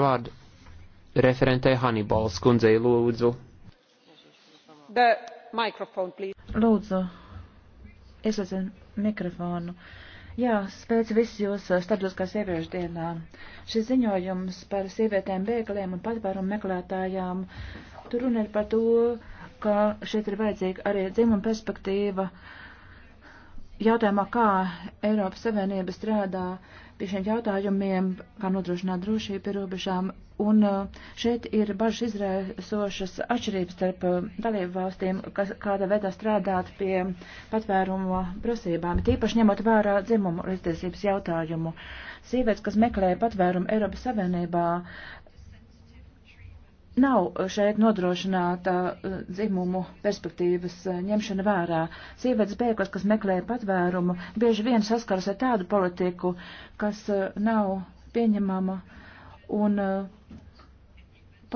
Vārdu referentē Hannibals kundzei lūdzu. Lūdzu, ieslēdziet mikrofonu. Jā, sveic visi jūs eh, starptautiskā sieviešu dienā. Šis ziņojums par sievietēm bēgliem un patvērumu meklētājām, tur runa ir par to, ka šeit ir vajadzīga arī dzimuma perspektīva. Uh, jautājumā, kā Eiropas Savienība strādā pie šiem jautājumiem, kā nodrošināt drošību pie robežām. Un uh, šeit ir bažas izraisošas atšķirības starp uh, dalību valstīm, kas kādā veidā strādāt pie patvēruma prasībām, tīpaši ņemot vērā dzimumu līdztiesības jautājumu. Sīvietes, kas meklē patvērumu Eiropas Savienībā, nav šeit nodrošināta uh, dzimumu perspektīvas uh, ņemšana vērā. Sievietes bēglas, kas meklē patvērumu, bieži vien saskaras ar tādu politiku, kas uh, nav pieņemama un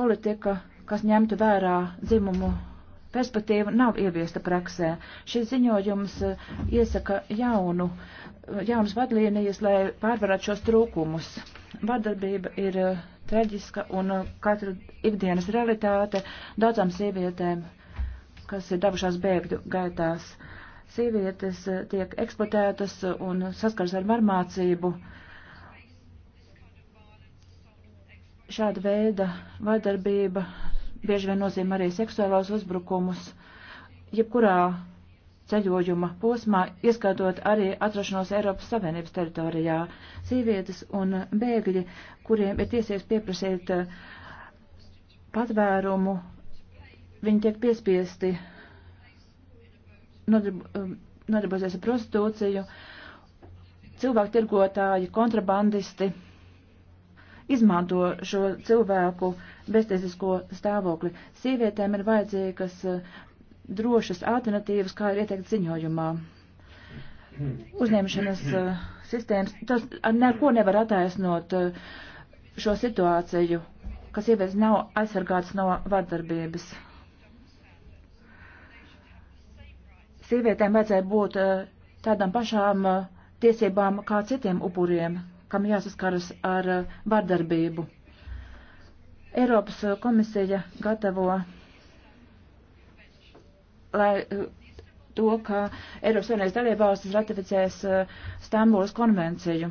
politika, kas ņemtu vērā dzimumu perspektīva nav ieviesta praksē. Šis ziņojums eh, iesaka jaunu, eh, jaunas vadlīnijas, lai pārvarētu šos trūkumus. Vardarbība ir eh, traģiska un katru ikdienas realitāte daudzām sievietēm, kas ir devušās bēgļu gaitās. Sievietes tiek eksploatētas un saskars ar varmācību. Šāda veida vardarbība bieži vien nozīmē arī seksuālos uzbrukumus, jebkurā ceļojuma posmā, ieskaitot arī atrašanos Eiropas Savienības teritorijā, sīvietas un bēgļi, kuriem ir tiesies pieprasīt eh, patvērumu, viņi tiek piespiesti eh, nodarboties ar prostitūciju, cilvēku tirgotāji, kontrabandisti izmanto šo cilvēku beztiesisko stāvokli. Sievietēm ir vajadzīgas eh, drošas alternatīvas, kā ir ieteikt ziņojumā. Uzņemšanas eh, sistēmas, tas ar neko nevar attaisnot eh, šo situāciju, ka sievietes nav aizsargātas no vardarbības. Sievietēm vajadzēja būt tādām pašām tiesībām kā citiem upuriem kam jāsaskaras ar eh, vardarbību. Eiropas eh, komisija gatavo, lai eh, to, ka Eiropas Savienības dalībvalstis ratificēs Stambulas konvenciju.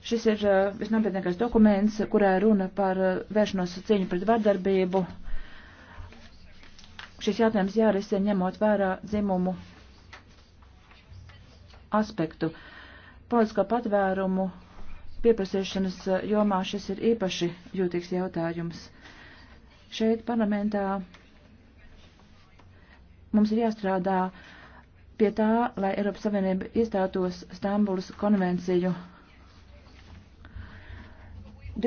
Šis ir visnopietnākais dokuments, kurā runa par vēršanos cīņu pret vardarbību. Šis jautājums jārisina ņemot vērā dzimumu aspektu. Politisko patvērumu pieprasīšanas eh, jomā šis ir īpaši jūtīgs jautājums. Šeit parlamentā mums ir jāstrādā pie tā, lai Eiropas Savienība iestātos Stambulas konvenciju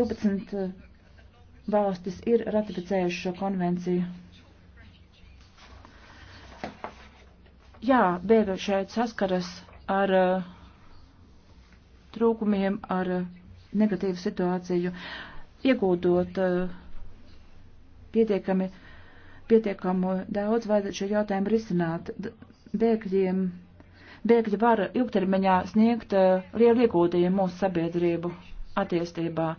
12 eh, valstis ir ratificējuši šo konvenciju. Jā, bēgļi šeit saskaras ar uh, trūkumiem, ar eh, negatīvu situāciju, iegūdot eh, pietiekami, pietiekamu daudz vajadzētu šo jautājumu risināt. Bēgļiem, bēgļi var ilgtermiņā sniegt eh, lielu iegūtījumu mūsu sabiedrību attīstībā.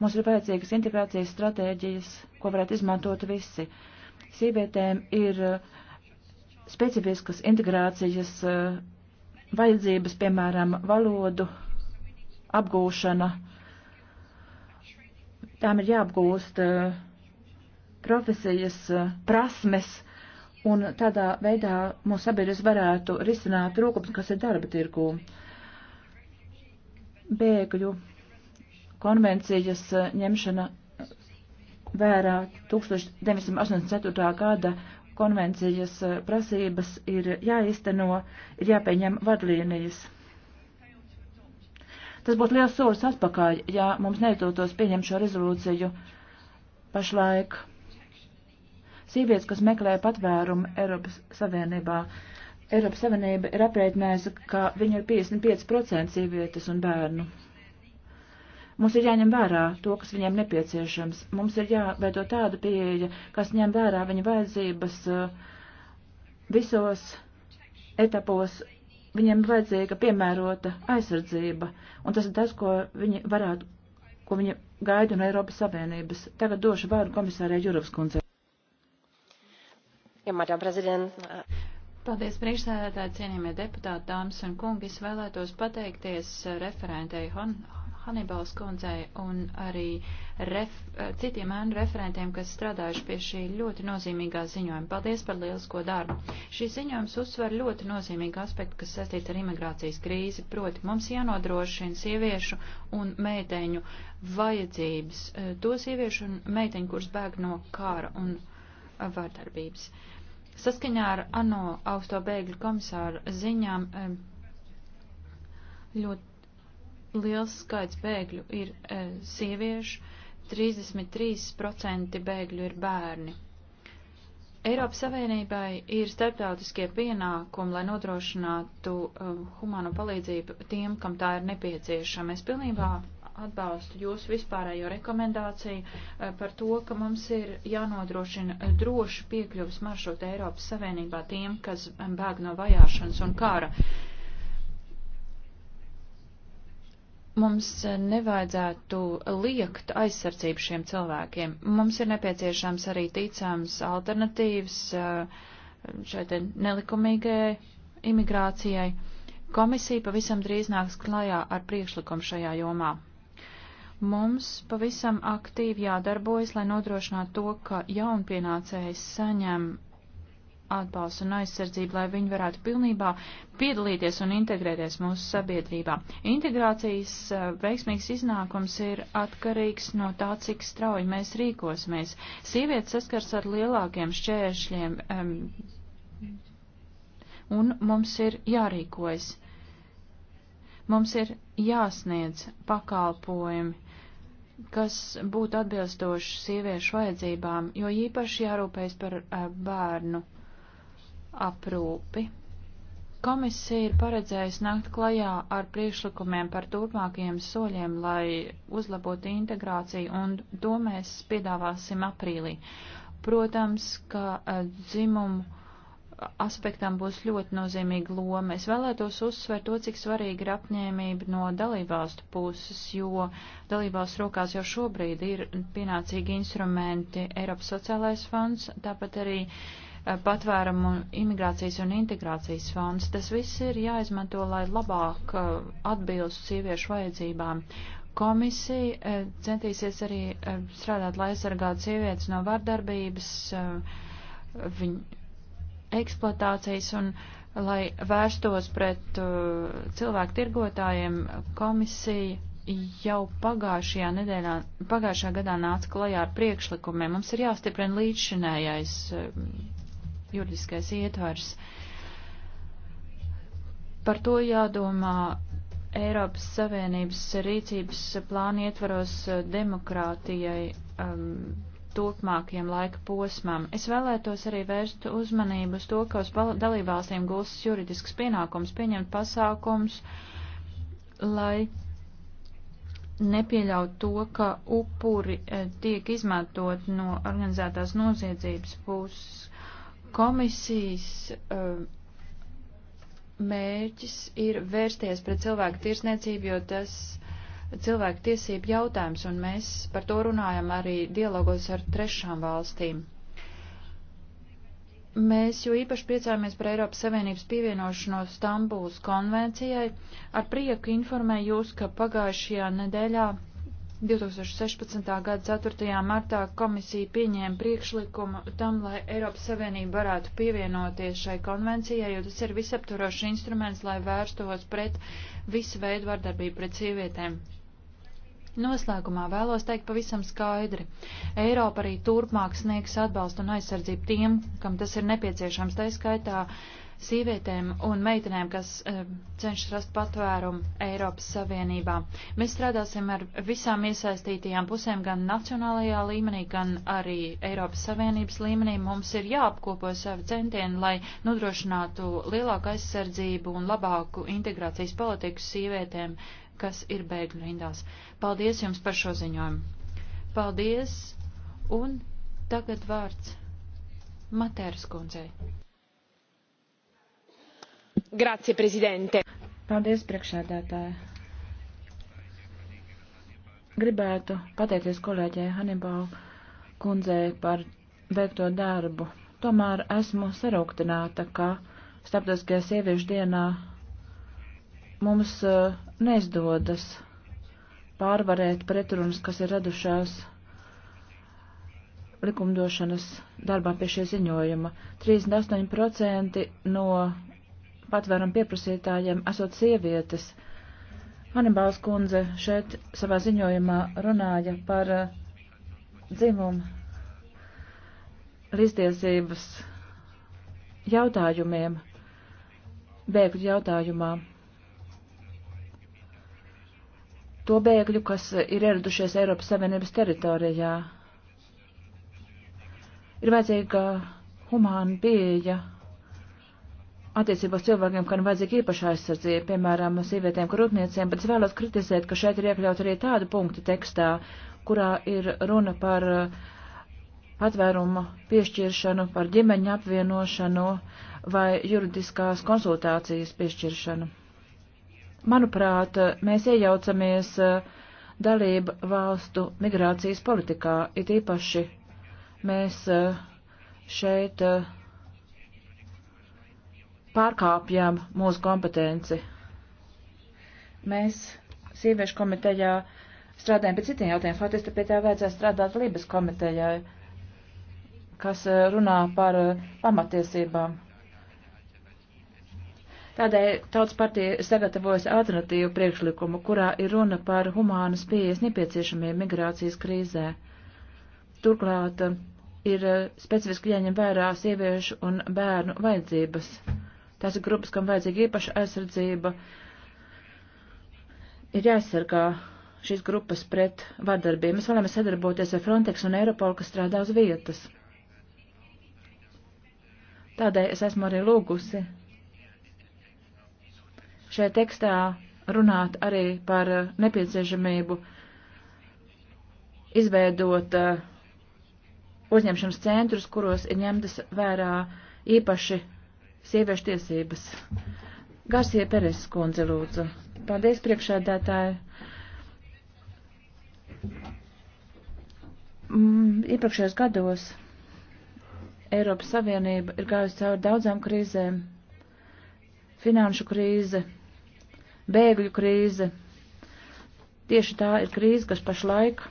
Mums ir vajadzīgas integrācijas stratēģijas, ko varētu izmantot visi. Sīvietēm ir specifiskas integrācijas vajadzības, piemēram, valodu apgūšana. Tām ir jāapgūst eh, profesijas, eh, prasmes, un tādā veidā mūsu sabiedrības varētu risināt trūkums, kas ir darba tirgū. Bēgļu konvencijas eh, ņemšana vērā 1984. gada konvencijas prasības ir jāizteno, ir jāpieņem vadlīnijas. Tas būtu liels solis atpakaļ, ja mums neizdotos pieņemt šo rezolūciju pašlaik. Sīvietes, kas meklē patvērumu Eiropas Savienībā, Eiropas Savienība ir aprēķinājusi, ka viņu ir 55% sievietes un bērnu. Mums ir jāņem vērā to, kas viņiem nepieciešams. Mums ir jāveido tāda pieeja, kas ņem vērā viņa vajadzības uh, visos etapos viņiem vajadzīga piemērota aizsardzība, un tas ir tas, ko viņi varētu, ko viņi gaida no Eiropas Savienības. Tagad došu vārdu komisārē Jurovs kundze. Ja, madam prezident. Paldies, priekšsēdētāji, cienījamie deputāti, dāmas un kungi. Es vēlētos pateikties referentei Hon Hanibals kundzei un arī ref, eh, citiem ēnu referentiem, kas strādājuši pie šī ļoti nozīmīgā ziņojuma. Paldies par lielisko darbu. Šis ziņojums uzsver ļoti nozīmīgu aspektu, kas saistīts ar imigrācijas krīzi, proti mums jānodrošina sieviešu un meiteņu vajadzības, eh, to sieviešu un meiteņu, kuras bēg no kāra un vārdarbības. Saskaņā ar ANO augsto bēgļu komisāru ziņām eh, ļoti liels skaits bēgļu ir e, sieviešu, 33% bēgļu ir bērni. Eiropas Savienībai ir starptautiskie pienākumi, lai nodrošinātu um, e, humāno palīdzību tiem, kam tā ir nepieciešama. Es pilnībā atbalstu jūsu vispārējo rekomendāciju e, par to, ka mums ir jānodrošina droši piekļuvas maršruti Eiropas Savienībā tiem, kas bēg no vajāšanas un kara. Uh, Mums eh, nevajadzētu liekt aizsardzību šiem cilvēkiem. Mums ir nepieciešams arī ticams alternatīvas eh, šai te nelikumīgajai imigrācijai. Komisija pavisam drīz nāks klajā ar priekšlikumu šajā jomā. Mums pavisam aktīvi jādarbojas, lai nodrošinātu to, ka jaunpienācējs saņem atbalstu un aizsardzību, lai viņi varētu pilnībā piedalīties un integrēties mūsu sabiedrībā. Integrācijas eh, veiksmīgs iznākums ir atkarīgs no tā, cik strauji mēs rīkosimies. Sievietes saskars ar lielākiem šķēršļiem um, un mums ir jārīkojas. Mums ir jāsniedz pakalpojumi kas būtu atbilstoši sieviešu vajadzībām, jo īpaši jārūpējas par eh, bērnu aprūpi. Komisija ir paredzējusi nākt klajā ar priekšlikumiem par turpmākajiem soļiem, lai uzlabotu integrāciju, un to mēs piedāvāsim aprīlī. Protams, ka eh, dzimumu aspektam būs ļoti nozīmīga loma. Es vēlētos uzsvērt to, cik svarīga ir apņēmība no dalībvalstu puses, jo dalībvalstu rokās jau šobrīd ir pienācīgi instrumenti Eiropas sociālais fonds, tāpat arī uh, Eh, patvērumu imigrācijas un integrācijas fonds. Tas viss ir jāizmanto, lai labāk eh, atbilstu sieviešu vajadzībām. Komisija eh, centīsies arī strādāt, lai aizsargātu sievietes no vardarbības, viņu eksploatācijas un lai vērstos pret cilvēku tirgotājiem komisija jau pagājušajā nedēļā, pagājušā gadā nāca klajā ar priekšlikumiem. Mums ir jāstiprina līdzšinējais juridiskais ietvars. Par to jādomā Eiropas Savienības rīcības plāna ietvaros eh, demokrātijai um, turpmākajam laika posmam. Es vēlētos arī vērst uzmanību uz to, ka uz dalībvalstīm gulstas juridisks pienākums pieņemt pasākums, lai nepieļaut to, ka upuri eh, tiek izmantot no organizētās noziedzības puses. Komisijas uh, mērķis ir vērsties pret cilvēku tirsniecību, jo tas cilvēku tiesību jautājums, un mēs par to runājam arī dialogos ar trešām valstīm. Mēs jo īpaši priecājamies par Eiropas Savienības pievienošanos Stambuls konvencijai. Ar prieku informēju jūs, ka pagājušajā nedēļā 2016. gada 4. martā komisija pieņēma priekšlikumu tam, lai Eiropas Savienība varētu pievienoties šai konvencijai, jo tas ir visaptvarošs instruments, lai vērstos pret visu veidu vardarbību pret sievietēm. Noslēgumā vēlos teikt pavisam skaidri. Eiropa arī turpmāk sniegs atbalstu un aizsardzību tiem, kam tas ir nepieciešams, tā skaitā uh, sievietēm un meitenēm, kas uh, cenšas rast patvērumu Eiropas Savienībā. Mēs strādāsim ar visām iesaistītajām pusēm, gan nacionālajā līmenī, gan arī Eiropas Savienības līmenī. Mums ir jāapkopo savi centieni, lai nodrošinātu lielāku aizsardzību un labāku integrācijas politiku sievietēm, kas ir bēgļu rindās. Paldies jums par šo ziņojumu. Paldies, un tagad vārds Matēras kundzei. Grazie, prezidente. Paldies, priekšsēdētāji. Gribētu pateikties kolēģei Hannibal kundzei par veikto darbu. Tomēr esmu sarūktināta, ka starptautiskajā sieviešu dienā mums eh, neizdodas pārvarēt pretrunas, kas ir radušās likumdošanas darbā pie šie ziņojuma. 38% no patvērumu pieprasītājiem esot sievietes. Hanibāls kundze šeit savā ziņojumā runāja par eh, dzimumu līdztiesības jautājumiem, bēgļu jautājumā. To bēgļu, kas ir ieradušies Eiropas Savienības teritorijā, ir vajadzīga humāna pieeja attiecībā uz cilvēkiem, kam vajadzīga īpaša aizsardzība, piemēram, sievietēm, kurutniecēm, bet es vēlos kritizēt, ka šeit ir iekļaut arī tādu punktu tekstā, kurā ir runa par uh, patvērumu piešķiršanu, par ģimeņu apvienošanu vai juridiskās konsultācijas piešķiršanu. Manuprāt, mēs iejaucamies uh, dalību valstu migrācijas politikā, it īpaši mēs uh, šeit uh, pārkāpjām mūsu kompetenci. Mēs sieviešu komitejā strādājam pie citiem jautājumiem. Faktiski pie tā vajadzēja strādāt Lībijas komitejai, kas eh, runā par eh, pamatiesībām. Tādēļ Tautas partija sagatavojas alternatīvu priekšlikumu, kurā ir runa par humānas pieejas nepieciešamiem migrācijas krīzē. Turklāt eh, ir specifiski jāņem vērā sieviešu un bērnu vajadzības. Tās ir grupas, kam vajadzīga īpaša aizsardzība. Ir jāaizsargā šīs grupas pret vardarbību. Mēs vēlamies sadarboties ar Frontex un Eiropolu, kas strādā uz vietas. Tādēļ es esmu arī lūgusi šajā tekstā runāt arī par nepieciešamību izveidot uh, uzņemšanas centrus, kuros ir ņemtas vērā īpaši sieviešu tiesības. Garsie Peres skundze lūdzu. Paldies priekšēdētāji. Mm, iepriekšējos gados Eiropas Savienība ir gājusi cauri daudzām krīzēm. Finanšu krīze, bēgļu krīze. Tieši tā ir krīze, kas pašlaik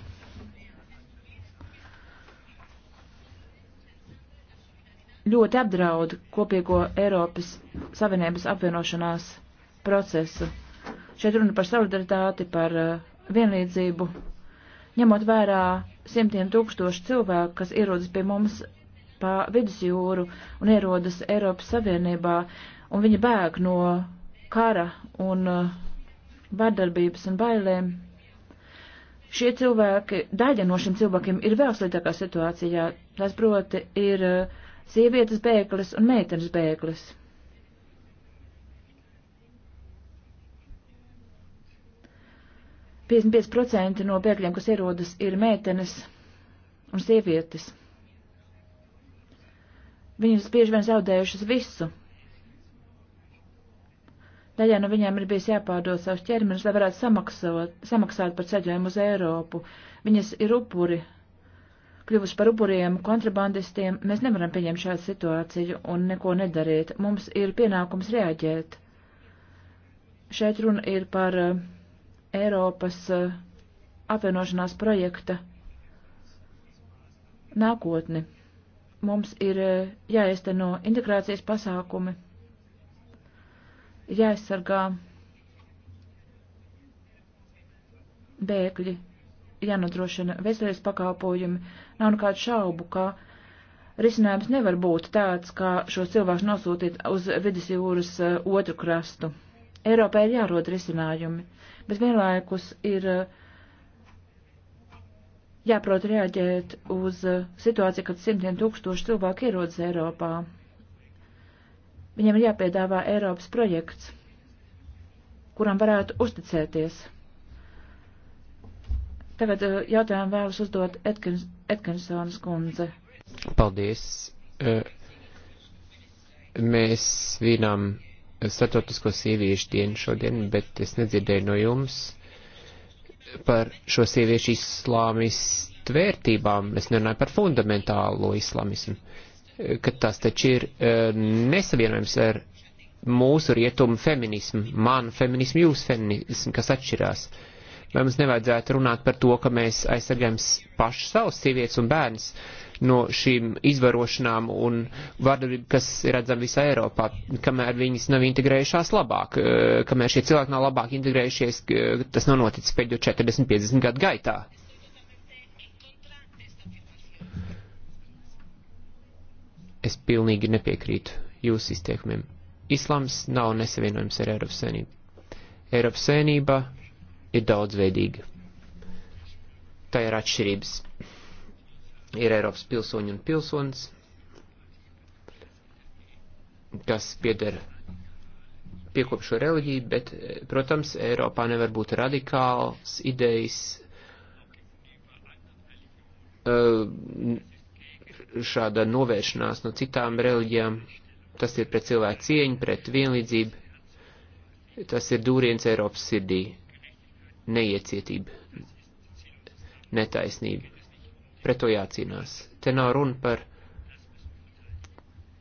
ļoti apdraud kopīgo Eiropas Savienības apvienošanās procesu. Šeit runa par solidaritāti, par uh, vienlīdzību, ņemot vērā simtiem tūkstošu cilvēku, kas ierodas pie mums pa vidusjūru un ierodas Eiropas Savienībā, un viņi bēg no kara un uh, vardarbības un bailēm. Šie cilvēki, daļa no šiem cilvēkiem ir vēl sliktākā situācijā. Tas proti ir uh, sievietes bēglis un meitenes bēglis. procenti no bēgļiem, kas ierodas, ir meitenes un sievietes. Viņas bieži vien zaudējušas visu. Daļai no viņām ir bijis jāpārdod savus ķermenis, lai varētu samaksot, samaksāt par ceļojumu uz Eiropu. Viņas ir upuri kļuvusi par upuriem kontrabandistiem, mēs nevaram pieņemt šādu situāciju un neko nedarīt. Mums ir pienākums reaģēt. Šeit runa ir par eh, Eiropas eh, apvienošanās projekta nākotni. Mums ir eh, jāiesteno integrācijas pasākumi, jāaizsargā bēgļi jānodrošina veselības pakalpojumi. Nav nekādu šaubu, ka risinājums nevar būt tāds, kā šos cilvēkus nosūtīt uz vidusjūras eh, otru krastu. Eiropā ir jārod risinājumi, bet vienlaikus ir eh, jāprot reaģēt uz eh, situāciju, kad simtiem tūkstoši cilvēku ierodas Eiropā. Viņiem ir jāpiedāvā Eiropas projekts, kuram varētu uzticēties. Tagad eh, jautājumu vēlas uzdot Edkins, Edkinsonas kundze. Paldies. Eh, mēs svinam statotisko sieviešu dienu šodien, bet es nedzirdēju no jums par šo sieviešu islāmistu vērtībām. Es nerunāju par fundamentālo islamismu, ka tas taču ir eh, nesavienojams ar mūsu rietumu feminismu, manu feminismu, jūsu feminismu, kas atšķirās. Uh, Vai mums nevajadzētu runāt par to, ka mēs aizsargājam paši savus sievietes un bērns no šīm izvarošanām un vardarbību, kas ir redzama visā Eiropā, kamēr viņas nav integrējušās labāk, eh, kamēr šie cilvēki nav labāk integrējušies, tas nav noticis pēdējo 40-50 gadu gaitā. Es pilnīgi nepiekrītu jūsu izteikumiem. Islams nav nesavienojums ar Eiropas Savienību. Eiropas Savienība ir daudzveidīga. Tā ir atšķirības. Ir Eiropas pilsoņi un pilsonis, kas pieder piekopšo reliģiju, bet, protams, Eiropā nevar būt radikāls idejas eh, šāda novēršanās no citām reliģijām. Tas ir pret cilvēku cieņu, pret vienlīdzību. Tas ir dūriens Eiropas sirdī neiecietība, netaisnība. Pret to jācīnās. Te nav runa par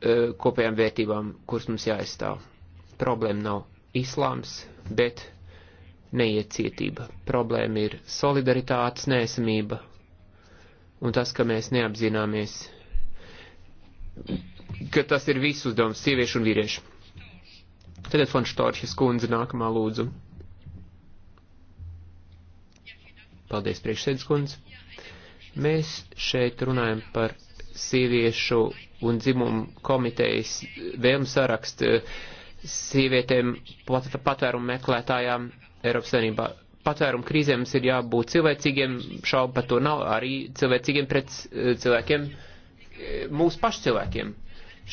uh, kopējām vērtībām, kuras mums jāaizstāv. Problēma nav islāms, bet neiecietība. Problēma ir solidaritātes nesamība un tas, ka mēs neapzināmies, ka tas ir visu uzdevums sieviešu un vīriešu. Tagad Fonštoršas kundze nākamā lūdzu. Paldies, priekšsēdus kundze. Mēs šeit runājam par sieviešu un dzimumu komitejas vēlmu sarakstu sievietēm pat, patvērumu meklētājām Eiropas Savienībā. Patvērumu krīzēm mums ir jābūt cilvēcīgiem, šaubu par to nav, arī cilvēcīgiem pret eh, cilvēkiem, eh, mūsu pašu cilvēkiem.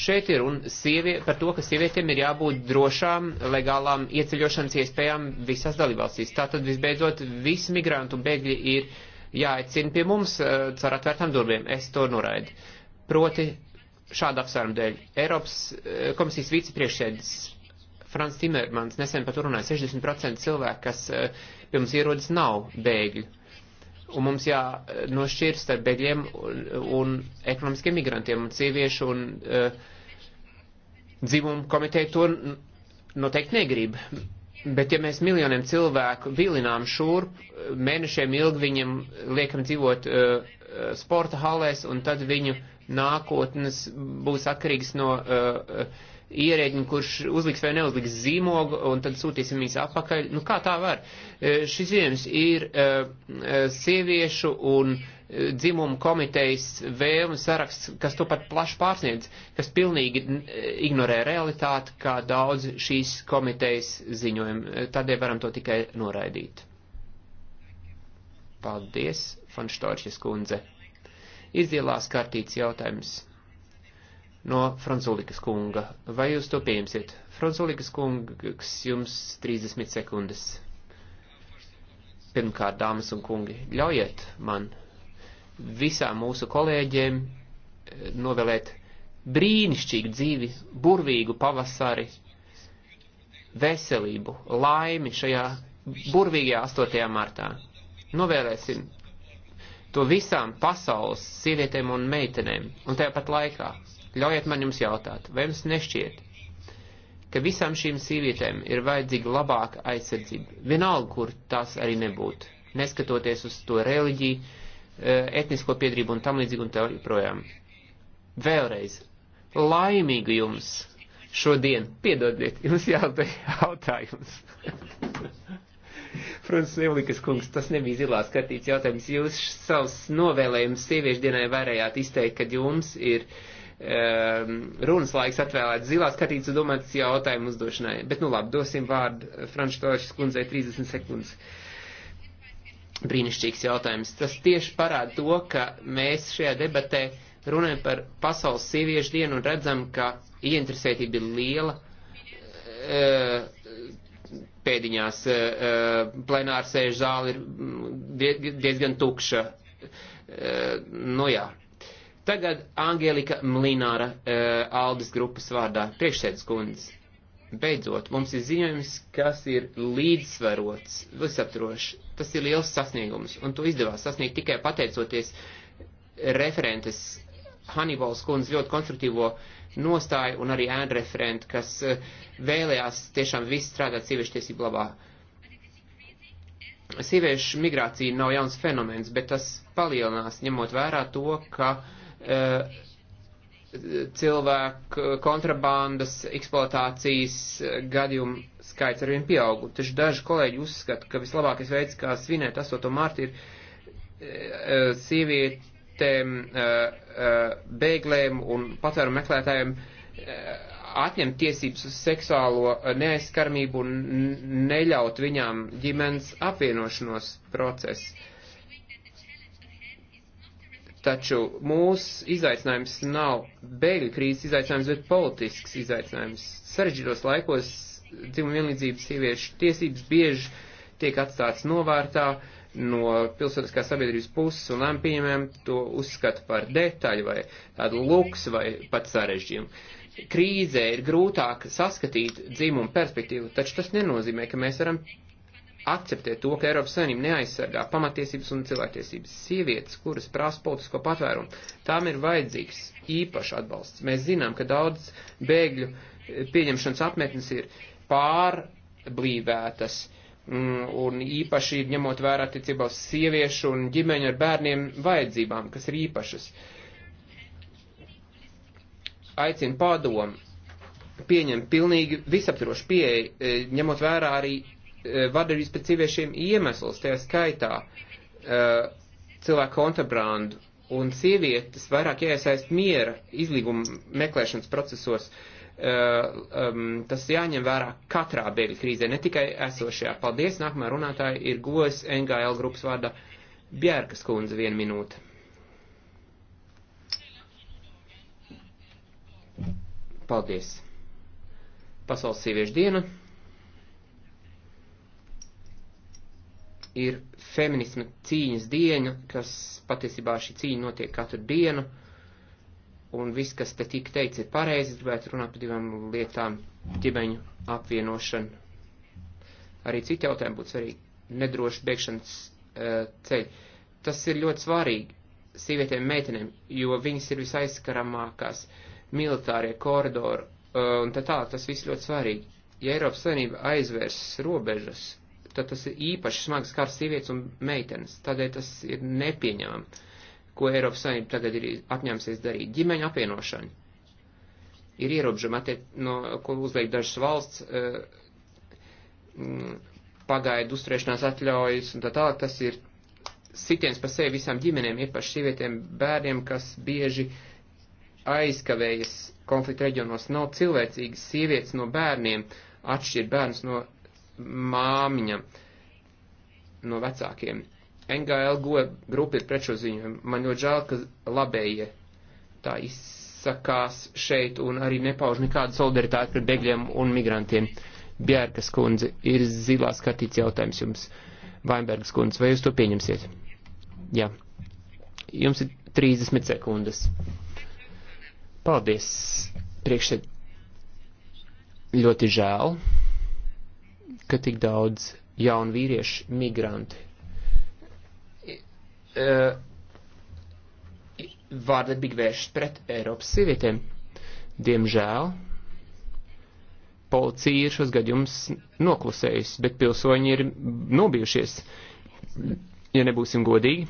Šeit ir un sievie, par to, ka sievietēm ir jābūt drošām, legālām ieceļošanas iespējām visās dalībvalstīs. Tātad, visbeidzot, visi migrantu bēgļi ir jāaicina pie mums eh, caur atvērtām durvīm. Es to noraidu. Proti šādu apsvērumu dēļ. Eiropas eh, komisijas vicepriekšsēdis Frans Timermans nesen pat runāja 60% cilvēku, kas eh, pie mums ierodas, nav bēgļi un mums jānošķir starp bēgļiem un, un ekonomiskiem migrantiem un sieviešu un uh, dzimumu komiteja to noteikti negrib. Bet ja mēs miljoniem cilvēku vilinām šurp, mēnešiem ilgi viņiem liekam dzīvot uh, sporta halēs, un tad viņu nākotnes būs atkarīgs no uh, ierēģiņa, kurš uzliks vai neuzliks zīmogu, un tad sūtīsim viņus atpakaļ. Nu kā tā var? Uh, šis ziņojums ir uh, sieviešu un uh, dzimumu komitejas vēlmi saraksts, kas to pat plaši pārsniedz, kas pilnīgi e, ignorē realitāti, kā daudz šīs komitejas ziņojumi. E, tādēļ varam to tikai noraidīt. Paldies, Fanštoršas kundze. Izdēlās kārtīts jautājums no Franzulikas kunga. Vai jūs to pieņemsiet? Franzulikas kungs jums 30 sekundes. Pirmkārt, dāmas un kungi, ļaujiet man visām mūsu kolēģiem eh, novēlēt brīnišķīgu dzīvi, burvīgu pavasari, veselību, laimi šajā burvīgajā 8. martā. Novēlēsim to visām pasaules sievietēm un meitenēm, un tāpat laikā ļaujiet man jums jautāt, vai jums nešķiet, ka visām šīm sievietēm ir vajadzīga labāka aizsardzība, vienalga, kur tās arī nebūtu, neskatoties uz to reliģiju, Eh, etnisko piedrību un tam līdzīgi un tā joprojām. Vēlreiz, laimīgu jums šodien, piedodiet, jums jāuzdod jautājums. Protams, Evlikas kungs, tas nebija zilā skatīts jautājums. Jūs savus novēlējumus sieviešu dienai varējāt izteikt, kad jums ir um, runas laiks atvēlēts zilā skatīts un domāts jautājumu uzdošanai. Bet nu labi, dosim vārdu Frančtošas kundzei 30 sekundes. Uh, brīnišķīgs jautājums. Tas tieši parāda to, ka mēs šajā debatē runājam par pasaules sieviešu dienu un redzam, ka ieinteresētība ir liela. E, pēdiņās e, e, plenārsēžu zāli ir diezgan tukša. Nu jā. Tagad Angelika Mlināra Aldis grupas vārdā priekšsēdus kundzes beidzot, mums ir ziņojums, kas ir līdzsvarots, visaptrošs, Tas ir liels sasniegums, un to izdevās sasniegt tikai pateicoties referentes Hannibals kundz ļoti konstruktīvo nostāju un arī ēnu referentu, kas eh, vēlējās tiešām viss strādāt sieviešu tiesību labā. Sieviešu migrācija nav jauns fenomens, bet tas palielinās, ņemot vērā to, ka uh, cilvēku eh, kontrabandas eksploatācijas eh, gadījumu skaits arvien pieaug. Taču daži kolēģi uzskata, ka vislabākais veids, kā svinēt 8. mārtu, ir eh, sievietēm, bēglēm un patvēru meklētājiem atņemt tiesības uz seksuālo neaizskarmību un neļaut viņām ģimenes apvienošanos procesu Taču mūsu izaicinājums nav bēgļu krīzes izaicinājums, bet politisks izaicinājums. Sarežģītos laikos dzimuma vienlīdzības sieviešu tiesības bieži tiek atstāts novārtā no pilsoniskās sabiedrības puses un lēmpieņemēm to uzskata par detaļu vai tādu luksu vai pat sarežģījumu. Krīzē ir grūtāk saskatīt dzimumu perspektīvu, taču tas nenozīmē, ka mēs varam akceptē to, ka Eiropas Savienība neaizsargā pamatiesības un cilvēktiesības sievietes, kuras prasa politisko patvērumu. Tām ir vajadzīgs īpašs atbalsts. Mēs zinām, ka daudz bēgļu pieņemšanas apmetnes ir pārblīvētas, mm, un īpaši ir ņemot vērā attiecībā uz sieviešu un ģimeņu ar bērniem vajadzībām, kas ir īpašas. Aicinu padomu pieņemt pilnīgi visaptvarošu pieeju, eh, ņemot vērā arī Eh, vardarbības pret sieviešiem iemesls, tajā skaitā eh, cilvēku kontrabrandu un sievietes vairāk jāiesaist miera izlīguma meklēšanas procesos. Eh, um, tas jāņem vērā katrā bēgļu krīzē, ne tikai esošajā. Paldies, nākamā runātāja ir gojas NGL grupas vārda Bjērkas kundze, viena minūte. Paldies! Pasaules sieviešu diena! ir feminisma cīņas diena, kas patiesībā šī cīņa notiek katru dienu, un viss, kas te tika teikts, ir pareizi, gribētu runāt par divām lietām - ģimeņu apvienošanu. Arī citi jautājumi būtu svarīgi - nedroši bēgšanas uh, eh, ceļi. Tas ir ļoti svarīgi sievietēm meitenēm, jo viņas ir visaizskaramākās militārie koridori, uh, un tā tā, tas viss ļoti svarīgi. Ja Eiropas Savienība aizvērs robežas, tad tas ir īpaši smags kārs sievietes un meitenes. Tādēļ tas ir nepieņemami, ko Eiropas Savienība tagad ir apņēmusies darīt. Ģimeņa apvienošana ir ierobežama, no, ko uzliek dažas valsts eh, mm, pagaidu uzturēšanās atļaujas un tā tālāk. Tas ir sitiens pa sevi visām ģimenēm, īpaši sievietēm, bērniem, kas bieži aizkavējas konflikta reģionos. Nav cilvēcīgas sievietes no bērniem atšķirt bērnus no māmiņa no vecākiem. NGL e grupa ir pret šo ziņojumu. Man ļoti žēl, ka labējie tā izsakās šeit un arī nepauž nekādu solidaritāti pret bēgļiem un migrantiem. Bjērkas kundze, ir zilās skatīts jautājums jums, Vainbergas kundze, vai jūs to pieņemsiet? Jā. Jums ir 30 sekundes. Paldies, priekšsēd. Ļoti žēl ka tik daudz jaunu vīriešu migranti. Uh, e, Vārdarbīgi vēršas pret Eiropas sievietēm. Diemžēl policija ir šos gadījumus noklusējusi, bet pilsoņi ir nobijušies, ja nebūsim godīgi.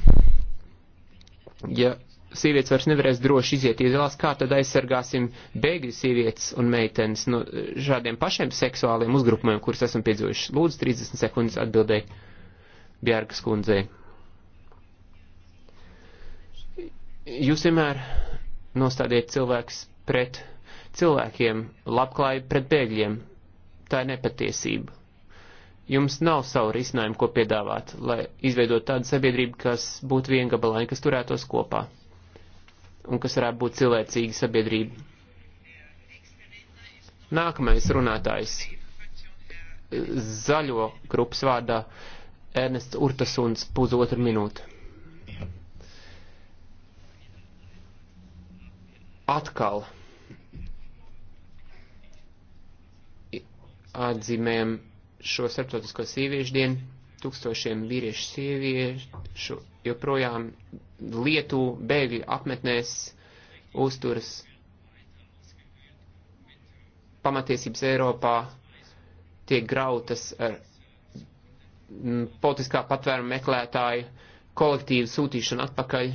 Ja sievietes vairs nevarēs droši iziet ielās, kā tad aizsargāsim bēgļu sievietes un meitenes no šādiem pašiem seksuāliem uzgrupumiem, kurus esam piedzīvojuši. Lūdzu, 30 sekundes atbildēji Bjārgas kundzei. Jūs vienmēr nostādiet cilvēks pret cilvēkiem, labklājību pret bēgļiem. Tā ir nepatiesība. Jums nav savu risinājumu, ko piedāvāt, lai izveidot tādu sabiedrību, kas būtu viengabalaini, kas turētos kopā un kas varētu būt cilvēcīga sabiedrība. Nākamais runātājs zaļo grupas vārdā Ernests Urtasuns pusotru minūtu. Atkal atzīmējam šo starptautisko sīviešu dienu tūkstošiem vīriešu sieviešu joprojām lietu bēgļu apmetnēs uzturas pamatiesības Eiropā tiek grautas ar mm, politiskā patvēruma meklētāju kolektīvu sūtīšanu atpakaļ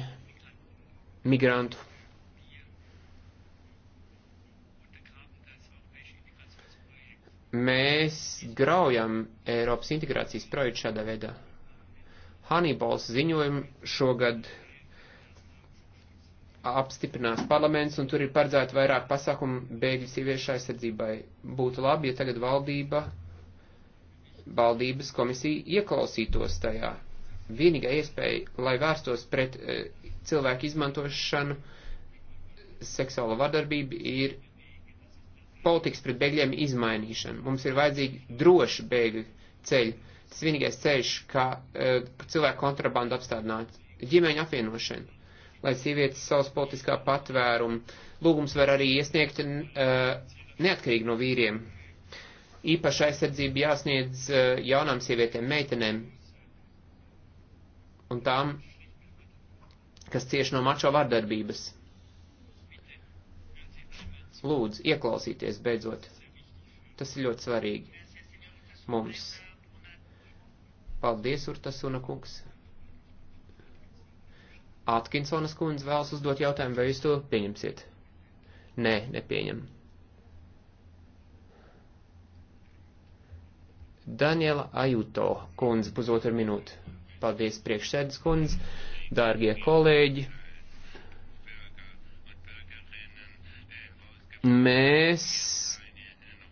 migrantu mēs graujam Eiropas integrācijas projektu šādā veidā. Hannibals ziņojumu šogad apstiprinās parlaments, un tur ir paredzēta vairāk pasākumu bēgļu sieviešu aizsardzībai. Būtu labi, ja tagad valdība, valdības komisija ieklausītos tajā. Vienīgā iespēja, lai vērstos pret e, cilvēku izmantošanu, seksuālo vardarbību, ir politikas pret bēgļiem izmainīšana. Mums ir vajadzīgi droši bēgļu ceļi. Tas vienīgais ceļš, kā uh, cilvēku kontrabandu apstādināt, ģimeņa apvienošana, lai sievietes savas politiskā patvēruma lūgums var arī iesniegt uh, neatkarīgi no vīriem. Īpaša aizsardzība jāsniedz uh, jaunām sievietēm, meitenēm un tām, kas cieši no mačo vardarbības. Lūdzu, ieklausīties beidzot. Tas ir ļoti svarīgi mums. Paldies, Urtasuna kungs. Atkinsonas kundze vēlas uzdot jautājumu, vai jūs to pieņemsiet? Nē, nepieņem. Daniela Ajuto kundze, pusotru minūtu. Paldies, priekšsēdes kundze, dārgie kolēģi. mēs,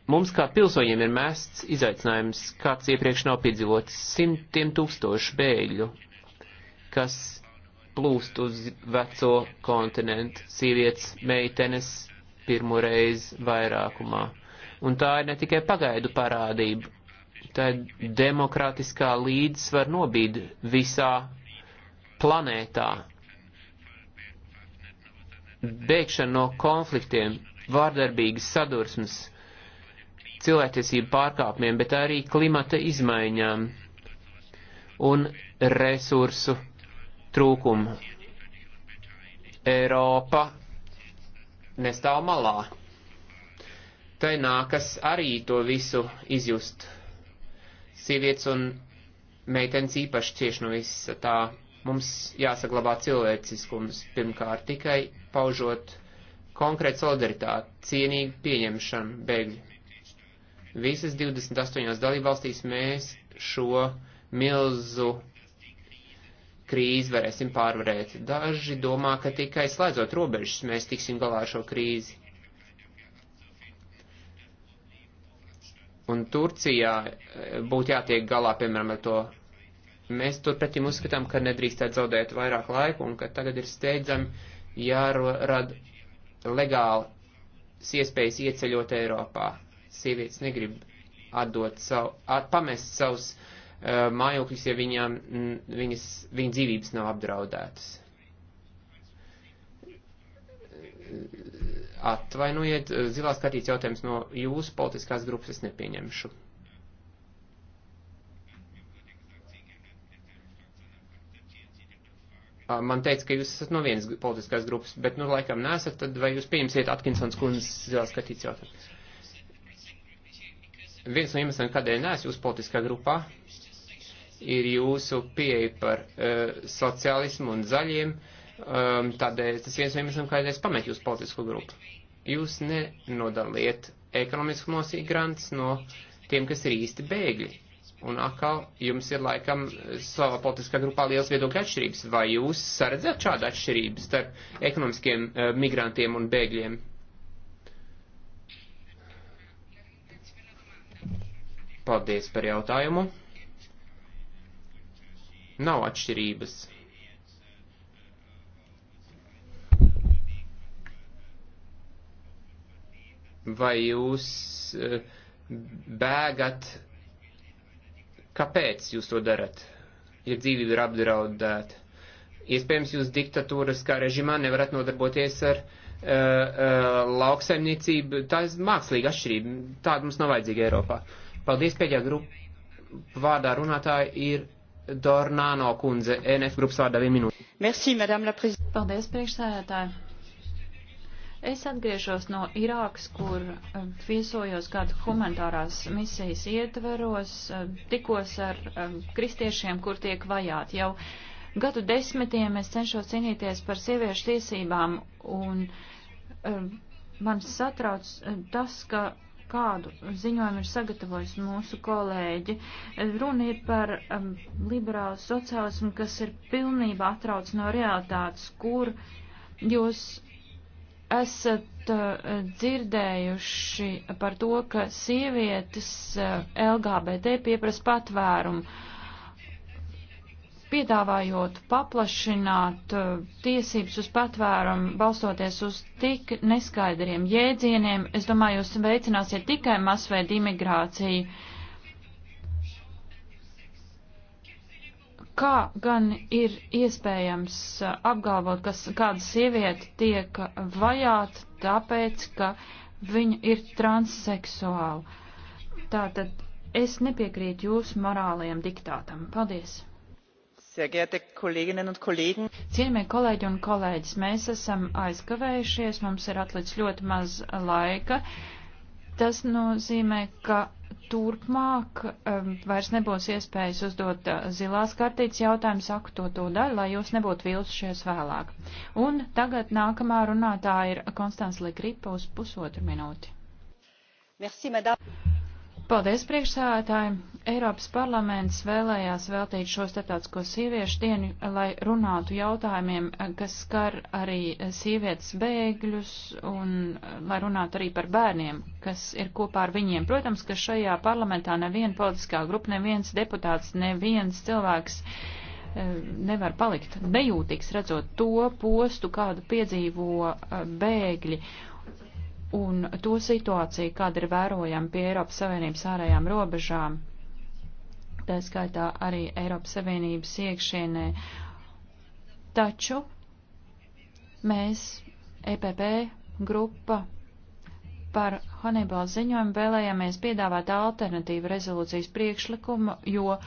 mums kā pilsoņiem ir mests izaicinājums, kāds iepriekš nav piedzīvots simtiem tūkstošu bēļu, kas plūst uz veco kontinentu, sievietes, meitenes, pirmoreiz vairākumā. Un tā ir ne tikai pagaidu parādība, tā ir demokrātiskā līdzsvar nobīde visā planētā. Bēgšana no konfliktiem, vārdarbīgas sadursmes cilvēktiesību pārkāpumiem, bet arī klimata izmaiņām un resursu trūkumu. Eiropa nestāv malā. Tai nākas arī to visu izjust. Sievietes un meitenes īpaši cieši no visa tā. Mums jāsaglabā cilvēciskums pirmkārt tikai paužot Konkrēta solidaritāte, cienīga pieņemšana bēgļu. Visas 28 dalībvalstīs mēs šo milzu krīzi varēsim pārvarēt. Daži domā, ka tikai slēdzot robežas mēs tiksim galā ar šo krīzi. Un Turcijā eh, būtu jātiek galā, piemēram, ar to. Mēs turpretim uzskatām, ka nedrīkstētu zaudēt vairāk laika un ka tagad ir steidzami jārada legāli iespējas ieceļot Eiropā. Sievietes negrib atdot savu, at, pamest savus uh, mājokļus, ja viņām, viņas, viņa dzīvības nav apdraudētas. Atvainojiet, zilās kartītes jautājums no jūsu politiskās grupas es nepieņemšu. Ah, man teica, ka jūs esat no vienas politiskās grupas, bet, nu, laikam nesat, tad vai jūs pieņemsiet Atkinsons kundzes zilā skatīts jautājumu? Viens no iemesliem, kādēļ neesat jūs politiskā grupā, ir jūsu pieeja par uh, sociālismu un zaļiem, um, tādēļ tas viens no iemesliem, kādēļ es pametu jūsu politisko grupu. Jūs nenodaliet ekonomiskos migrants no tiem, kas ir īsti bēgļi. Un atkal jums ir laikam savā politiskā grupā liels viedokļa atšķirības. Vai jūs saredzat šādu atšķirību starp ekonomiskiem uh, migrantiem un bēgļiem? Paldies par jautājumu. Nav atšķirības. Vai jūs uh, bēgat Kāpēc jūs to darat? Ja dzīvība ir apdraudēta. Iespējams, jūs diktatūras kā režimā nevarat nodarboties ar uh, uh, lauksaimniecību. Tā ir mākslīga atšķirība. Tāda mums nav vajadzīga Eiropā. Paldies, pēdējā grupa vārdā runātāja ir Dornāno kundze, NF grupas vārdā vienu minūti. Merci, madame la prezidente. Paldies, priekšsēdētāji. Es atgriežos no Irākas, kur um, viesojos kādu humanitārās misijas ietveros, um, tikos ar um, kristiešiem, kur tiek vajāti. Jau gadu desmitiem es cenšos cīnīties par sieviešu tiesībām, un man satrauc tas, ka kādu ziņojumu ir sagatavojis mūsu kolēģi. Runa ir par um, liberālu sociālismu, kas ir pilnībā atrauc no realitātes, kur jūs esat eh, dzirdējuši par to, ka sievietes eh, LGBT pieprasa patvērumu, piedāvājot paplašināt eh, tiesības uz patvērumu, balstoties uz tik neskaidriem jēdzieniem. Es domāju, jūs veicināsiet tikai masveidu imigrāciju. Kā gan ir iespējams uh, apgalvot, ka kāda sieviete tiek vajāta tāpēc, ka viņa ir transseksuāla? Tātad es nepiekrītu jūsu morālajam diktātam. Paldies! Cienījamie kolēģi un kolēģis, mēs esam aizkavējušies, mums ir atlicis ļoti maz laika. Tas nozīmē, ka turpmāk um, vairs nebūs iespējas uzdot uh, zilās kartītes jautājumus, saku to to daļu, lai jūs nebūtu vilsušies vēlāk. Un tagad nākamā runātāja ir Konstants Legripa uz pusotru minūti. Merci, madame. Paldies, priekšsēdētāji! Eiropas parlaments vēlējās veltīt šo starptautisko sieviešu dienu, lai runātu jautājumiem, kas skar arī sievietes bēgļus un lai runātu arī par bērniem, kas ir kopā ar viņiem. Protams, ka šajā parlamentā neviena politiskā grupa, neviens deputāts, neviens cilvēks eh, nevar palikt nejūtīgs, redzot to postu, kādu piedzīvo eh, bēgļi un to situāciju, kāda ir vērojama pie Eiropas Savienības ārējām robežām, tā skaitā arī Eiropas Savienības iekšienē. Taču mēs, EPP grupa, par Hannibal ziņojumu vēlējāmies piedāvāt alternatīvu rezolūcijas priekšlikumu, jo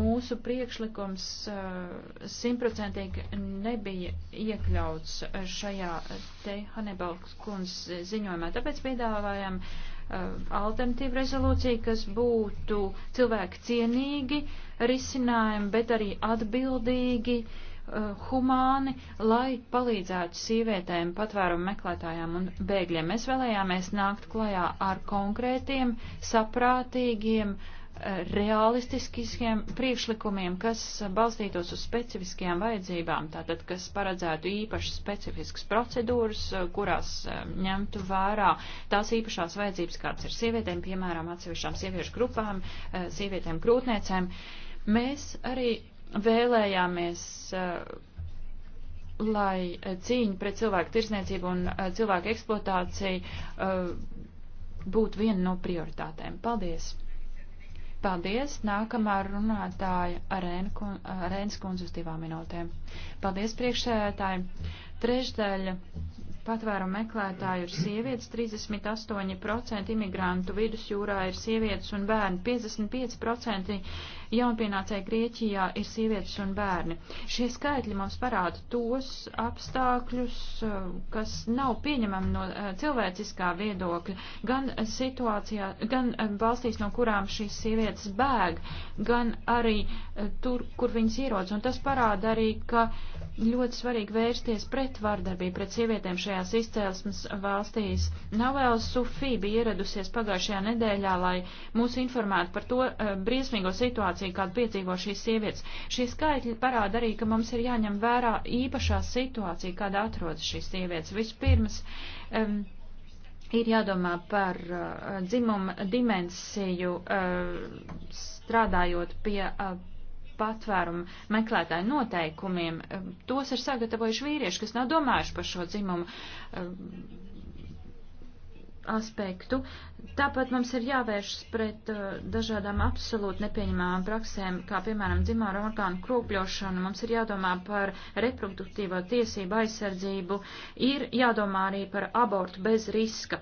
mūsu priekšlikums eh, simtprocentīgi nebija iekļauts šajā te Hannibal kundzes ziņojumā. Tāpēc piedāvājam eh, alternatīvu rezolūciju, kas būtu cilvēku cienīgi risinājumi, bet arī atbildīgi Eh, humāni, lai palīdzētu sīvietēm, patvērumu meklētājām un bēgļiem. Mēs vēlējāmies nākt klajā ar konkrētiem, saprātīgiem, eh, realistiskiem priekšlikumiem, kas balstītos uz specifiskajām vajadzībām, tātad, kas paredzētu īpašas specifiskas procedūras, eh, kurās ņemtu vērā tās īpašās vajadzības, kāds ir sievietēm, piemēram, atsevišķām sieviešu grupām, sievietēm krūtniecēm. Mēs arī vēlējāmies, eh, lai cīņa pret cilvēku tirsniecību un eh, cilvēku eksploatāciju eh, būtu viena no prioritātēm. Paldies! Paldies! Nākamā runātāja Arēnas kundze uz divām minūtēm. Paldies priekšsēdētāji! Trešdaļa patvēru meklētāju ir sievietes, 38% imigrantu vidusjūrā ir sievietes un bērni, 55% jaunpienācēji Grieķijā ir sievietes un bērni. Šie skaitļi mums parāda tos apstākļus, eh, kas nav pieņemami no eh, cilvēciskā viedokļa, gan situācijā, gan eh, valstīs, no kurām šīs sievietes bēg, gan arī tur, kur viņas ierodas. Un tas parāda arī, ka ļoti svarīgi vērsties pret vardarbību, pret sievietēm šajās izcēlesmes valstīs. Navēl Sufī bija ieradusies pagājušajā nedēļā, lai mūs informētu par to briesmīgo situāciju, situāciju, kādu piedzīvo šīs sievietes. Šie skaitļi parāda arī, ka mums ir jāņem vērā īpašā situācija, kāda atrodas šīs sievietes. Vispirms, um, ir jādomā par uh, dzimumu dimensiju, uh, strādājot pie uh, patvērumu meklētāju noteikumiem. Uh, tos ir sagatavojuši vīrieši, kas nav domājuši par šo dzimumu. Uh, aspektu. Tāpat mums ir jāvēršas pret uh, dažādām absolūti nepieņemamām praksēm, kā piemēram dzimāra orgānu kropļošanu. Mums ir jādomā par reproduktīvo tiesību aizsardzību, ir jādomā arī par abortu bez riska.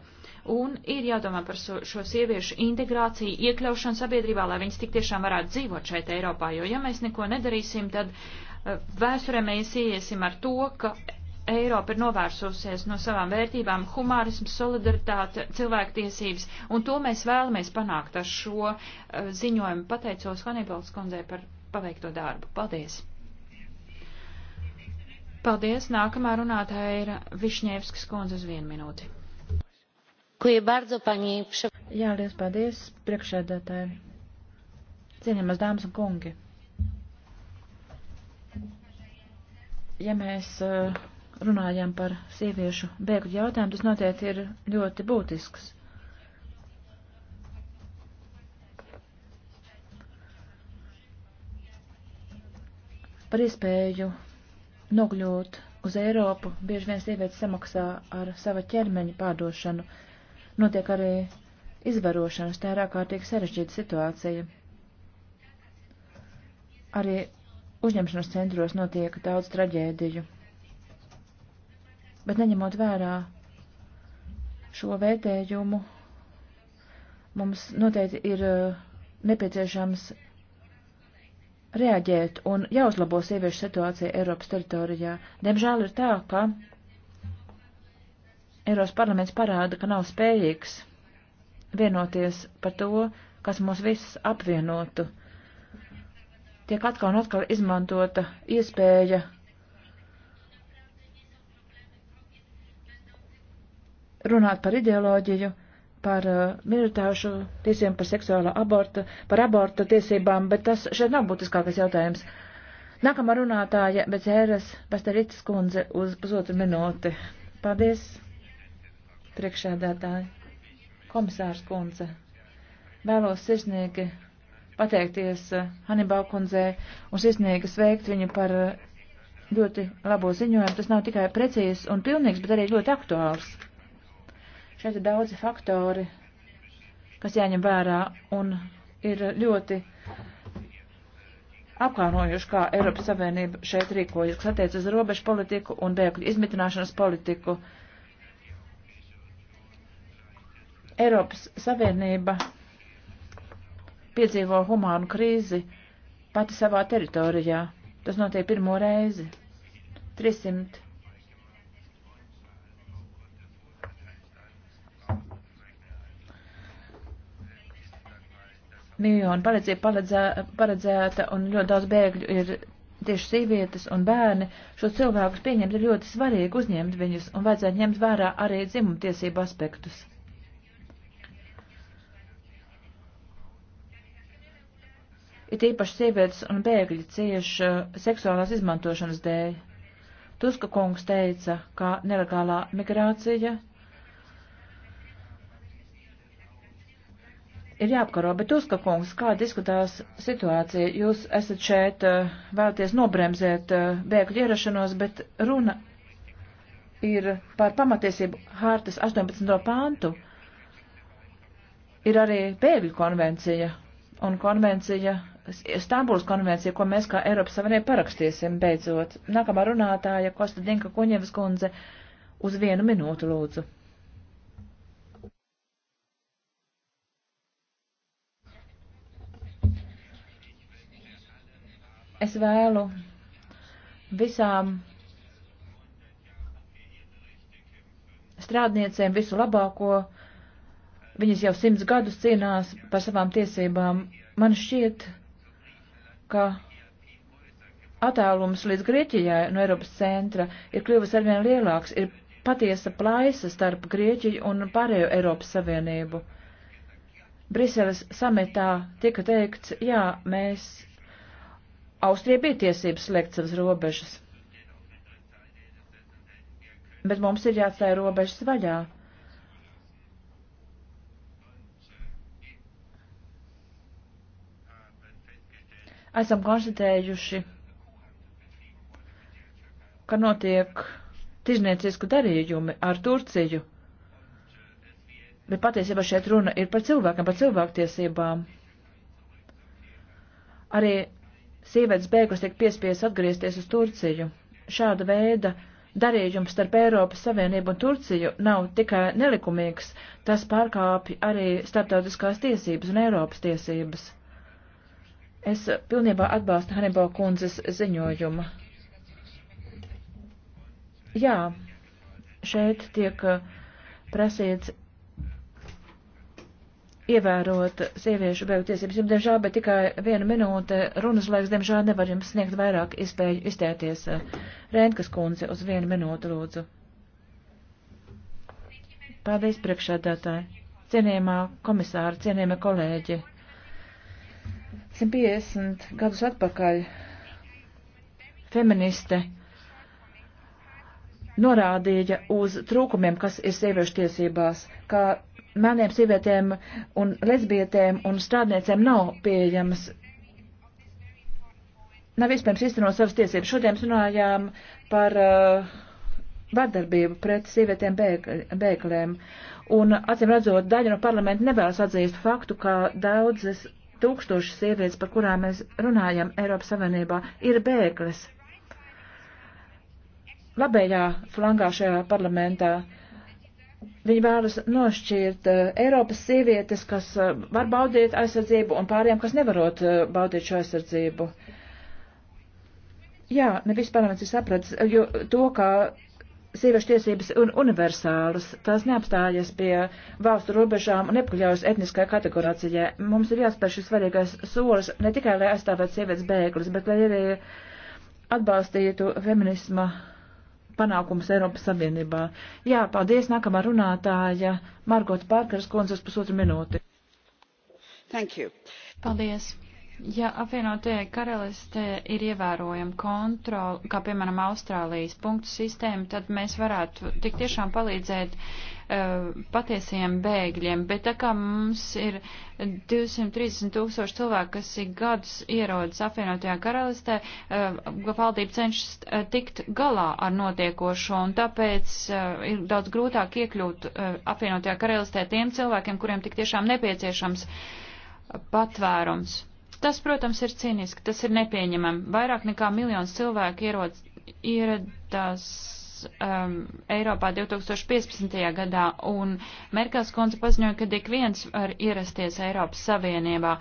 Un ir jādomā par so, šo sieviešu integrāciju, iekļaušanu sabiedrībā, lai viņas tik tiešām varētu dzīvot šeit Eiropā, jo ja mēs neko nedarīsim, tad uh, vēsturē mēs iesim ar to, ka Eiropa ir novērsusies no savām vērtībām - humārisms, solidaritāte, cilvēktiesības, un to mēs vēlamies panākt ar šo uh, ziņojumu. Pateicos Hanibals kundzei par paveikto darbu. Paldies! Paldies! Nākamā runātāja ir Višņevskas kundze uz vienu minūti. Jā, liels paldies, priekšēdētāji. Cienījamas dāmas un kungi. Ja mēs uh, runājam par sieviešu bēgļu jautājumu, tas noteikti ir ļoti būtisks. Par iespēju nokļūt uz Eiropu bieži vien sievietes samaksā ar sava ķermeņa pārdošanu. Notiek arī izvarošanas, tā ir ārkārtīgi sarežģīta situācija. Arī uzņemšanas centros notiek daudz traģēdiju. Bet neņemot vērā šo vērtējumu, mums noteikti ir eh, nepieciešams reaģēt un jāuzlabo sieviešu situācija Eiropas teritorijā. Diemžēl ir tā, ka Eiropas parlaments parāda, ka nav spējīgs vienoties par to, kas mūs visus apvienotu. Tiek atkal un atkal izmantota iespēja runāt par ideoloģiju, par uh, minoritāšu tiesībām, par seksuālo abortu, par abortu tiesībām, bet tas šeit nav būtiskākais jautājums. Nākamā runātāja, bet ēras pastarītas kundze uz pusotru minūti. Paldies, priekšēdētāji, komisārs kundze. Vēlos sirsnīgi pateikties uh, Hanibal kundzē un sirsnīgi sveikt viņu par uh, ļoti labo ziņojumu. Tas nav tikai precīzs un pilnīgs, bet arī ļoti aktuāls. Šeit ir daudzi faktori, kas jāņem vērā un ir ļoti apkārojuši, kā Eiropas Savienība šeit rīkojas, kas attiec uz robežu politiku un bēgļu izmitināšanas politiku. Eiropas Savienība piedzīvo humānu krīzi pati savā teritorijā. Tas notiek pirmo reizi. 300 miljonu paredzība paredzē, paredzēta un ļoti daudz bēgļu ir tieši sievietes un bērni. Šo cilvēkus pieņemt ir ļoti svarīgi uzņemt viņus un vajadzētu ņemt vērā arī dzimumtiesību aspektus. It īpaši sievietes un bēgļi cieši uh, seksuālās izmantošanas dēļ. Tuska kungs teica, ka nelegālā migrācija ir jāapkaro, bet Tuska kungs, kā diskutās situācija? Jūs esat šeit, eh, vēlaties nobremzēt eh, bēgļu ierašanos, bet runa ir par pamatiesību hārtas 18. pāntu. Ir arī bēgļu konvencija un konvencija, Stambuls konvencija, ko mēs kā Eiropas Savienība parakstīsim beidzot. Nākamā runātāja Kosta Dinka Kuņevas kundze uz vienu minūtu lūdzu. Es vēlu visām strādniecēm visu labāko. Viņas jau simts gadus cīnās par savām tiesībām. Man šķiet, ka attālums līdz Grieķijai no Eiropas centra ir kļuvis arvien lielāks, ir patiesa plaisa starp Grieķiju un pārējo Eiropas Savienību. Briseles sametā tika teikts, jā, mēs Austrija bija tiesības slēgt savas robežas. Bet mums ir jāatstāja robežas vaļā. Esam konstatējuši, ka notiek tirzniecisku darījumi ar Turciju, bet patiesībā šeit runa ir par cilvēkiem, par cilvēktiesībām. Arī sievietes bēglas tiek piespies atgriezties uz Turciju. Šāda veida darījums starp Eiropas Savienību un Turciju nav tikai nelikumīgs, tas pārkāpj arī starptautiskās tiesības un Eiropas tiesības. Es pilnībā atbalstu Hannibal kundzes ziņojumu. Jā, šeit tiek uh, prasīts ievērot sieviešu beigu tiesības. Jums, diemžēl, bet tikai viena minūte runas laiks, diemžēl, nevar jums sniegt vairāk iespēju izteikties. Rēnkas kundze, uz vienu minūtu lūdzu. Paldies, priekšādātāji. Cienījumā komisāra, cienījumā kolēģi. 150 gadus atpakaļ feministe norādīja uz trūkumiem, kas ir sieviešu tiesībās, kā Mēniem sievietēm un lesbietēm un strādniecēm nav pieejamas. Nav iespējams iztenot savas tiesības. Šodien runājām par uh, vardarbību pret sievietēm bēglēm. Un, acīm redzot, daļa no parlamenta nevēlas atzīst faktu, ka daudzas tūkstošas sievietes, par kurām mēs runājam Eiropas Savienībā, ir bēgles. Labējā flangā šajā parlamentā Viņi vēlas nošķirt eh, Eiropas sievietes, kas eh, var baudīt aizsardzību, un pārējām, kas nevarot eh, baudīt šo aizsardzību. Jā, nevis parlaments ir sapratis, jo to, ka sieviešu tiesības ir universālas, tās neapstājas pie valstu robežām un nepakļaujas etniskai kategorizācijai. Mums ir jāspēr šis svarīgais solis ne tikai, lai aizstāvētu sievietes bēglis, bet lai arī atbalstītu feminisma panākumus Eiropas Savienībā. Jā, paldies, nākamā runātāja Margot Pārkars, koncerts pusotru minūti. Thank you. Paldies. Ja apvienotajai karalistē ir ievērojama kontrola, kā piemēram Austrālijas punktu sistēma, tad mēs varētu tik tiešām palīdzēt uh, patiesiem bēgļiem, bet tā kā mums ir 230 tūkstoši cilvēku, kas ik gadus ierodas apvienotajā karalistē, uh, valdība cenšas uh, tikt galā ar notiekošo, un tāpēc uh, ir daudz grūtāk iekļūt uh, apvienotajā karalistē tiem cilvēkiem, kuriem tik tiešām nepieciešams patvērums. Tas, protams, ir cīniski, tas ir nepieņemami. Vairāk nekā miljons cilvēku ierod, ieradās um, Eiropā 2015. gadā, un Merkels konca paziņoja, ka ik viens var ierasties Eiropas Savienībā.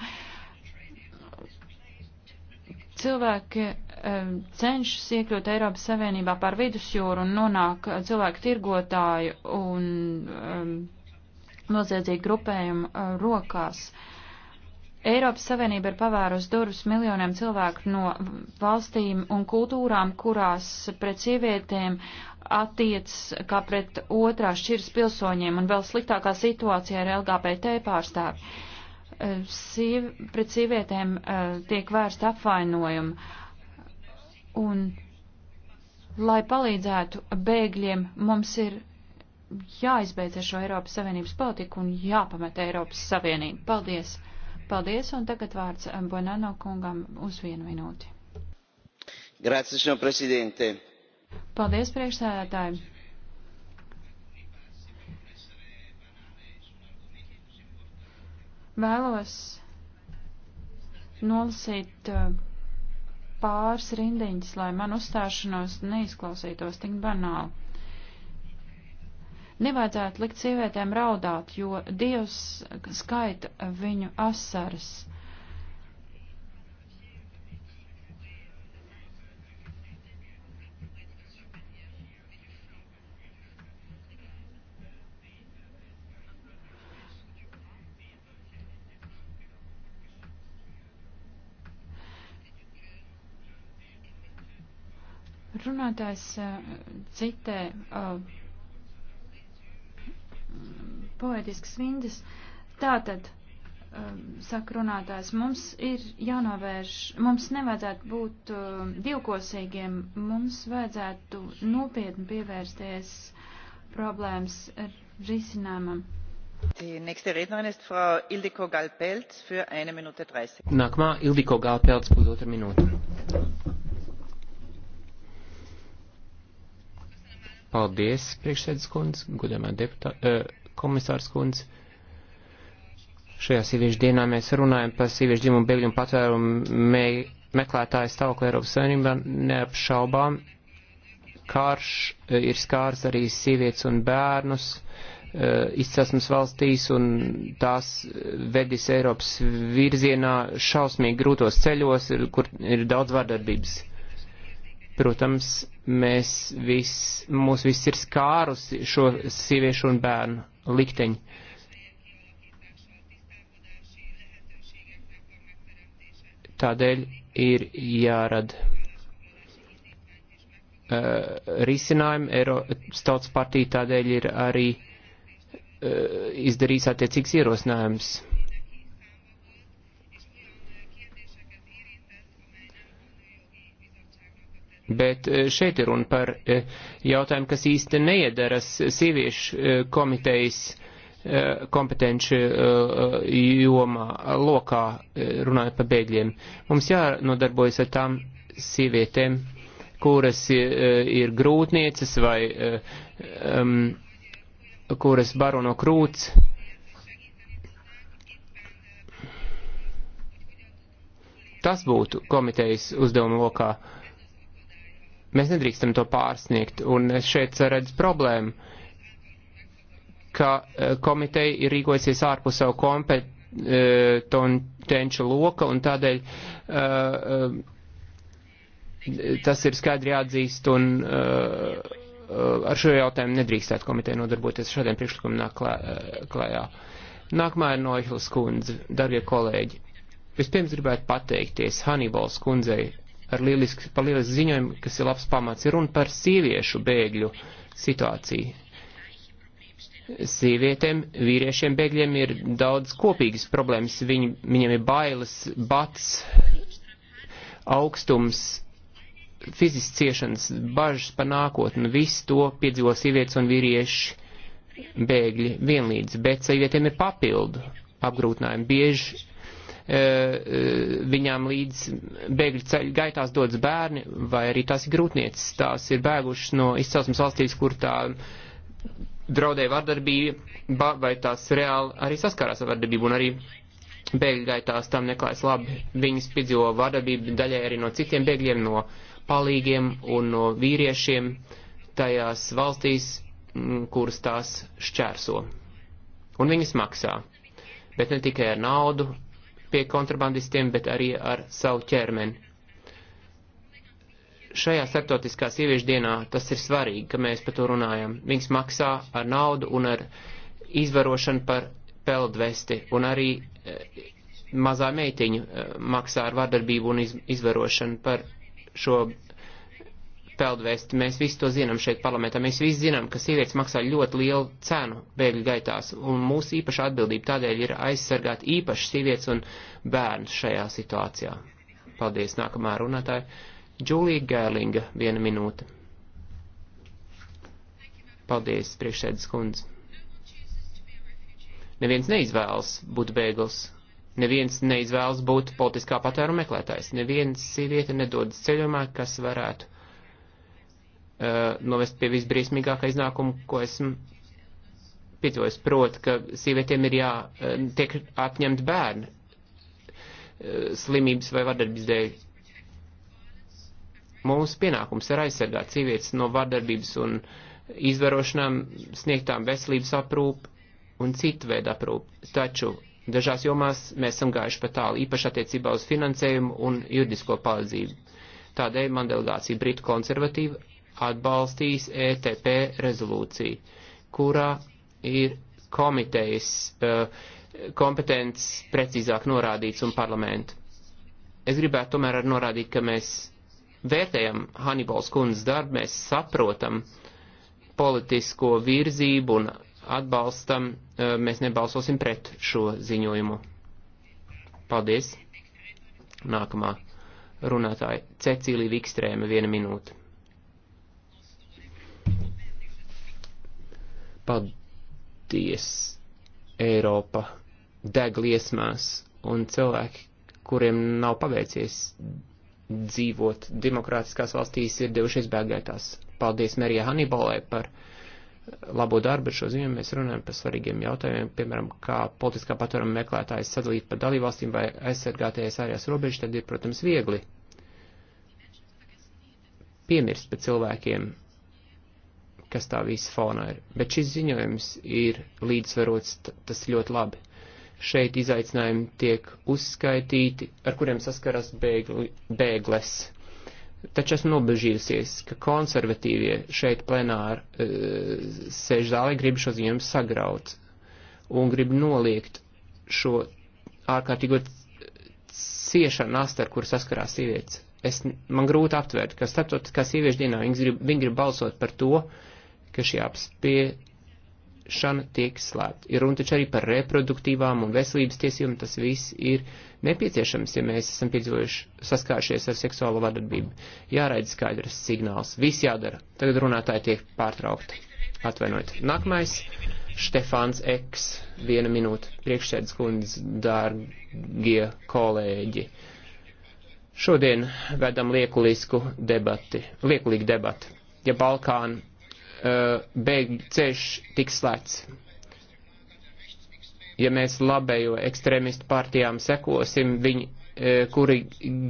Cilvēki um, cenšas iekļūt Eiropas Savienībā par vidusjūru un nonāk uh, cilvēku tirgotāju un um, noziedzīgu grupējumu uh, rokās. Uh, Eiropas Savienība ir pavērusi durvis miljoniem cilvēku no valstīm un kultūrām, kurās pret sievietēm attiec kā pret otrā šķiras pilsoņiem un vēl sliktākā situācijā ir LGBT pārstāvi. Eh, Sīv, pret sievietēm eh, tiek vērsta apvainojumi. Un, lai palīdzētu bēgļiem, mums ir jāizbeidz ar šo Eiropas Savienības politiku un jāpameta Eiropas Savienību. Paldies! Paldies, un tagad vārds um, Bonano kungam uz vienu minūti. Grazie, signor Presidente. Paldies, priekšsēdētāji. Vēlos nolasīt uh, pāris rindiņas, lai man uzstāšanos neizklausītos tik banāli. Nevajadzētu likt sievietēm raudāt, jo Dievs skaita viņu asaras. runātājs eh, citē eh, poētiskas vindas. Tātad, um, saka runātājs, mums ir jānovērš, mums nevajadzētu būt um, divkosīgiem, mums vajadzētu nopietni pievērsties problēmas risinājumam. Nākamā Ildiko Galpelts, pusotra minūte. Paldies, priekšsēdus kundze, gudamā deputā, uh, komisārs kundze. Šajā sieviešu dienā mēs runājam par sieviešu dzimumu bēgļu un patvērumu me, meklētāju stāvokli Eiropas Savienībā neapšaubām. Karš eh, ir skārs arī sievietes un bērnus uh, izcelsmes valstīs un tās vedis Eiropas virzienā šausmīgi grūtos ceļos, kur ir daudz vardarbības. Protams, Mēs vis, mūs viss ir skārusi šo sieviešu un bērnu likteņu. Tādēļ ir jārada uh, risinājumu. Eiropas tautas partija tādēļ ir arī uh, izdarījis attiecīgs ierosinājums. Bet eh, šeit ir runa par eh, jautājumu, kas īsti neiedaras sieviešu eh, komitejas kompetenci jomā, lokā, runājot par bēgļiem. Mums jānodarbojas ar tām sievietēm, kuras ir grūtnieces vai um, kuras baro no krūts. Tas būtu komitejas uzdevuma lokā. Uh, Mēs nedrīkstam to pārsniegt, un es šeit redzu problēmu, ka e, komiteja ir rīkojusies ārpus savu kompetenču loka, un tādēļ uh, tas ir skaidri jāatzīst, un uh, ar šo jautājumu nedrīkstētu komiteja nodarboties šādiem priekšlikumiem nāk klā, klājā. Nākamā ir Noihlas kundze, darbie kolēģi. Vispirms gribētu pateikties Hannibals kundzei par lielisku, par lielisku ziņojumu, kas ir labs pamats. Ir runa par sieviešu bēgļu situāciju. Sievietēm, vīriešiem bēgļiem ir daudz kopīgas problēmas. Viņ, viņiem ir bailes, bats, augstums, fizisks ciešanas, bažas par nākotni. Visu to piedzīvo sievietes un vīrieši bēgļi vienlīdz, bet sievietēm ir papildu apgrūtinājumi. Bieži Eh, eh, viņām līdz bēgļu ceļu gaitās dodas bērni, vai arī tās ir grūtniecis, tās ir bēgušas no izcelsmes valstīs, kur tā draudēja vardarbība, vai tās reāli arī saskārās ar vardarbību, un arī bēgļu gaitās tam neklājas labi. Viņas piedzīvo vardarbību daļai arī no citiem bēgļiem, no palīgiem un no vīriešiem tajās valstīs, mm, kuras tās šķērso. Un viņas maksā. Bet ne tikai ar naudu, pie kontrabandistiem, bet arī ar savu ķermeni. Šajā starptautiskā sieviešu dienā tas ir svarīgi, ka mēs par to runājam. Viņas maksā ar naudu un ar izvarošanu par peldvesti un arī eh, mazā meitiņu eh, maksā ar vardarbību un izvarošanu par šo peldvēsti. Mēs visi to zinām šeit parlamentā. Mēs visi zinām, ka sievietes maksā ļoti lielu cenu bēgļu gaitās. Un mūsu īpaša atbildība tādēļ ir aizsargāt īpaši sievietes un bērnus šajā situācijā. Paldies, nākamā runātāja. Džulija Gēlinga, viena minūte. Paldies, priekšsēdus kundze. Neviens neizvēlas būt bēglis. Neviens neizvēlas būt politiskā patēru meklētājs. Neviens sieviete nedodas ceļojumā, kas varētu Uh, novest pie visbriesmīgākā iznākuma, ko esmu piedzīvojis. Proti, ka sievietēm ir jā, uh, tiek atņemt bērni uh, slimības vai vardarbības dēļ. Mūsu pienākums ir aizsargāt sievietes no vardarbības un izvarošanām, sniegtām veselības aprūpu un citu veidu aprūpu. Taču dažās jomās mēs esam gājuši pat tālu, īpaši attiecībā uz finansējumu un juridisko palīdzību. Tādēļ man delegācija Britu konservatīva atbalstīs ETP rezolūciju, kurā ir komitejas eh, kompetences precīzāk norādīts un parlamentu. Es gribētu tomēr arī norādīt, ka mēs vērtējam Hannibals kundzes darbu, mēs saprotam politisko virzību un atbalstam, eh, mēs nebalsosim pret šo ziņojumu. Paldies! Nākamā runātāja Cecīlija Vikstrēma, viena minūte. Paldies! Eiropa deg liesmās un cilvēki, kuriem nav paveicies dzīvot demokrātiskās valstīs, ir devušies bēgētās. Paldies Merijai Hanibalai par labo darbu šo ziņu. Mēs runājam par svarīgiem jautājumiem, piemēram, kā politiskā patvēruma meklētājs sadalīt pa dalībvalstīm vai aizsargātajās ārējās robežas, tad ir, protams, viegli piemirst par cilvēkiem, kas tā visa fonā ir. Bet šis ziņojums ir līdzsvarots, tas ļoti labi. Šeit izaicinājumi tiek uzskaitīti, ar kuriem saskaras bēgli, bēgles. Taču esmu nobežījusies, ka konservatīvie šeit plenāri e, sēž zālē, grib šo ziņojumu sagraut un grib noliegt šo ārkārtīgo ciešanu nastu, ar kur saskarās sievietes. Es, man grūti aptvert, ka starptautiskā sieviešu dienā viņi grib, viņi grib balsot par to, uh, ka šī apspiešana tiek slēpta. Ir runa taču arī par reproduktīvām un veselības tiesībām, tas viss ir nepieciešams, ja mēs esam piedzīvojuši saskāršies ar seksuālo vardarbību. Jāraida skaidrs signāls, viss jādara. Tagad runātāji tiek pārtraukti. Atvainojiet. Nākamais. Štefāns Eks, viena minūte, priekšsēdus kundze, dārgie kolēģi. Šodien vedam liekulisku debati, liekulīgu debati. Ja Balkānu Eh, bēgļu ceļš tiks slēgts. Ja mēs labējo ekstrēmistu partijām sekosim, viņi, eh, kuri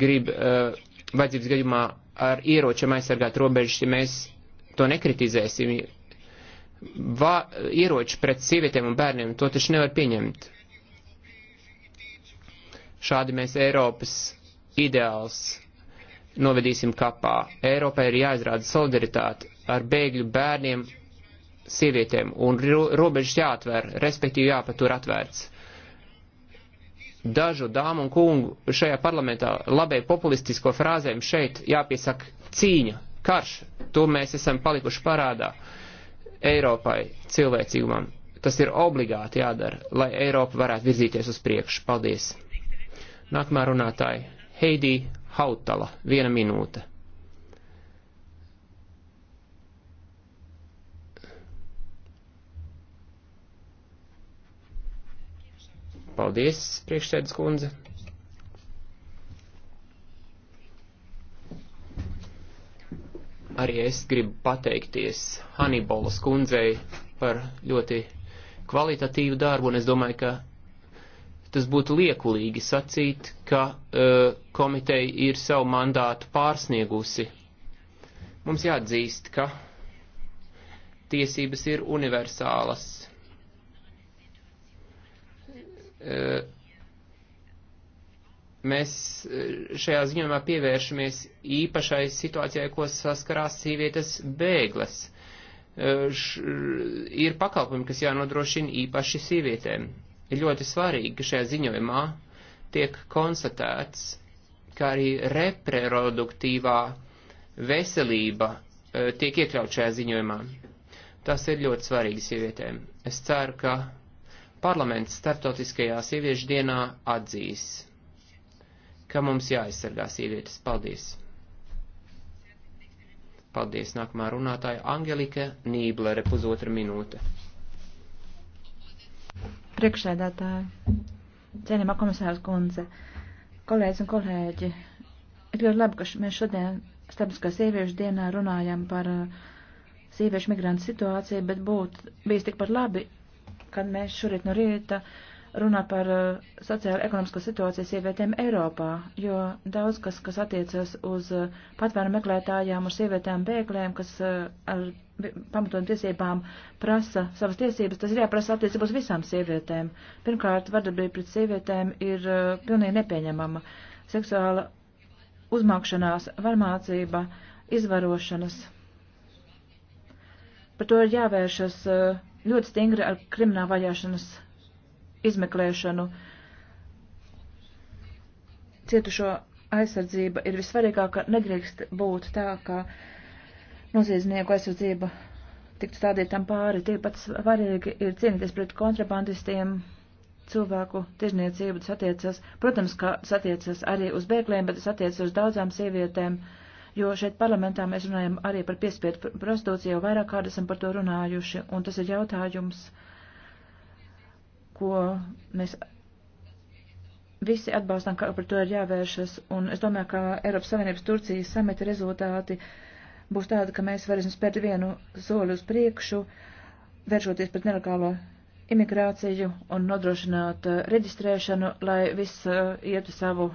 grib eh, vajadzības gadījumā ar ieročiem aizsargāt robežas, ja mēs to nekritizēsim, va, ieroči pret sievietēm un bērniem, to taču nevar pieņemt. Šādi mēs Eiropas ideāls novedīsim kapā. Eiropai ir jāizrāda solidaritāte ar bēgļu bērniem, sievietēm, un robežas jāatver, respektīvi jāpatur atvērts. Dažu dāmu un kungu šajā parlamentā labai populistisko frāzēm šeit jāpiesaka cīņa, karš, to mēs esam palikuši parādā Eiropai cilvēcīgumam. Tas ir obligāti jādara, lai Eiropa varētu virzīties uz priekšu. Paldies! Nākamā runātāja Heidi Hautala, viena minūte. Paldies, priekšsēdus kundze. Arī es gribu pateikties Hanibolas kundzei par ļoti kvalitatīvu darbu, un es domāju, ka tas būtu liekulīgi sacīt, ka uh, komiteja ir savu mandātu pārsniegusi. Mums jāatzīst, ka tiesības ir universālas Eh, mēs eh, šajā ziņojumā pievēršamies īpašai situācijai, ko saskarās sievietes bēgles. Eh, š, ir pakalpojumi, kas jānodrošina īpaši sievietēm. Ir ļoti svarīgi, ka šajā ziņojumā tiek konstatēts, ka arī reproduktīvā veselība tiek iekļaut šajā ziņojumā. Tas ir ļoti svarīgi sievietēm. Es ceru, ka Parlaments starptautiskajā sieviešu dienā atzīs, ka mums jāaizsargā sievietes. Paldies! Paldies, nākamā runātāja Angelika Nīblere, pusotra minūte. Priekšsēdētāji, cienījamā komisārs Gunze, kolēģis un kolēģi, ir ļoti labi, ka mēs šodien starptautiskā sieviešu dienā runājam par uh, sieviešu migrantu situāciju, bet būtu bijis tikpat labi, kad mēs šorīt no rīta runā par uh, sociāla ekonomisko situācijas sievietēm Eiropā, jo daudz kas, kas attiecas uz uh, patvēru meklētājām, uz sievietēm bēglēm, kas uh, ar pamatot tiesībām prasa savas tiesības, tas ir jāprasa attiecībā uz visām sievietēm. Pirmkārt, vardarbība pret sievietēm ir pilnīgi nepieņemama. Seksuāla uzmākšanās, varmācība, izvarošanas. Par to ir jāvēršas uh, ļoti stingri ar kriminālu vajāšanas izmeklēšanu. Cietušo aizsardzība ir visvarīgākā, nedrīkst būt tā, ka noziedznieku aizsardzība tiktu stādītam pāri. Tiepat svarīgi ir cīnīties pret kontrabandistiem, cilvēku tirzniecību, tas attiecas, protams, ka tas attiecas arī uz bēgļiem, bet tas attiecas uz daudzām sievietēm. Uh, jo šeit parlamentā mēs runājam arī par piespiedu prostitūciju, jau vairāk kādi esam par to runājuši, un tas ir jautājums, ko mēs visi atbalstam, ka par to ir jāvēršas, un es domāju, ka Eiropas Savienības Turcijas sameta rezultāti būs tādi, ka mēs varēsim spērt vienu soli uz priekšu, vēršoties pret nelegālo imigrāciju un nodrošināt eh, reģistrēšanu, lai viss eh, ietu savu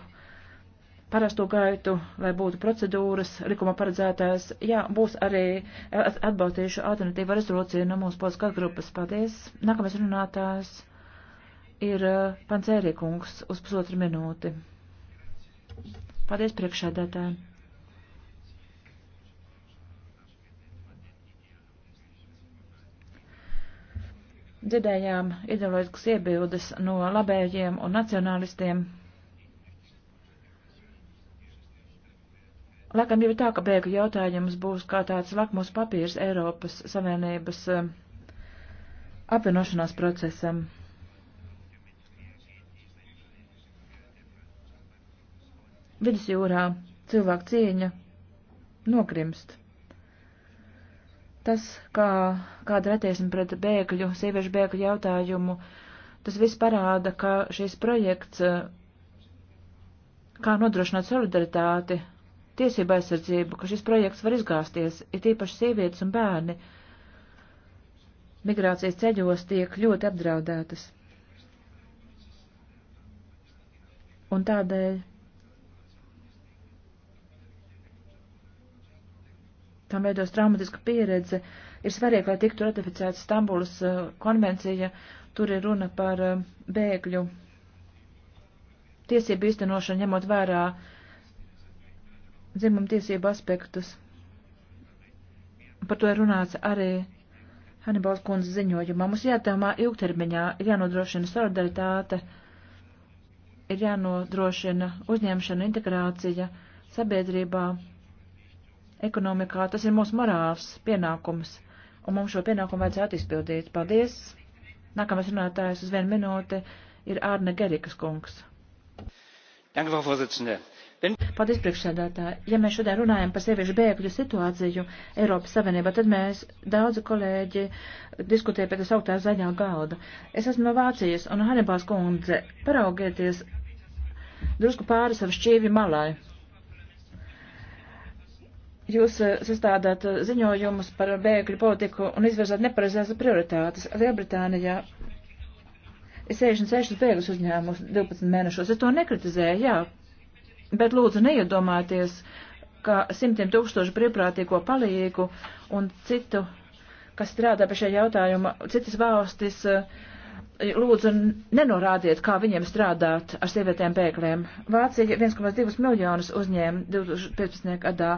parasto gaitu, lai būtu procedūras, likuma paredzētājs. Jā, būs arī atbalstīšu alternatīvu rezolūciju no mūsu polskās grupas. Paldies. Nākamais runātājs ir Pancērīkungs uz pusotru minūti. Paldies priekšādātājiem. Dzirdējām ideoloģiskas iebildes no labējiem un nacionālistiem. Laikam jau ir tā, ka bēgu jautājums būs kā tāds lakmus papīrs Eiropas Savienības eh, apvienošanās procesam. Vidusjūrā cilvēku cieņa nokrimst. Tas, kā, kāda ir attieksme pret bēgļu, sieviešu bēgļu jautājumu, tas viss parāda, ka šis projekts, eh, kā nodrošināt solidaritāti tiesība aizsardzību, ka šis projekts var izgāsties, ir īpaši sievietes un bērni. Migrācijas ceļos tiek ļoti apdraudētas. Un tādēļ tam veidos traumatiska pieredze, ir svarīgi, lai tiktu ratificēta Stambulas eh, konvencija. Tur ir runa par eh, bēgļu tiesību īstenošanu, ņemot vērā uh, dzimumtiesību aspektus. Par to ir runāts arī Hanibals kundzes ziņojumā. Mums jādomā ilgtermiņā, ir jānodrošina solidaritāte, ir jānodrošina uzņemšana, integrācija sabiedrībā, ekonomikā. Tas ir mūsu morāls pienākums, un mums šo pienākumu vajadzētu izpildīt. Paldies! Nākamais runātājs uz vienu minūti ir Ārne Gerikas kungs. Danke, Frau Vorsitzende. Paldies, priekšsēdētāji. Ja mēs šodien runājam par sieviešu bēgļu situāciju Eiropas Savienībā, tad mēs daudzi kolēģi diskutēja pēc augtā zaļā galda. Es esmu no Vācijas un Hanibās kundze. Paraugieties drusku pāri savu šķīvi malai. Jūs eh, sastādāt eh, ziņojumus par bēgļu politiku un izvirzāt nepareizās prioritātes. Lielbritānijā ir 66 bēgļus uzņēmumus 12 mēnešos. Es to nekritizēju, jā, Bet lūdzu neiedomājieties, ka simtiem tūkstošu brīvprātīgo palīgu un citu, kas strādā pie šī jautājuma, citas valstis, eh, lūdzu nenorādiet, kā viņiem strādāt ar sievietēm bēgliem. Vācija 1,2 miljonus uzņēma 2015. gadā,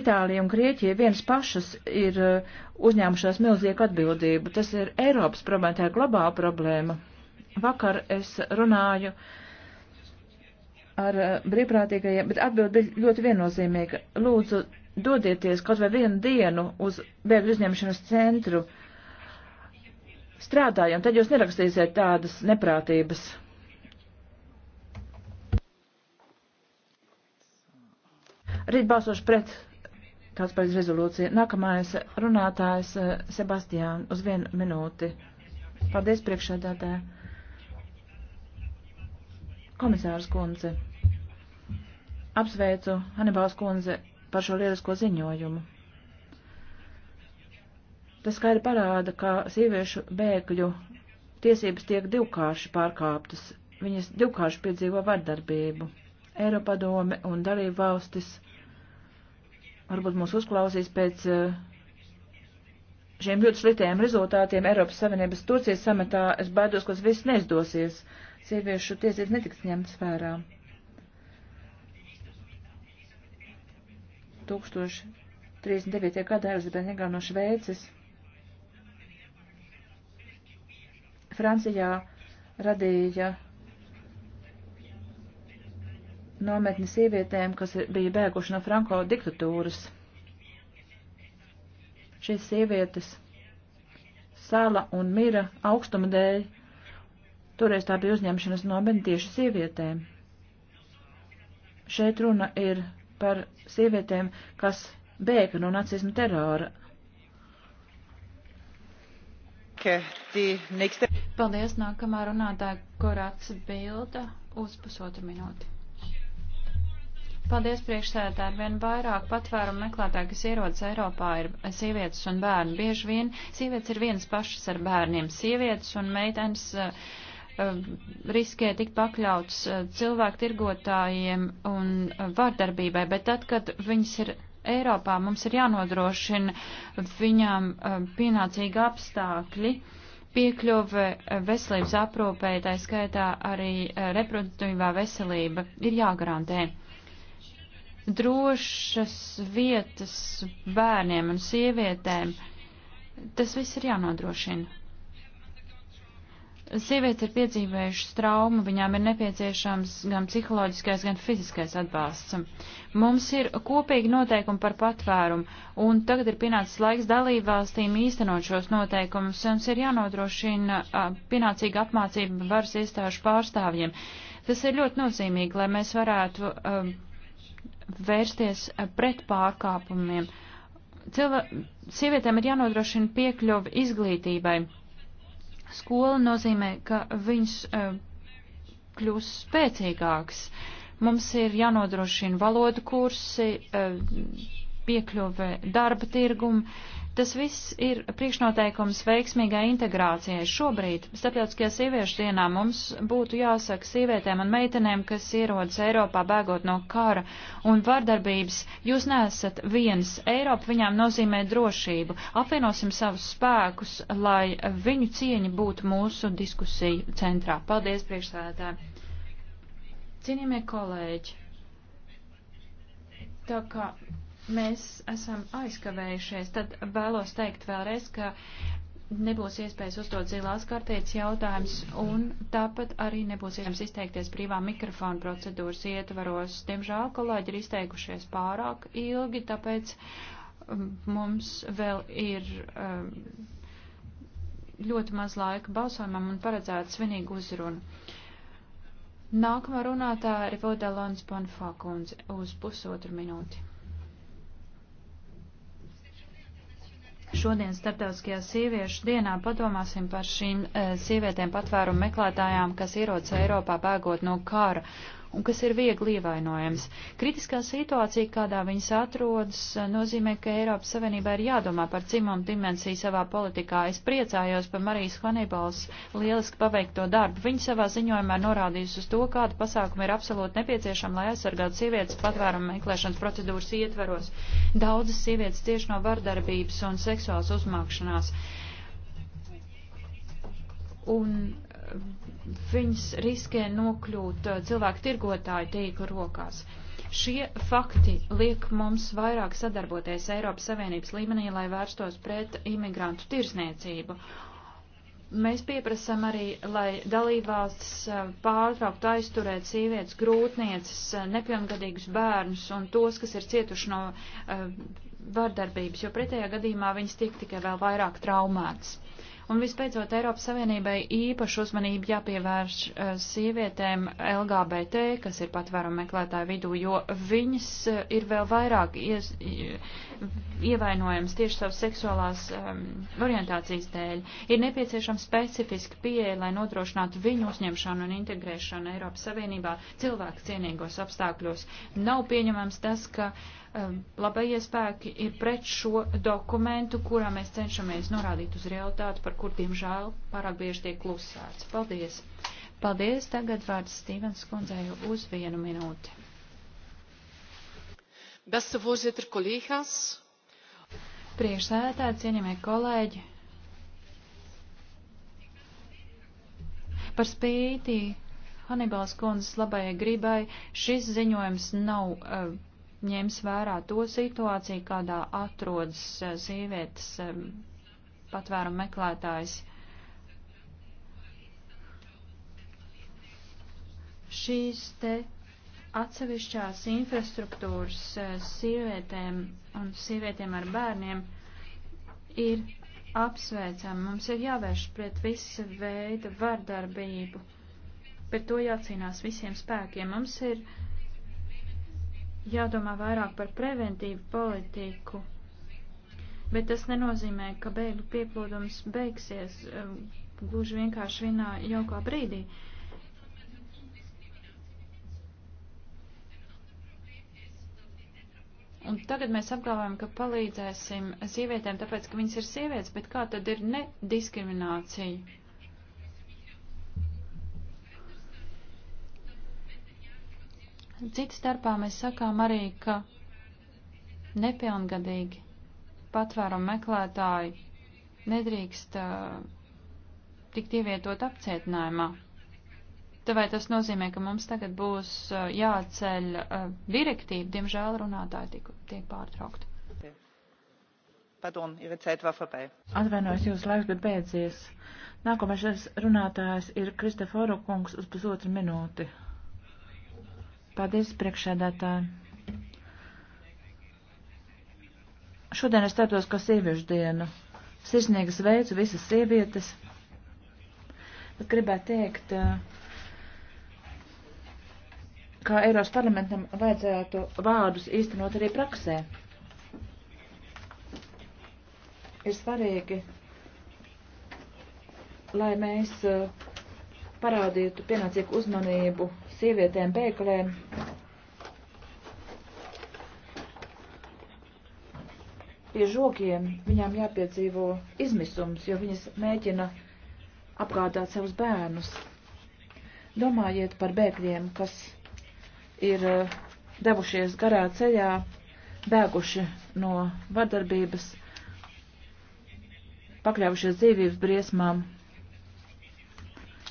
Itālija un Grieķija vienas pašas ir eh, uzņēmušās milzīgu atbildību. Tas ir Eiropas problēma, tā ir globāla problēma. Vakar es runāju uh, ar eh, brīvprātīgajiem, bet atbild bija ļoti viennozīmīga. Lūdzu, dodieties kaut vai vienu dienu uz bēgļu uzņemšanas centru. Strādājam, tad jūs nerakstīsiet tādas neprātības. Rīt balsošu pret tāds pēc rezolūcija. Nākamais runātājs eh, Sebastiān uz vienu minūti. Paldies priekšādātājai. Komisārs Kunze, apsveicu Hanibāls kundze par šo lielisko ziņojumu. Tas skaidri parāda, ka sieviešu bēgļu tiesības tiek divkārši pārkāptas, viņas divkārši piedzīvo vardarbību. Eiropadome un dalību valstis varbūt mūs uzklausīs pēc eh, šiem ļoti slitajiem rezultātiem Eiropas Savienības Turcijas sametā. Es baidos, ka tas viss neizdosies. Sieviešu tiesības netiks ņemts vērā. 1039. gadā Elizabete no Šveices Francijā radīja nometni sievietēm, kas bija bēguši no Franko diktatūras. Šīs sievietes sala un mira augstuma dēļ. Toreiz tā bija uzņemšanas nometni tieši sievietēm. Šeit runa ir par sievietēm, kas bēga no nacismu terora. Paldies, nākamā runātāja Korats Bilda uz pusotru minūti. Paldies, priekšsēdētāji. Vien vairāk patvērumu meklētāji, kas ierodas Eiropā, ir sievietes un bērni. Bieži vien sievietes ir vienas pašas ar bērniem. Sievietes un meitenes. Uh, Um, riskē tikt pakļauts uh, cilvēku tirgotājiem un uh, vārdarbībai, bet tad, kad viņas ir Eiropā, mums ir jānodrošina viņām um, pienācīgi apstākļi, piekļuve uh, veselības aprūpē, tā skaitā arī reproduktīvā veselība ir jāgarantē. Drošas vietas bērniem un sievietēm, tas viss ir jānodrošina. Sievietes ir piedzīvējušas traumu, viņām ir nepieciešams gan psiholoģiskais, gan fiziskais atbalsts. Mums ir kopīgi noteikumi par patvērumu, un tagad ir pienācis laiks dalībvalstīm īstenot šos noteikumus. Mums ir jānodrošina pienācīga apmācība varas iestāžu pārstāvjiem. Tas ir ļoti nozīmīgi, lai mēs varētu um, vērsties pret pārkāpumiem. Cilvē... Sievietēm ir jānodrošina piekļuva izglītībai Skola nozīmē, ka viņš uh, kļūs spēcīgāks. Mums ir jānodrošina valodu kursi, uh, piekļuve darba tirgumu, Tas viss ir priekšnoteikums veiksmīgai integrācijai. Šobrīd starptautiskajā sieviešu dienā mums būtu jāsaka sievietēm un meitenēm, kas ierodas Eiropā bēgot no kara un vardarbības, jūs neesat viens. Eiropa viņām nozīmē drošību. Apvienosim savus spēkus, lai viņu cieņa būtu mūsu diskusiju centrā. Paldies, priekšsēdētāji! Cienījamie kolēģi! Tā kā mēs esam aizkavējušies, tad vēlos teikt vēlreiz, ka nebūs iespējas uzdot zilās kartītes jautājums, un tāpat arī nebūs iespējams izteikties brīvā mikrofona procedūras ietvaros. Diemžēl kolēģi ir izteikušies pārāk ilgi, tāpēc um, mums vēl ir um, ļoti maz laika balsojumam un paredzēta svinīga uzruna. Nākamā runātāja ir Vodelons Bonfakundze uz pusotru minūti. Šodien starptautiskajā sieviešu dienā padomāsim par šīm e, sievietēm patvērumu meklētājām, kas ierodas Eiropā bēgot no kara un kas ir viegli ievainojams. Kritiskā situācija, kādā viņas atrodas, nozīmē, ka Eiropas Savienībā ir jādomā par dzimumu dimensiju savā politikā. Es priecājos par Marijas Hanibals lieliski paveikto darbu. Viņa savā ziņojumā norādījusi uz to, kāda pasākuma ir absolūti nepieciešama, lai aizsargātu sievietes patvēruma meklēšanas procedūras ietveros. Daudzas sievietes cieši no vardarbības un seksuālas uzmākšanās. Un viņas riskē nokļūt cilvēku tirgotāju tīklu rokās. Šie fakti liek mums vairāk sadarboties Eiropas Savienības līmenī, lai vērstos pret imigrantu tirzniecību. Mēs pieprasam arī, lai dalībvalstis pārtrauktu aizturēt sievietes, grūtnieces, nepilngadīgus bērnus un tos, kas ir cietuši no uh, vardarbības, jo pretējā gadījumā viņas tiek tikai vēl vairāk traumētas. Un vispēcot Eiropas Savienībai īpašu uzmanību jāpievērš eh, sievietēm LGBT, kas ir patvērumu meklētāju vidū, jo viņas eh, ir vēl vairāk ies, ievainojams tieši savas seksuālās um, orientācijas dēļ. Ir nepieciešama specifiska pieeja, lai nodrošinātu viņu uzņemšanu un integrēšanu Eiropas Savienībā cilvēku cienīgos apstākļos. Nav pieņemams tas, ka uh, Um, labējie spēki ir pret šo dokumentu, kurā mēs cenšamies norādīt uz realitāti, par kur, diemžēl, pārāk bieži tiek klusēts. Paldies! Paldies! Tagad vārds Stīvens kundzei uz vienu minūti. Beste voorzitter, collega's. Priekšsēdētāji, cienījamie kolēģi. Par spīti Hanibals kundzes labajai gribai šis ziņojums nav uh, ņems vērā to situāciju, kādā atrodas eh, sievietes eh, patvērumu meklētājs. Šīs te atsevišķās infrastruktūras eh, sievietēm un sievietēm ar bērniem ir apsveicama. Mums ir jāvērš pret visu veidu vardarbību. Par to jācīnās visiem spēkiem. Mums ir uh, jādomā vairāk par preventīvu politiku, bet tas nenozīmē, ka bēgļu pieplūdums beigsies um, gluži vienkārši vienā jaukā brīdī. Un tagad mēs apgalvojam, ka palīdzēsim sievietēm, tāpēc, ka viņas ir sievietes, bet kā tad ir nediskriminācija? Cits starpā mēs sakām arī, ka nepilngadīgi patvērumu meklētāji nedrīkst uh, tikt ievietot apcietinājumā. Tā vai tas nozīmē, ka mums tagad būs uh, jāceļ uh, direktīva, diemžēl runātāji tiek, tiek pārtraukti. Atvainojos, jūsu laiks bija beidzies. Nākamais runātājs ir Kristoforu kungs uz pusotru minūti. Paldies, priekšēdētāji. Šodien es startos kā sieviešu dienu. Sirsnīgi sveicu visas sievietes. Bet gribētu teikt, eh, ka Eiropas parlamentam vajadzētu vārdus īstenot arī praksē. Ir svarīgi, lai mēs eh, parādītu pienācīgu uzmanību sievietēm bēglēm. Pie žokiem viņām jāpiedzīvo izmisums, jo viņas mēģina apgādāt savus bērnus. Domājiet par bēgļiem, kas ir eh, devušies garā ceļā, bēguši no vardarbības, pakļaujušies dzīvības briesmām,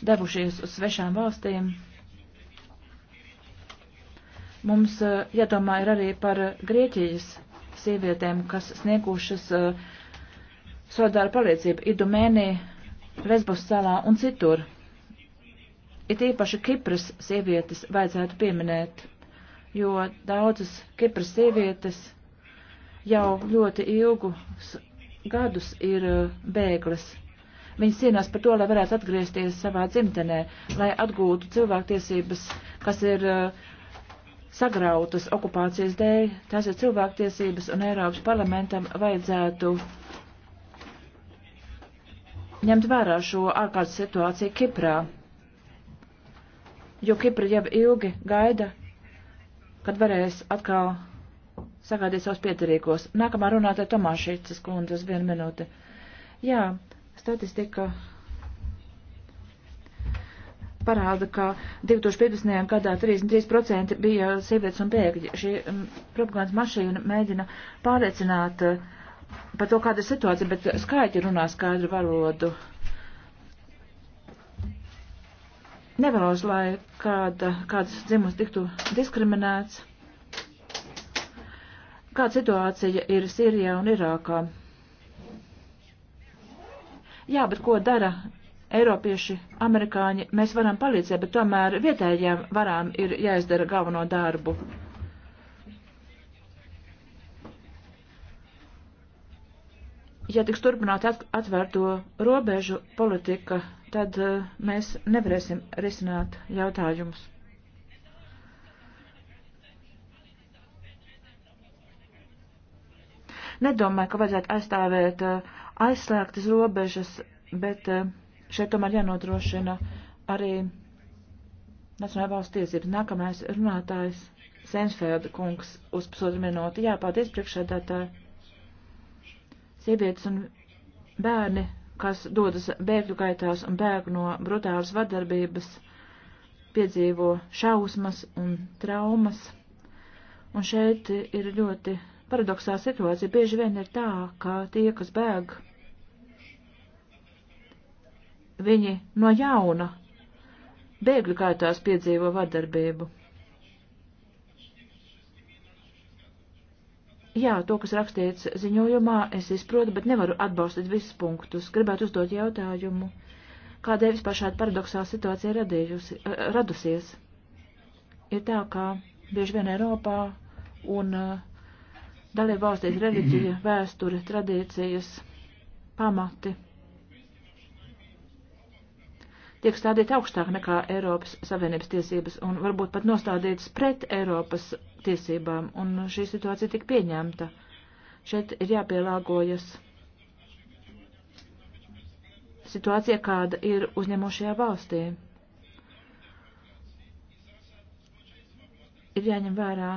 devušies uz svešām valstīm. Mums eh, jādomā ir arī par Grieķijas sievietēm, kas sniegušas eh, sodāru palīdzību Idumēnī, Lesbos salā un citur. It īpaši Kipras sievietes vajadzētu pieminēt, jo daudzas Kipras sievietes jau ļoti ilgus gadus ir eh, bēglas. Viņas cīnās par to, lai varētu atgriezties savā dzimtenē, lai atgūtu cilvēktiesības, kas ir uh, sagrautas okupācijas dēļ. Tās ir cilvēktiesības un Eiropas parlamentam vajadzētu ņemt vērā šo ārkārtas situāciju Kiprā, jo Kipra jau ilgi gaida, kad varēs atkal sagādīt savus pietarīgos. Nākamā runātāja Tomāšīcis kundze uz vienu minūti. Jā, statistika parāda, ka 2015. gadā 33% bija sievietes un bēgļi. Šī mm, propagandas mašīna mēģina pārliecināt eh, par to, kāda ir situācija, bet skaidri runā skaidru valodu. Nevēlos, lai kāda, kāds dzimums tiktu diskriminēts. Kāda situācija ir Sīrijā un Irākā? Jā, bet ko dara Eiropieši, amerikāņi, mēs varam palīdzēt, bet tomēr vietējiem varām ir jāizdara galveno darbu. Ja tiks turpināt atvērto robežu politika, tad uh, mēs nevarēsim risināt jautājumus. Nedomāju, ka vajadzētu aizstāvēt uh, aizslēgtas robežas, bet uh, Šeit tomēr jānodrošina arī Nacionālā valsts tiesības. Nākamais runātājs Sensfēda kungs uz pusotru minūti. Jā, paldies priekšsēdētāji. Sievietes un bērni, kas dodas bēgļu gaitās un bēg no brutālas vardarbības, piedzīvo šausmas un traumas. Un šeit ir ļoti paradoxāla situācija. Bieži vien ir tā, ka tie, kas bēg, viņi no jauna bēgļu gaitās piedzīvo vardarbību. Jā, to, kas rakstīts ziņojumā, es izprotu, bet nevaru atbalstīt visus punktus. Gribētu uzdot jautājumu, kādēļ vispār šāda paradoxāla situācija radījusi, eh, radusies. Ir tā, ka bieži vien Eiropā un eh, dalību valstīs reliģija, vēsture, tradīcijas, pamati tiek stādīti augstāk nekā Eiropas Savienības tiesības un varbūt pat nostādītas pret Eiropas tiesībām, un šī situācija tika pieņemta. Šeit ir jāpielāgojas situācija, kāda ir uzņemošajā valstī. Ir jāņem vērā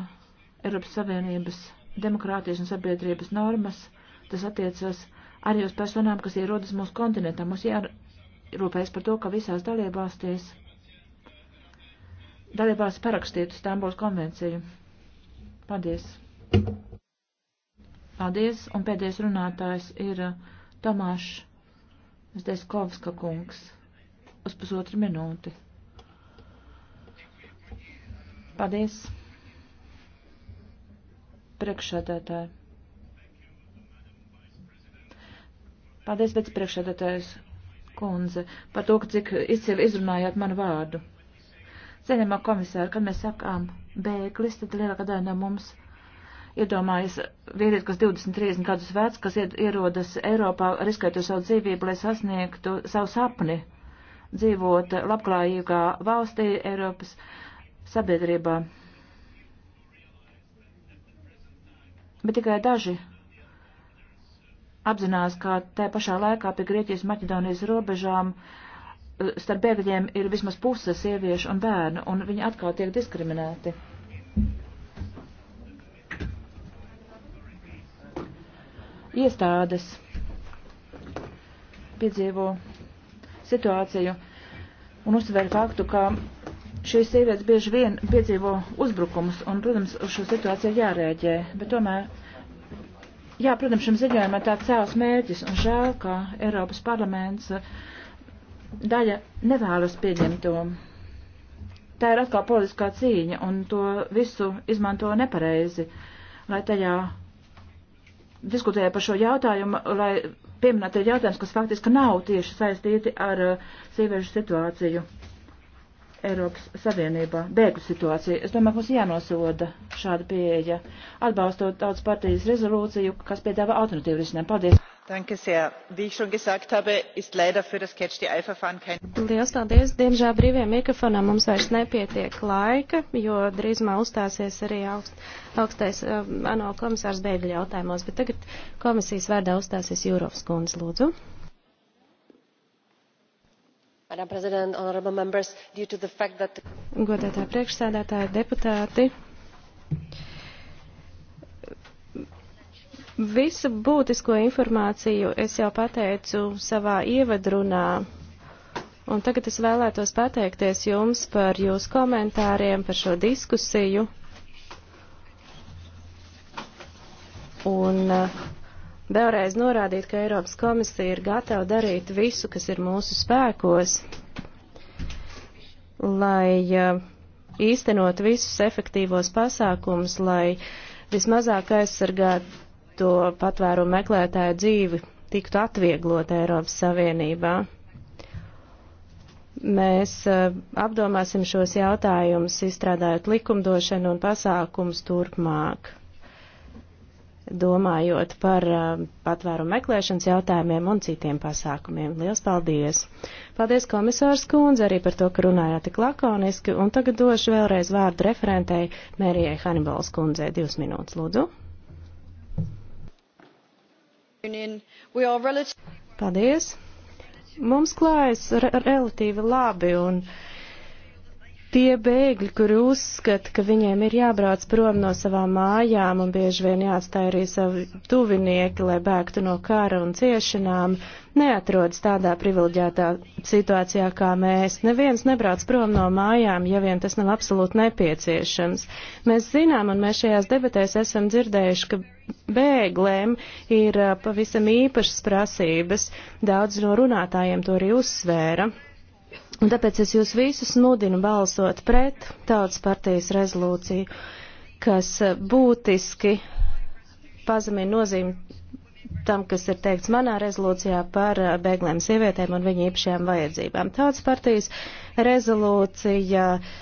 Eiropas Savienības demokrātijas un sabiedrības normas, tas attiecas arī uz personām, kas ierodas mūsu kontinentā. Mums jā, rūpējas par to, ka visās dalībvalstīs dalībvalsts parakstītu Stambuls konvenciju. Paldies. Paldies, un pēdējais runātājs ir uh, Tomāšs Zdeskovska kungs uz pusotru minūti. Paldies. Priekšsēdētāji. Paldies, bet priekšsēdētājs kundze, par to, cik izcili izrunājāt manu vārdu. Ceļamā komisāra, kad mēs sakām bēglis, tad lielākā daļa no mums iedomājas vīrieti, kas 20-30 gadus vecs, kas ierodas Eiropā, riskētu savu dzīvību, lai sasniegtu savu sapni dzīvot labklājīgā valstī Eiropas sabiedrībā. Bet tikai daži apzinās, ka tā pašā laikā pie Grieķijas Maķedonijas robežām eh, starp bēgļiem ir vismaz puse sieviešu un bērnu, un viņi atkal tiek diskriminēti. Iestādes piedzīvo situāciju un uztver faktu, ka šīs sievietes bieži vien piedzīvo uzbrukumus, un, protams, uz šo situāciju jārēģē, bet tomēr Jā, protams, šim ziņojumam ir tāds savs mērķis, un žēl, ka Eiropas parlaments uh, daļa nevēlas pieņemt to. Tā ir atkal politiskā cīņa, un to visu izmanto nepareizi, lai tajā diskutēja par šo jautājumu, lai pieminētu jautājumus, kas faktiski nav tieši saistīti ar uh, sieviešu situāciju. Eiropas Savienībā bēgļu situācija. Es domāju, ka mums jānosoda šāda pieeja, atbalstot tautas partijas rezolūciju, kas piedāvā alternatīvu risinājumu. Paldies! Danke sehr. Wie ich schon gesagt habe, ist leider für das Catch the Eye Verfahren kein. Lielas paldies. Diemžēl brīvajam mikrofonam mums vairs nepietiek laika, jo drīzumā uzstāsies arī augst, augstais uh, ANO komisārs bēgļu jautājumos, bet tagad komisijas vārdā uzstāsies Jūrovs kundze, lūdzu. That... Godātā priekšsēdētāja deputāti. Visu būtisko informāciju es jau pateicu savā ievadrunā, un tagad es vēlētos pateikties jums par jūsu komentāriem, par šo diskusiju. Un uh, vēlreiz norādīt, ka Eiropas komisija ir gatava darīt visu, kas ir mūsu spēkos, lai īstenot visus efektīvos pasākumus, lai vismazāk aizsargāto patvērumu meklētāju dzīvi tiktu atvieglot Eiropas Savienībā. Mēs e, apdomāsim šos jautājumus, izstrādājot likumdošanu un pasākumus turpmāk domājot par uh, patvērumu meklēšanas jautājumiem un citiem pasākumiem. Lielas paldies! Paldies, komisārs Kundze, arī par to, ka runājāt tik lakoniski, un tagad došu vēlreiz vārdu referentei Mērijai Hanibals Kundzei. Divas minūtes, lūdzu. Paldies! Mums klājas re relatīvi labi, un tie bēgļi, kuri uzskata, ka viņiem ir jābrauc prom no savām mājām un bieži vien jāatstāj arī savi tuvinieki, lai bēgtu no kara un ciešanām, neatrodas tādā privileģētā situācijā kā mēs. Neviens nebrauc prom no mājām, ja vien tas nav absolūti nepieciešams. Mēs zinām, un mēs šajās debatēs esam dzirdējuši, ka bēglēm ir uh, pavisam īpašas prasības. Daudz no runātājiem to arī uzsvēra Un tāpēc es jūs visus mudinu balsot pret tautas partijas rezolūciju, kas būtiski pazemina nozīmi tam, kas ir teikts manā rezolūcijā par bēglēm sievietēm un viņu īpašajām vajadzībām. Tautas partijas rezolūcija uh,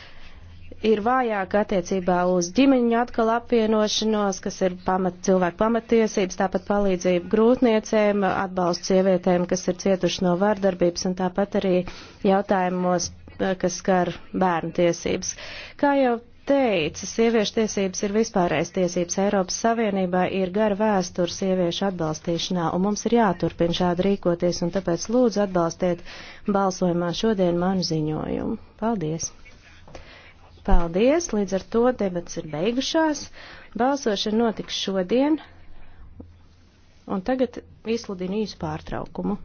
ir vājāka attiecībā uz ģimeņu atkal apvienošanos, kas ir pamat, cilvēku pamatiesības, tāpat palīdzība grūtniecēm, atbalsts sievietēm, kas ir cietuši no vardarbības un tāpat arī jautājumos, kas skar bērnu tiesības. Kā jau teica, sieviešu tiesības ir vispārējais tiesības Eiropas Savienībā, ir gara vēsture sieviešu atbalstīšanā, un mums ir jāturpina šādi rīkoties, un tāpēc lūdzu atbalstiet balsojumā šodien manu ziņojumu. Paldies! Paldies, līdz ar to debats ir beigušās. Balsošana notiks šodien, un tagad izsludinu īsu pārtraukumu.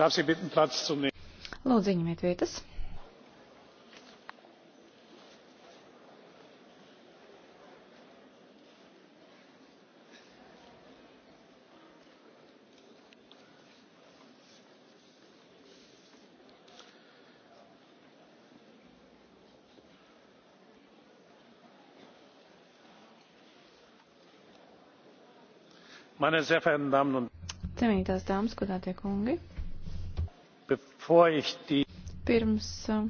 Darf Sie bitten, Platz zu nehmen? Lūdzu, ņemiet vietas. meine sehr verehrten Damen und Cienītās dāmas, godātie kungi! Pirms uh,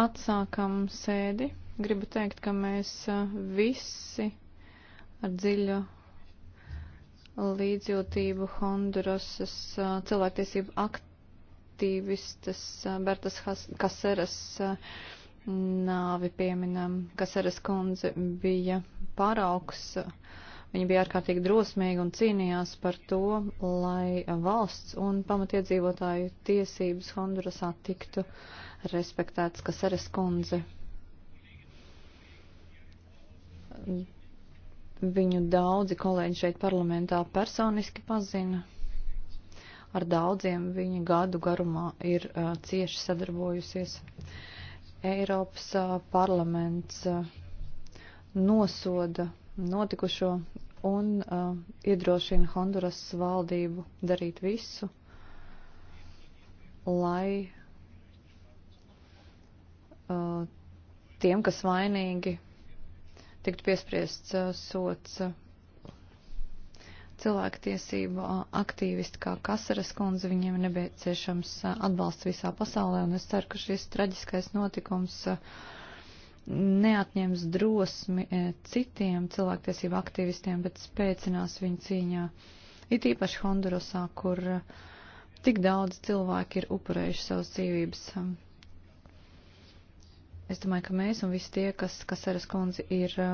atsākam sēdi, gribu teikt, ka mēs uh, visi ar dziļu līdzjūtību Hondurasas uh, cilvēktiesību aktīvistas Bertas Kaseras nāvi pieminam. Kaseras kundze bija paraugs. Uh, Viņa bija ārkārtīgi drosmīga un cīnījās par to, lai valsts un pamatiedzīvotāju tiesības Hondurasā tiktu respektētas, kas eres kundze. Viņu daudzi kolēģi šeit parlamentā personiski pazina ar daudziem viņa gadu garumā ir uh, cieši sadarbojusies. Eiropas uh, parlaments uh, nosoda notikušo un uh, iedrošina Honduras valdību darīt visu, lai uh, tiem, kas vainīgi, tiktu piespriests uh, sots. Uh, cilvēktiesību uh, aktīvisti kā Kasaras kundze, viņiem nepieciešams uh, atbalsts visā pasaulē, un es ceru, ka šis traģiskais notikums uh, neatņems drosmi e, citiem cilvēktiesību aktīvistiem, bet spēcinās viņu cīņā. It īpaši Hondurasā, kur e, tik daudz cilvēki ir upurējuši savas dzīvības. Es domāju, ka mēs un visi tie, kas Kaseras kundzi ir e,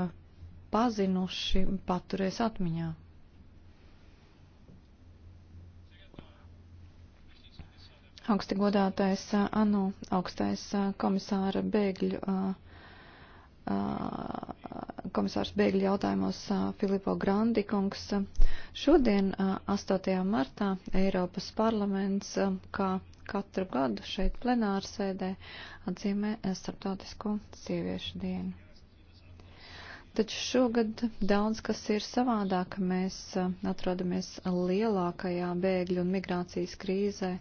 pazinuši, paturēs atmiņā. Augsti godātais ANO, augstais komisāra bēgļu. Uh, komisārs bēgļu jautājumos Filipo Grandikungs. Šodien, 8. martā, Eiropas parlaments, kā katru gadu šeit plenārsēdē, atzīmē starptautisko sieviešu dienu. Taču šogad daudz kas ir savādāk. Mēs atrodamies lielākajā bēgļu un migrācijas krīzē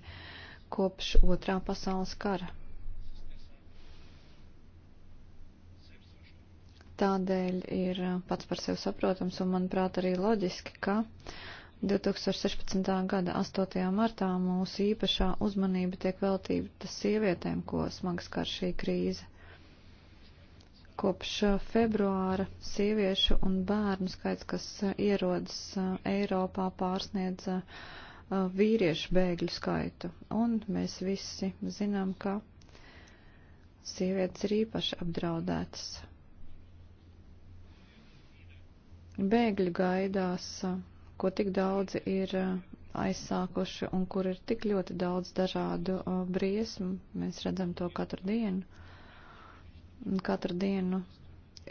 kopš otrā pasaules kara. Tādēļ ir eh, pats par sevi saprotams un, manuprāt, arī loģiski, ka 2016. gada 8. martā mūsu īpašā uzmanība tiek veltīta sievietēm, ko smags kā šī krīze. Kopš eh, februāra sieviešu un bērnu skaits, kas eh, ierodas Eiropā, pārsniedz vīriešu bēgļu skaitu. Un mēs visi zinām, ka sievietes ir īpaši apdraudētas bēgļu gaidās, ko tik daudzi ir eh, aizsākuši un kur ir tik ļoti daudz dažādu eh, briesmu. Mēs redzam to katru dienu. Katru dienu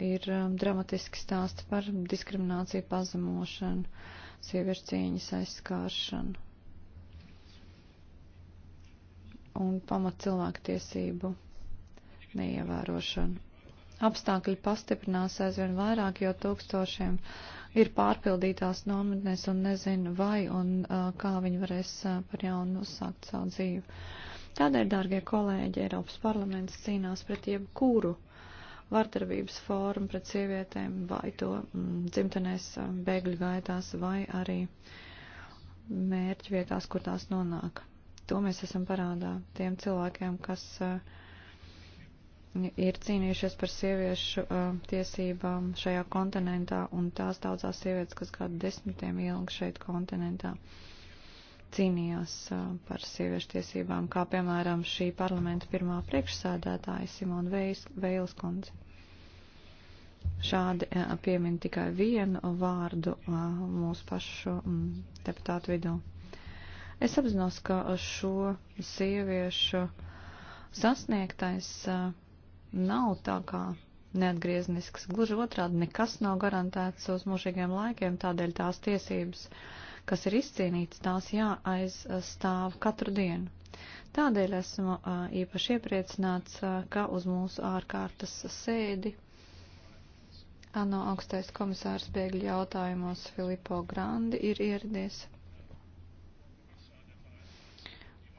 ir eh, dramatiski stāsti par diskrimināciju, pazemošanu, sieviešu cieņas aizskāršanu un pamat cilvēktiesību neievērošanu apstākļi pastiprinās aizvien vairāk, jo tūkstošiem ir pārpildītās nometnēs un nezinu, vai un uh, kā viņi varēs uh, par jaunu uzsākt savu dzīvi. Tādēļ, dārgie kolēģi, Eiropas parlaments cīnās pret jebkuru vardarbības formu pret sievietēm, vai to mm, dzimtenēs bēgļu gaitās, vai arī mērķu vietās, kur tās nonāk. To mēs esam parādā tiem cilvēkiem, kas uh, ir cīnījušies par sieviešu uh, tiesībām šajā kontinentā un tās daudzās sievietes, kas gadu desmitiem ilgi šeit kontinentā cīnījās uh, par sieviešu tiesībām, kā piemēram šī parlamenta pirmā priekšsēdētāja Simona Veils kundze. Šādi uh, piemin tikai vienu vārdu uh, mūsu pašu um, deputātu vidū. Es apzinos, ka šo sieviešu sasniegtais uh, nav tā kā neatgrieznisks. Gluži otrādi, nekas nav garantēts uz mūžīgiem laikiem, tādēļ tās tiesības, kas ir izcīnītas, tās jāaizstāv katru dienu. Tādēļ esmu īpaši iepriecināts, ka uz mūsu ārkārtas sēdi ANO augstais komisārs bēgļu jautājumos Filipo Grandi ir ieradies.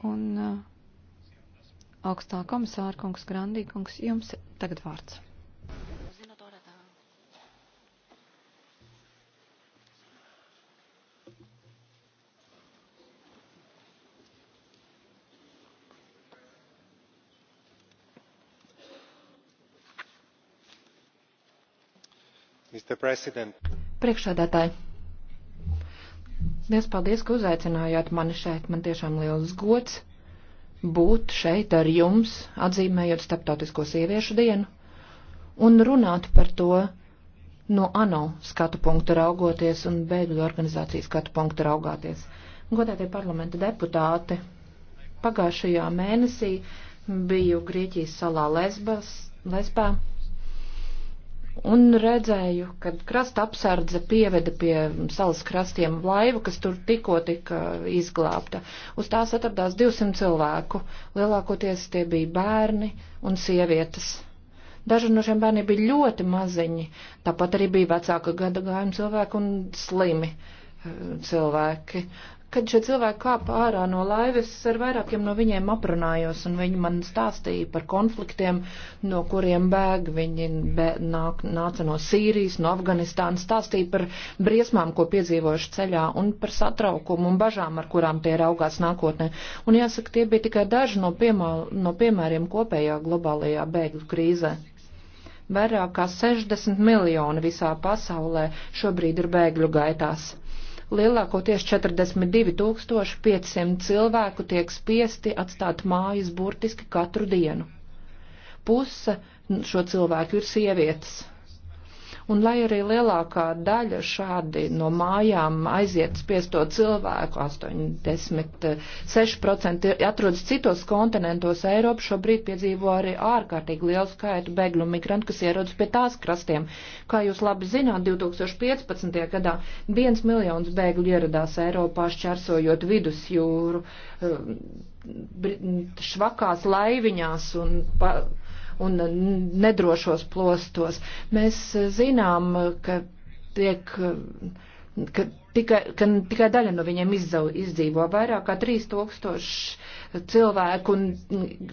Un uh, augstā komisāra kungs Grandī kungs, jums tagad vārds. Priekšsēdētāji, liels paldies, ka uzaicinājāt mani šeit. Man tiešām liels gods būt šeit ar jums, atzīmējot Starptautisko sieviešu dienu, un runāt par to no ANO skatu punktu raugoties un bēgļu organizācijas skatu punktu raugāties. Godētie parlamenta deputāti, pagājušajā mēnesī biju Grieķijas salā Lesbas, Lesbā un redzēju, ka krasta apsardze pieveda pie salas krastiem laivu, kas tur tikko tika izglābta. Uz tās atradās 200 cilvēku, lielākoties tie bija bērni un sievietes. Daži no šiem bērniem bija ļoti maziņi, tāpat arī bija vecāka gada gājuma cilvēki un slimi eh, cilvēki. Kad šie cilvēki kāpa ārā no laivas, ar vairākiem no viņiem aprunājos, un viņi man stāstīja par konfliktiem, no kuriem bēg. Viņi bē, nāk, nāca no Sīrijas, no Afganistānas, stāstīja par briesmām, ko piedzīvojuši ceļā, un par satraukumu un bažām, ar kurām tie raugās nākotnē. Un jāsaka, tie bija tikai daži no, piemā, no piemēriem kopējā globālajā bēgļu krīzē. Vairāk kā 60 miljoni visā pasaulē šobrīd ir bēgļu gaitās Lielākoties 42,500 cilvēku tiek spiesti atstāt mājas burtiski katru dienu. Puse šo cilvēku ir sievietes. Un lai arī lielākā daļa šādi no mājām aiziet spiesto cilvēku, 86% atrodas citos kontinentos Eiropu, šobrīd piedzīvo arī ārkārtīgi lielu skaitu bēgļu migrantu, kas ierodas pie tās krastiem. Kā jūs labi zināt, 2015. gadā viens miljons bēgļu ieradās Eiropā šķērsojot vidusjūru eh, švakās laiviņās un. Pa, un nedrošos plostos. Mēs eh, zinām, ka tiek ka tikai, ka tikai daļa no viņiem izdzav, izdzīvo. Vairāk kā 3000 cilvēku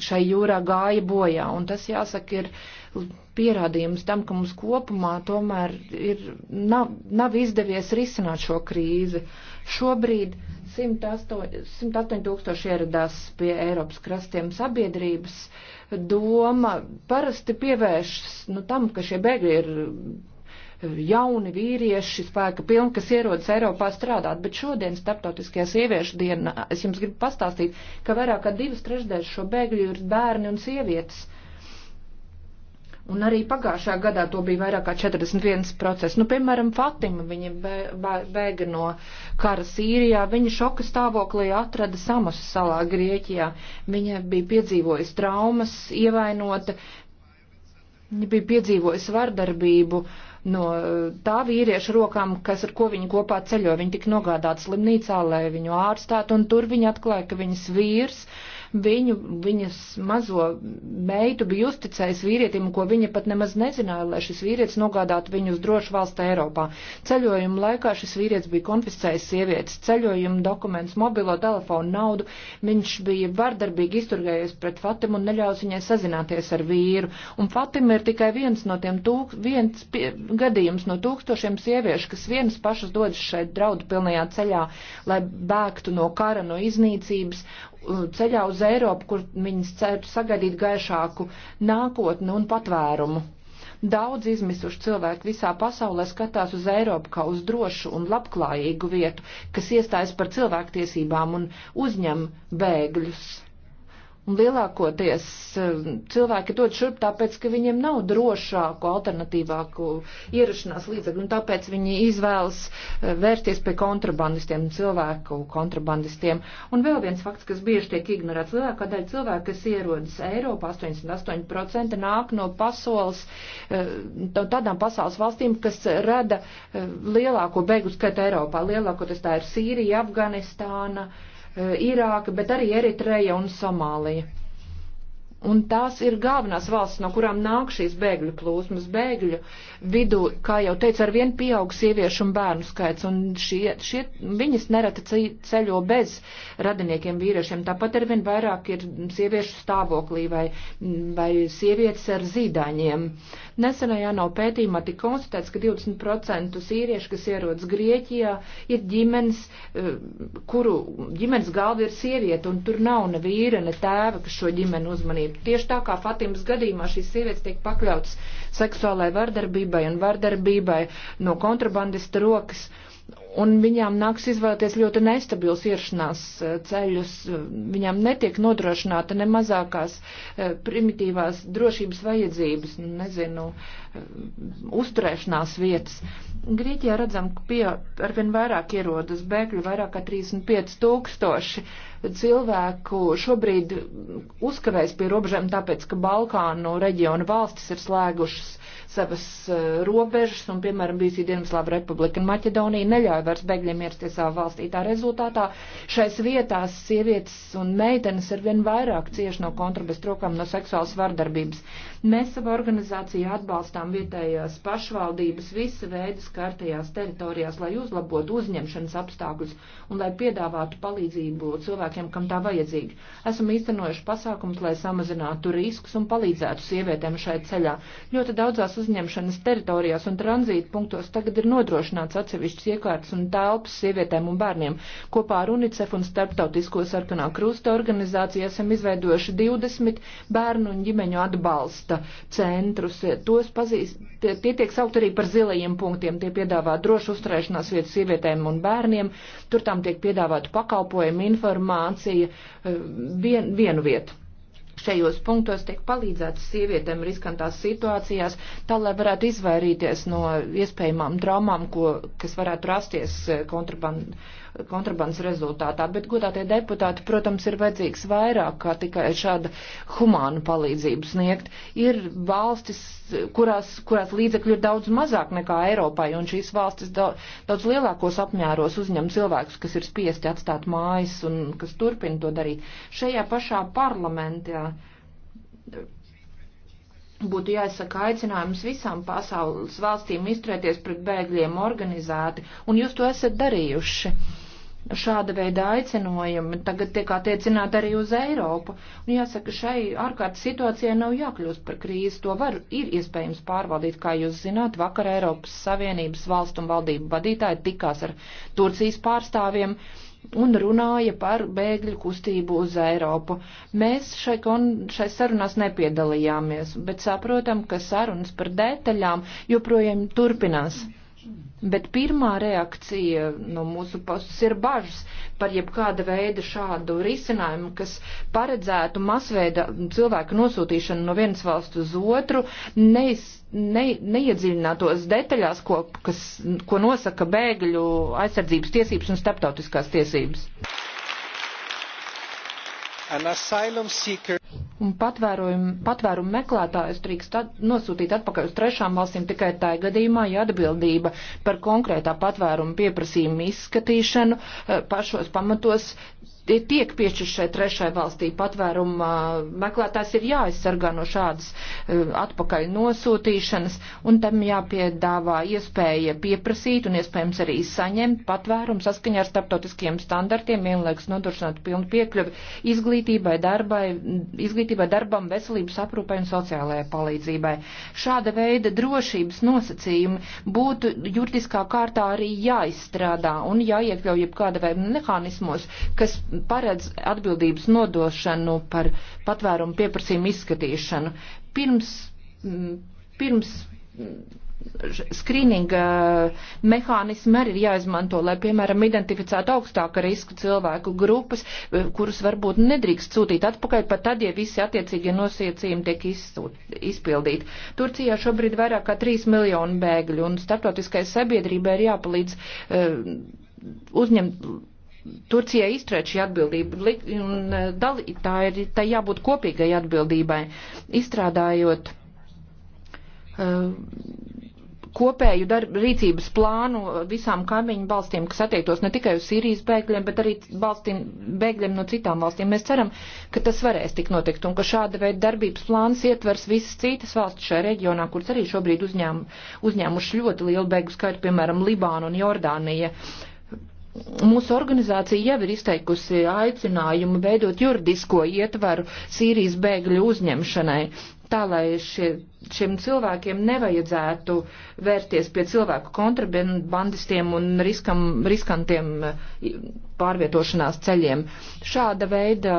šai jūrā gāja bojā, un tas jāsaka ir pierādījums tam, ka mums kopumā tomēr ir, nav, nav izdevies risināt šo krīzi. Šobrīd 108 tūkstoši ieradās pie Eiropas krastiem sabiedrības. Uh, doma parasti pievēršas nu, tam, ka šie bēgļi ir eh, jauni vīrieši, spēka pilni, kas ierodas Eiropā strādāt, bet šodien starptautiskajā sieviešu dienā es jums gribu pastāstīt, ka vairāk kā divas trešdaļas šo bēgļu ir bērni un sievietes. Un arī pagājušā gadā to bija vairāk kā 41 procesi. Nu, piemēram, Fatima, viņa bēga no kara Sīrijā, viņa šoka stāvoklī atrada Samosas salā Grieķijā. Viņa bija piedzīvojusi traumas, ievainota, viņa bija piedzīvojusi vardarbību no eh, tā vīrieša rokām, kas ar ko viņa kopā ceļo. Viņa tika nogādāta slimnīcā, lai viņu ārstētu, un tur viņa atklāja, ka viņas vīrs. Uh, viņu, viņas mazo meitu bija uzticējis vīrietim, ko viņa pat nemaz nezināja, lai šis vīrietis nogādātu viņu uz drošu valstu Eiropā. Ceļojuma laikā šis vīrietis bija konfiscējis sievietes ceļojuma dokumentus, mobilo telefonu, naudu. Viņš bija vardarbīgi izturgējies pret Fatimu un neļaus viņai sazināties ar vīru. Un Fatima ir tikai viens no tiem tūk, viens pie, gadījums no tūkstošiem sieviešu, kas vienas pašas dodas šeit draudu pilnajā ceļā, lai bēgtu no kara, no iznīcības ceļā uz Eiropu, kur viņas cer sagaidīt gaišāku nākotni un patvērumu. Daudz izmisuši cilvēki visā pasaulē skatās uz Eiropu kā uz drošu un labklājīgu vietu, kas iestājas par cilvēktiesībām un uzņem bēgļus Un lielākoties eh, cilvēki dod šurp tāpēc, ka viņiem nav drošāku, alternatīvāku ierašanās līdzekļu, un tāpēc viņi izvēlas eh, vērsties pie kontrabandistiem, cilvēku kontrabandistiem. Un vēl viens fakts, kas bieži tiek ignorēts, lielākā daļa cilvēku, kas ierodas Eiropā, 88% nāk no pasaules, eh, no tādām pasaules valstīm, kas rada lielāko beigu skaitu Eiropā. Lielākoties tā ir Sīrija, Afganistāna. Uh, Eh, Irāka, bet arī Eritreja un Somālija. Un tās ir galvenās valsts, no kurām nāk šīs bēgļu plūsmas. Bēgļu vidū, kā jau teicu, arvien pieaug sieviešu un bērnu skaits, un šie, šie, viņas nereti ceļo bez radiniekiem vīriešiem. Tāpat arvien vairāk ir sieviešu stāvoklī vai, vai sievietes ar zīdaņiem. Uh, Nesenajā nav pētījumā tik konstatēts, ka 20% sīriešu, kas ierodas Grieķijā, ir ģimenes, eh, kuru ģimenes galva ir sieviete, un tur nav ne vīra, ne tēva, kas šo ģimeni uzmanību. Tieši tā kā Fatimas gadījumā šīs sievietes tiek pakļautas seksuālai vardarbībai un vardarbībai no kontrabandista rokas. Uh, un viņām nāks izvēlēties ļoti nestabils ierašanās eh, ceļus. Viņām netiek nodrošināta ne mazākās eh, primitīvās drošības vajadzības, nu, nezinu, eh, uzturēšanās vietas. Grieķijā redzam, ka pie, arvien vairāk ierodas bēgļu, vairāk kā 35 tūkstoši cilvēku šobrīd uzkavēs pie robežām tāpēc, ka Balkānu reģionu valstis ir slēgušas savas eh, robežas, un, piemēram, bijusi Dienvidslāva republika un Maķedonija neļauj vairs bēgļiem ierasties savā valstī. Tā rezultātā šais vietās sievietes un meitenes ar vien vairāk cieši no kontrabastrokām no seksuālas vardarbības. Mēs savā organizācijā atbalstām vietējās pašvaldības visa veida skartajās teritorijās, lai uzlabotu uzņemšanas apstākļus un lai piedāvātu palīdzību cilvēkiem, kam tā vajadzīga. Esam īstenojuši pasākums, lai samazinātu riskus un palīdzētu sievietēm šai ceļā. Ļoti daudzās uzņemšanas teritorijās un tranzīta punktos tagad ir nodrošināts atsevišķas iekārtas un telpas sievietēm un bērniem. Kopā ar UNICEF un Starptautisko sarkanā krusta organizāciju esam izveidojuši 20 bērnu un ģimeņu atbalsta centrus. Tos pazīst, tie, tie tiek saukt arī par zilajiem punktiem. Tie piedāvā drošu uzturēšanās vietu sievietēm un bērniem. Tur tām tiek piedāvāta pakalpojuma informācija eh, vien, vienu vietu šajos punktos tiek palīdzēts sievietēm riskantās situācijās, tā lai varētu izvairīties no iespējamām traumām, ko, kas varētu rasties eh, kontrabandas kontrabandas rezultātā, bet godātie deputāti, protams, ir vajadzīgs vairāk kā tikai šāda humāna palīdzību sniegt. Ir valstis, kurās, kurās līdzekļi ir daudz mazāk nekā Eiropai, un šīs valstis daudz, daudz lielākos apmēros uzņem cilvēkus, kas ir spiesti atstāt mājas un kas turpina to darīt. Šajā pašā parlamentā būtu jāizsaka aicinājums visām pasaules valstīm izturēties pret bēgļiem organizēti, un jūs to esat darījuši šāda veida aicinojumi tagad tiek attiecināti arī uz Eiropu. Un jāsaka, šai ārkārtas situācijai nav jākļūst par krīzi. To var, ir iespējams pārvaldīt. Kā jūs zināt, vakar Eiropas Savienības valstu un valdību vadītāji tikās ar Turcijas pārstāvjiem un runāja par bēgļu kustību uz Eiropu. Mēs šai, kon, šai sarunās nepiedalījāmies, bet saprotam, ka sarunas par detaļām joprojām turpinās. Mm. Bet pirmā reakcija no mūsu puses ir bažas par jebkāda veida šādu risinājumu, kas paredzētu masveida cilvēku nosūtīšanu no vienas valsts uz otru, neiz, ne, neiedziļinātos detaļās, ko, kas, ko nosaka bēgļu aizsardzības tiesības un starptautiskās tiesības. Un patvērumu meklētājus drīkst at, nosūtīt atpakaļ uz trešām valstīm tikai tā gadījumā, ja atbildība par konkrētā patvērumu pieprasījumu izskatīšanu eh, pašos pamatos tiek piešķirts šai trešai valstī patvērumā, eh, meklētājs ir jāaizsargā no šādas eh, atpakaļ nosūtīšanas, un tam jāpiedāvā iespēja pieprasīt un iespējams arī saņemt patvērumu saskaņā ar starptautiskiem standartiem, vienlaiks nodrošināt pilnu piekļuvi izglītībai, darbai, izglītībai, darbam, veselības aprūpai un sociālajai palīdzībai. Šāda veida drošības nosacījumi būtu juridiskā kārtā arī jāizstrādā un jāiekļauj jebkāda veida mehānismos, kas paredz atbildības nodošanu par patvērumu pieprasījumu izskatīšanu. Pirms, pirms skrīninga mehānismi arī ir jāizmanto, lai, piemēram, identificētu augstāka riska cilvēku grupas, e, kurus varbūt nedrīkst sūtīt atpakaļ, pat tad, ja visi attiecīgie nosacījumi tiek izsūt, izpildīti. Turcijā šobrīd vairāk kā 3 miljoni bēgļu, un starptautiskai sabiedrībai ir jāpalīdz uh, uzņemt Turcijai izturēt šī atbildība, un e, dalī, tā ir, tā jābūt kopīgai atbildībai, izstrādājot uh, kopēju darb, rīcības plānu visām kaimiņu valstīm, kas attiektos ne tikai uz Sīrijas bēgļiem, bet arī valstīm, bēgļiem no citām valstīm. Mēs ceram, ka tas varēs tik notikt un ka šāda veida darbības plāns ietvers visas citas valsts šajā reģionā, kuras arī šobrīd uzņēm, uzņēmuši ļoti lielu bēgu skaitu, piemēram, Libānu un Jordānija. Uh, mūsu organizācija jau ir izteikusi aicinājumu veidot juridisko ietvaru Sīrijas bēgļu uzņemšanai, tā lai šie, šiem cilvēkiem nevajadzētu vērsties pie cilvēku kontrabandistiem un riskam, riskantiem pārvietošanās ceļiem. Šāda veida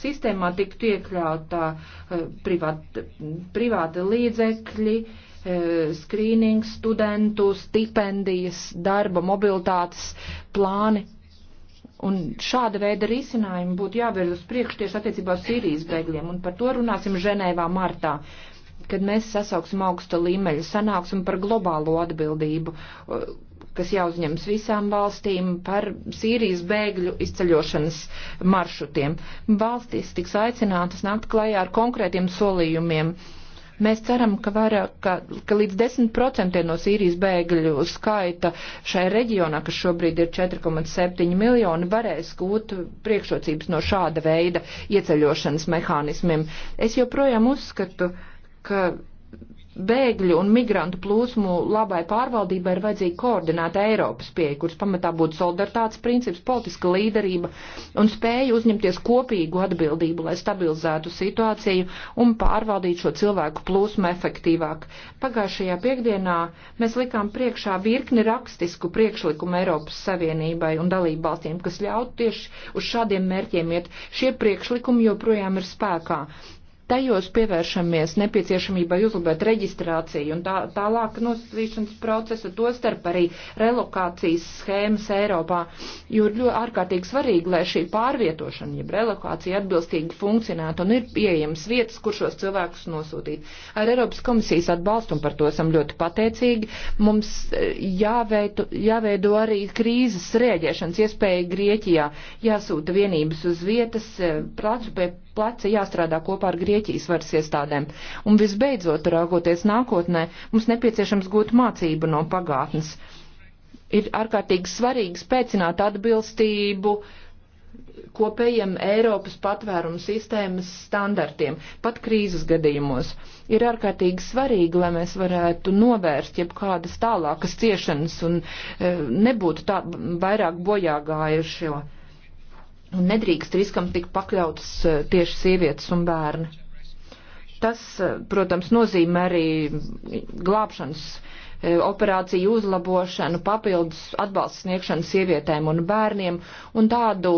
sistēmā tiktu iekļautā eh, privāta privāt līdzekļi Eh, skrīnings, studentu, stipendijas, darba, mobilitātes plāni. Un šāda veida risinājumi būtu jāvirz uz priekšu tieši attiecībā uz Sīrijas bēgļiem, un par to runāsim Ženēvā martā, kad mēs sasauksim augsta līmeļa sanāksim par globālo atbildību, eh, kas jāuzņems visām valstīm par Sīrijas bēgļu izceļošanas maršrutiem. Valstis tiks aicinātas nākt klajā ar konkrētiem solījumiem Mēs ceram, ka, var, ka, ka līdz 10% no Sīrijas bēgļu skaita šai reģionā, kas šobrīd ir 4,7 miljoni, varēs gūt priekšrocības no šāda veida ieceļošanas mehānismiem. Es joprojām uzskatu, ka bēgļu un migrantu plūsmu labai pārvaldībai ir vajadzīga koordinēta Eiropas pieeja, kuras pamatā būtu solidaritātes princips, politiska līderība un spēja uzņemties kopīgu atbildību, lai stabilizētu situāciju un pārvaldītu šo cilvēku plūsmu efektīvāk. Pagājušajā piekdienā mēs likām priekšā virkni rakstisku priekšlikumu Eiropas Savienībai un dalību valstīm, kas ļautu tieši uz šādiem mērķiem iet. Šie priekšlikumi joprojām ir spēkā tajos pievēršamies nepieciešamībai uzlabot reģistrāciju un tā, tālāk nosacīšanas procesu, to starp arī relokācijas schēmas Eiropā, jo ir ļoti ārkārtīgi svarīgi, lai šī pārvietošana, jeb relokācija atbilstīgi funkcionētu un ir pieejams vietas, kur šos cilvēkus nosūtīt. Ar Eiropas komisijas atbalstu un par to esam ļoti pateicīgi, mums e, jāveido, jāveido arī krīzes rēģēšanas iespēja Grieķijā, jāsūta vienības uz vietas, e, prācu pie pleca jāstrādā kopā ar Grieķijas varas iestādēm. Un visbeidzot, raugoties nākotnē, mums nepieciešams gūt mācību no pagātnes. Ir ārkārtīgi svarīgi spēcināt atbilstību kopējiem Eiropas patvērumu sistēmas standartiem, pat krīzes gadījumos. Ir ārkārtīgi svarīgi, lai mēs varētu novērst jebkādas tālākas ciešanas un e, nebūtu tā vairāk bojāgājušo Un nedrīkst riskam tik pakļautas eh, tieši sievietes un bērni. Tas, eh, protams, nozīmē arī glābšanas eh, operāciju uzlabošanu, papildus atbalsts sniegšanu sievietēm un bērniem un tādu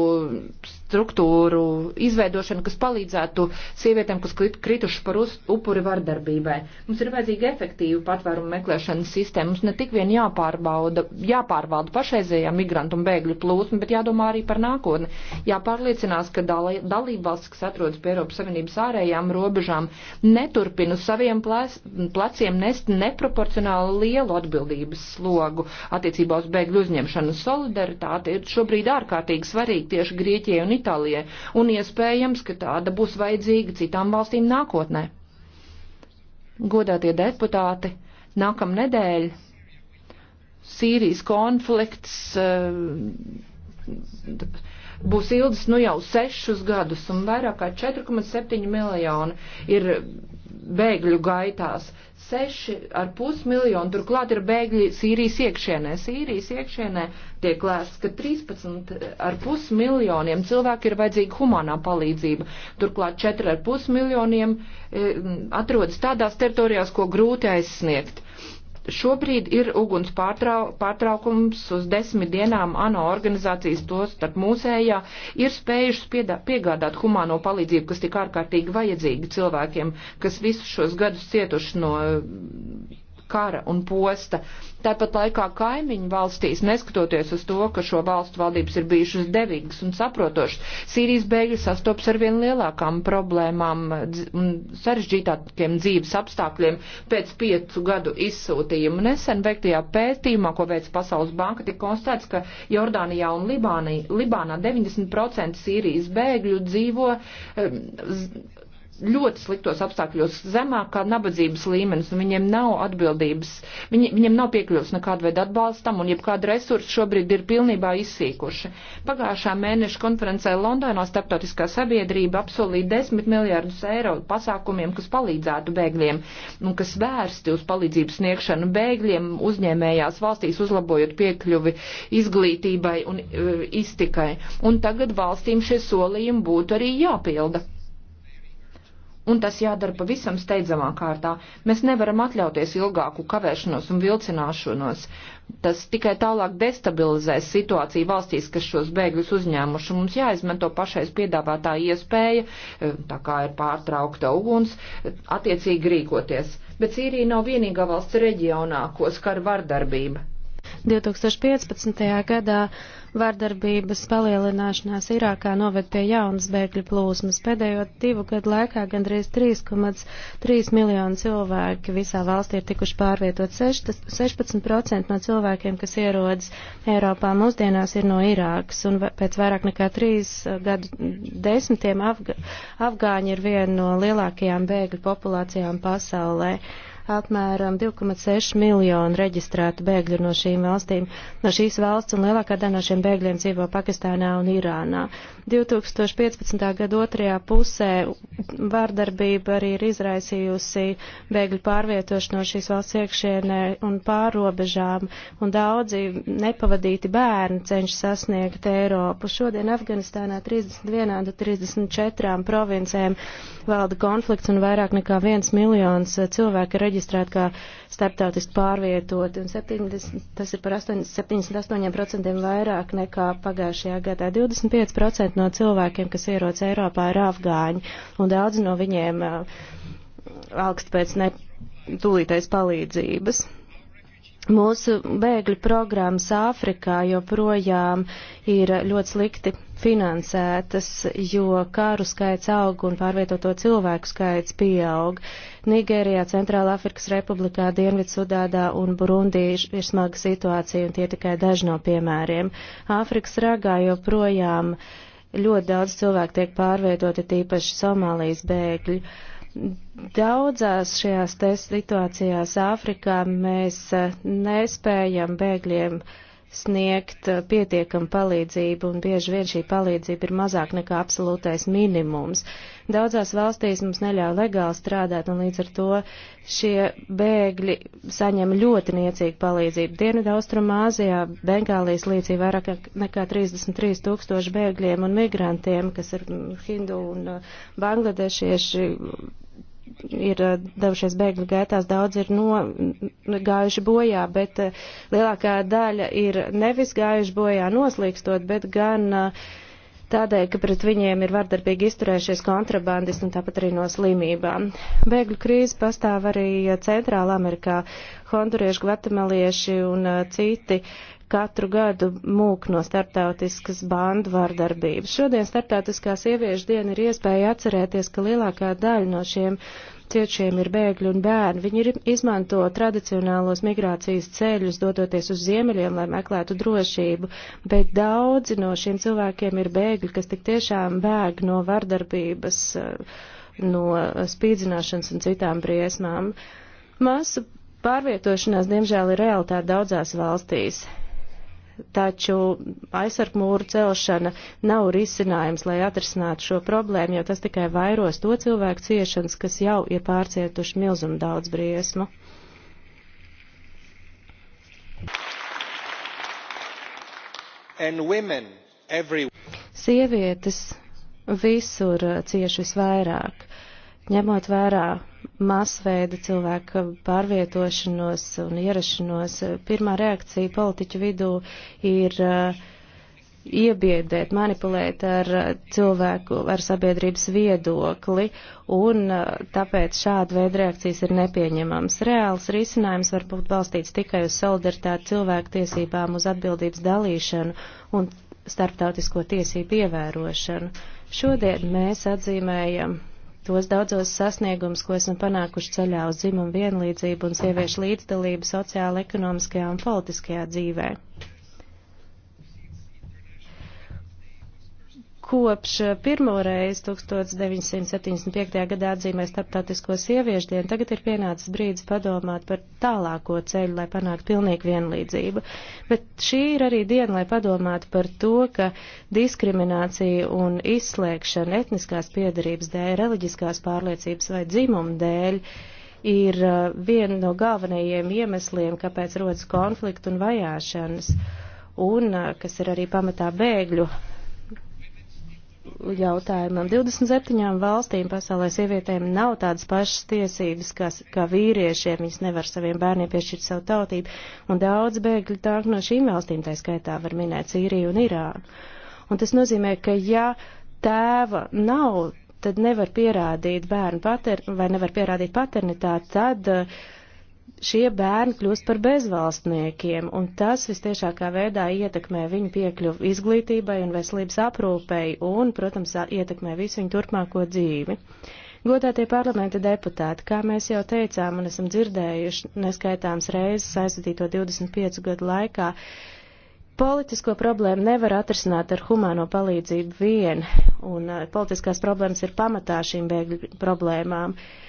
struktūru izveidošanu, kas palīdzētu sievietēm, kas krituši par upuri vardarbībai. Mums ir vajadzīga efektīva patvērumu meklēšanas sistēma. Mums ne tik vien jāpārbauda, jāpārvalda pašreizējā migrantu un bēgļu plūsma, bet jādomā arī par nākotni. Jāpārliecinās, ka dalībvalsts, kas atrodas pie Eiropas Savienības ārējām robežām, neturpina uz saviem plēs, pleciem nest neproporcionāli lielu atbildības slogu attiecībā uz bēgļu uzņemšanu. Solidaritāte ir šobrīd ārkārtīgi svarīga tieši Grieķijai un Itālijai, un iespējams, ka tāda būs vajadzīga citām valstīm nākotnē. Godātie deputāti, nākam nedēļ Sīrijas konflikts. Uh, būs ilgs nu jau sešus gadus un vairāk kā 4,7 miljoni ir bēgļu gaitās. 6,5 miljoni turklāt ir bēgļi Sīrijas iekšienē. Sīrijas iekšienē tiek lēsts, ka 13,5 miljoniem cilvēku ir vajadzīga humanā palīdzība. Turklāt 4,5 miljoniem e, atrodas tādās teritorijās, ko grūti aizsniegt. Šobrīd ir uguns pārtrau, pārtraukums uz desmit dienām ANO organizācijas tos starp mūsējā ir spējušas piedā, piegādāt humāno palīdzību, kas tik ārkārtīgi vajadzīga cilvēkiem, kas visus šos gadus cietuši no kara un posta. Tāpat laikā kaimiņu valstīs, neskatoties uz to, ka šo valstu valdības ir bijušas devīgas un saprotošas, Sīrijas bēgļi sastops ar vien lielākām problēmām un sarežģītākiem dzīves apstākļiem pēc piecu gadu izsūtījumu. Nesen veiktajā pētījumā, ko veids Pasaules banka, tika konstatēts, ka Jordānijā un Libānī, Libānā 90% Sīrijas bēgļu dzīvo. Um, ļoti sliktos apstākļos, zemākā nabadzības līmenis, un viņiem nav atbildības, viņi, viņiem nav piekļuvs nekāda veida atbalstam, un jebkāda resursa šobrīd ir pilnībā izsīkuši. Pagājušā mēneša konferencē Londonā starptautiskā sabiedrība apsolīja 10 miljārdus eiro pasākumiem, kas palīdzētu bēgļiem, un kas vērsti uz palīdzības sniegšanu bēgļiem uzņēmējās valstīs, uzlabojot piekļuvi izglītībai un e, iztikai. Un tagad valstīm šie solījumi būtu arī jāpilda un tas jādara pavisam steidzamā kārtā. Mēs nevaram atļauties ilgāku kavēšanos un vilcināšanos. Tas tikai tālāk destabilizēs situāciju valstīs, kas šos bēgļus uzņēmuši. Mums jāizmanto pašais piedāvātā iespēja, eh, tā kā ir pārtraukta uguns, eh, attiecīgi rīkoties. Bet Sīrija nav vienīgā valsts reģionā, ko skar vardarbība. 2015. gadā vardarbības palielināšanās Irākā noved pie jaunas bēgļu plūsmas. Pēdējo divu gadu laikā gandrīz 3,3 miljonu cilvēki visā valstī ir tikuši pārvietot. 16% no cilvēkiem, kas ierodas Eiropā mūsdienās, ir no Irākas, un pēc vairāk nekā trīs eh, gadu desmitiem Afga Afgāņi ir viena no lielākajām bēgļu populācijām pasaulē apmēram 2,6 miljonu reģistrētu bēgļu no šīm valstīm, no šīs valsts, un lielākā daļa no šiem bēgļiem dzīvo Pakistānā un Irānā. 2015. gada otrajā pusē vārdarbība arī ir izraisījusi bēgļu pārvietošanu no šīs valsts iekšienē un pārobežām, un daudzi nepavadīti bērni cenšas sasniegt Eiropu. Šodien Afganistānā 31 no 34 provincēm valda konflikts un vairāk nekā viens miljons cilvēku ir reģistrēti kā starptautiski pārvietoti, un 70, tas ir par 8, 78% vairāk nekā pagājušajā gadā. 25% no cilvēkiem, kas ierodas Eiropā, ir afgāņi, un daudzi no viņiem uh, augst pēc ne tūlītais palīdzības. Mūsu bēgļu programmas Āfrikā joprojām ir ļoti slikti finansētas, jo kāru skaits aug un pārvietoto cilvēku skaits pieaug. Nigērijā, Centrāla Afrikas Republikā, Dienvidsudādā un Burundī ir smaga situācija, un tie tikai daži no piemēriem. Āfrikas ragā joprojām ļoti daudz cilvēku tiek pārvietoti, tīpaši Somālijas bēgļi. Daudzās šajās te situācijās Āfrikā mēs eh, nespējam bēgļiem uh, sniegt uh, pietiekamu palīdzību, un bieži vien šī palīdzība ir mazāk nekā absolūtais minimums. Daudzās valstīs mums neļauj legāli strādāt, un līdz ar to šie bēgļi saņem ļoti niecīgu palīdzību. Dienvidu Austrumāzijā Bengālijas līdzī vairāk nekā 33 tūkstoši bēgļiem un migrantiem, kas ir hindu un uh, bangladešieši ir eh, devušies bēgļu gaitās, daudz ir no, gājuši bojā, bet eh, lielākā daļa ir nevis gājuši bojā noslīkstot, bet gan eh, tādēļ, ka pret viņiem ir vardarbīgi izturējušies kontrabandisti un tāpat arī no slimībām. Bēgļu krīze pastāv arī Centrāla Amerikā. Hondurieši, gvatemalieši un citi katru gadu mūk no starptautiskas bandu vārdarbības. Šodien starptautiskā sieviešu diena ir iespēja atcerēties, ka lielākā daļa no šiem ciešiem ir bēgļi un bērni. Viņi izmanto tradicionālos migrācijas ceļus, dodoties uz ziemeļiem, lai meklētu drošību, bet daudzi no šiem cilvēkiem ir bēgļi, kas tik tiešām bēg no vardarbības, no spīdzināšanas un citām briesmām. Masu pārvietošanās, diemžēl, ir realitāte daudzās valstīs taču aizsargmūru celšana nav risinājums, lai atrisinātu šo problēmu, jo tas tikai vairos to cilvēku ciešanas, kas jau ir pārcietuši milzumu daudz briesmu. And women, every... Sievietes visur cieši visvairāk, ņemot vērā masveida cilvēka pārvietošanos un ierašanos, pirmā reakcija politiķu vidū ir uh, iebiedēt, manipulēt ar uh, cilvēku, ar sabiedrības viedokli, un uh, tāpēc šāda veida reakcijas ir nepieņemams. Reāls risinājums var būt balstīts tikai uz solidaritāti cilvēku tiesībām, uz atbildības dalīšanu un starptautisko tiesību ievērošanu. Šodien mēs atzīmējam tos daudzos sasniegumus, ko esam panākuši ceļā uz dzimumu vienlīdzību un sieviešu līdzdalību sociāla, ekonomiskajā un politiskajā dzīvē. kopš pirmo reizi 1975. gadā atzīmē starptautisko sieviešu dienu, tagad ir pienācis brīdis padomāt par tālāko ceļu, lai panāktu pilnīgu vienlīdzību. Bet šī ir arī diena, lai padomātu par to, ka diskriminācija un izslēgšana etniskās piedarības dēļ, reliģiskās pārliecības vai dzimuma dēļ ir uh, viena no galvenajiem iemesliem, kāpēc rodas konflikti un vajāšanas, un uh, kas ir arī pamatā bēgļu jautājumam. 27 valstīm pasaulē sievietēm nav tādas pašas tiesības kā, kā vīriešiem. Viņas nevar saviem bērniem piešķirt savu tautību. Un daudz bēgļu nāk no šīm valstīm, tā skaitā var minēt Sīriju un Irānu. Un tas nozīmē, ka ja tēva nav, tad nevar pierādīt bērnu pater, vai nevar pierādīt paternitāti, tad uh, šie bērni kļūst par bezvalstniekiem, un tas vistiešākā veidā ietekmē viņu piekļuvu izglītībai un veselības aprūpei, un, protams, ietekmē visu viņu turpmāko dzīvi. Godātie parlamenta deputāti, kā mēs jau teicām un esam dzirdējuši neskaitāms reizes aizvadīto 25 gadu laikā, Politisko problēmu nevar atrisināt ar humāno palīdzību vien, un politiskās problēmas ir pamatā šīm bēgļu problēmām. Uh,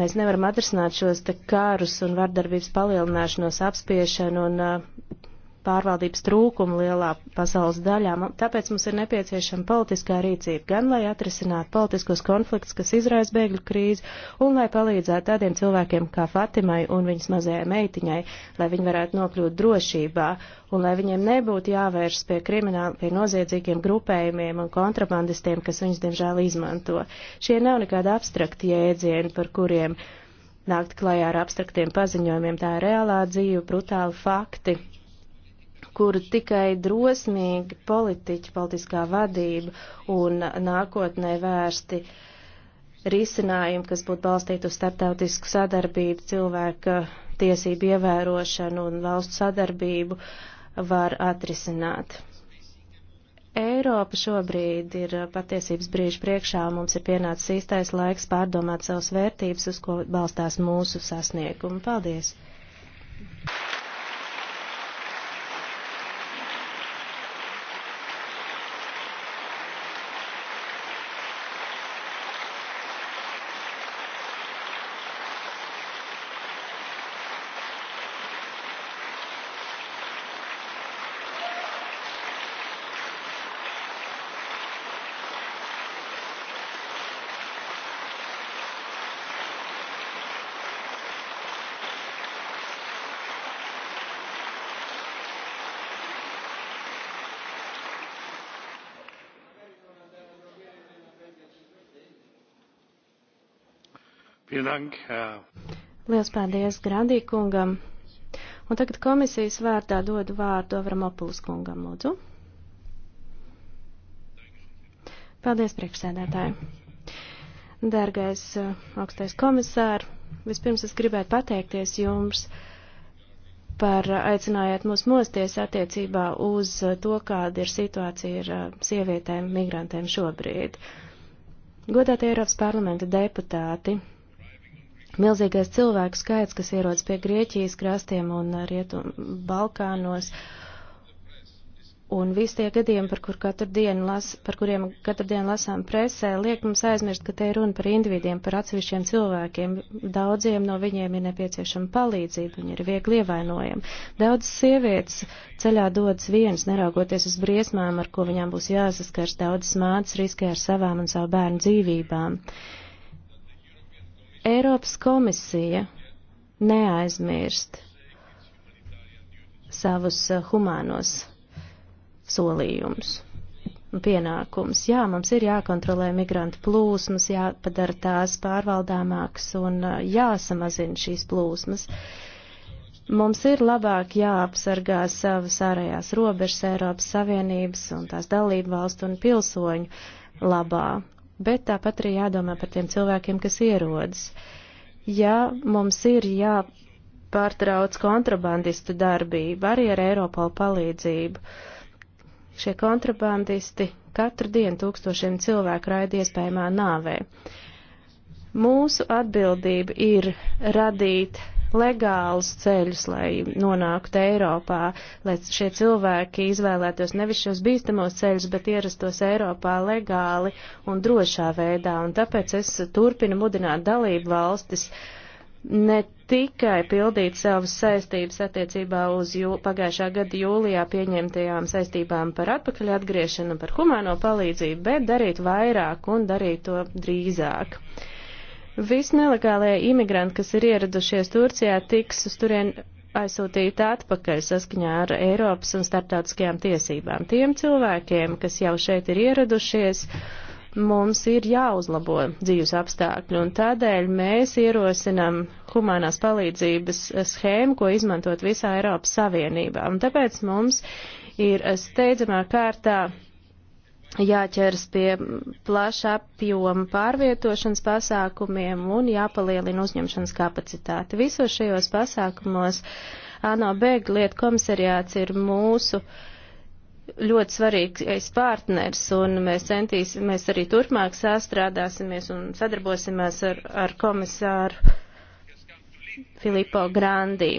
Mēs nevaram atrisināt šos te kārus un vardarbības palielināšanos, apspiešanu un uh, pārvaldības trūkumu lielā pasaules daļā. Tāpēc mums ir nepieciešama politiskā rīcība, gan lai atrisinātu politiskos konfliktus, kas izraisa bēgļu krīzi, un lai palīdzētu tādiem cilvēkiem kā Fatimai un viņas mazajai meitiņai, lai viņi varētu nokļūt drošībā, un lai viņiem nebūtu jāvēršas pie krimināla, pie noziedzīgiem grupējumiem un kontrabandistiem, kas viņus, diemžēl, izmanto. Šie nav nekādi abstrakti jēdzieni, par kuriem nākt klajā ar abstraktiem paziņojumiem. Tā ir reālā dzīve, brutāli fakti, kuru tikai drosmīgi politiķi, politiskā vadība un nākotnē vērsti risinājumi, kas būtu balstīti uz starptautisku sadarbību, cilvēka tiesību ievērošanu un valstu sadarbību, var atrisināt. Eiropa šobrīd ir patiesības brīži priekšā, un mums ir pienācis īstais laiks pārdomāt savas vērtības, uz ko balstās mūsu sasniegumi. Paldies! Thank you. Lielas paldies Grandī kungam. Un tagad komisijas vārdā dodu vārdu Avramopulus kungam, lūdzu. Paldies, priekšsēdētāji. Dārgais uh, augstais komisār, vispirms es gribētu pateikties jums par aicinājāt mūs mosties attiecībā uz uh, to, kāda ir situācija ar uh, sievietēm, migrantēm šobrīd. Godātie Eiropas parlamenta deputāti, milzīgais cilvēku skaits, kas ierodas pie Grieķijas krastiem un Rietum Balkānos. Un visi tie gadījumi, par, kur katru dienu las, par kuriem katru dienu lasām presē, liek mums aizmirst, ka te ir runa par individiem, par atsevišķiem cilvēkiem. Daudziem no viņiem ir nepieciešama palīdzība, viņi ir viegli ievainojami. Daudz sievietes ceļā dodas vienas, neraugoties uz briesmām, ar ko viņām būs jāsaskars. Daudz mātes riskē ar savām un savu bērnu dzīvībām. Uh, Eiropas komisija neaizmirst savus eh, humānos solījumus pienākums. Jā, mums ir jākontrolē migrantu plūsmas, jāpadara tās pārvaldāmākas un eh, jāsamazina šīs plūsmas. Mums ir labāk jāapsargā savas ārējās robežas Eiropas Savienības un tās dalību valstu un pilsoņu labā bet tāpat arī jādomā par tiem cilvēkiem, kas ierodas. Ja mums ir jāpārtrauc kontrabandistu darbība arī ar Eiropolu palīdzību, šie kontrabandisti katru dienu tūkstošiem cilvēku raida iespējamā nāvē. Mūsu atbildība ir radīt legālus ceļus, lai nonāktu Eiropā, lai šie cilvēki izvēlētos nevis šos bīstamos ceļus, bet ierastos Eiropā legāli un drošā veidā. Un tāpēc es turpinu mudināt dalību valstis ne tikai pildīt savas saistības attiecībā uz jū, pagājušā gada jūlijā pieņemtajām saistībām par atpakaļ atgriešanu, par humāno palīdzību, bet darīt vairāk un darīt to drīzāk. Uh, Visi nelegālie imigranti, kas ir ieradušies Turcijā, tiks uz turien aizsūtīt atpakaļ saskaņā ar Eiropas un starptautiskajām tiesībām. Tiem cilvēkiem, kas jau šeit ir ieradušies, mums ir jāuzlabo dzīves apstākļi, un tādēļ mēs ierosinam humanās palīdzības schēmu, ko izmantot visā Eiropas Savienībā. Un tāpēc mums ir steidzamā kārtā jāķers pie plaša apjoma pārvietošanas pasākumiem un jāpalielina uzņemšanas kapacitāte. Visos šajos pasākumos ANO bēgļu lietu komisariāts ir mūsu ļoti svarīgs partners, un mēs centīsim, mēs arī turpmāk sastrādāsimies un sadarbosimies ar, ar komisāru Filipo Grandī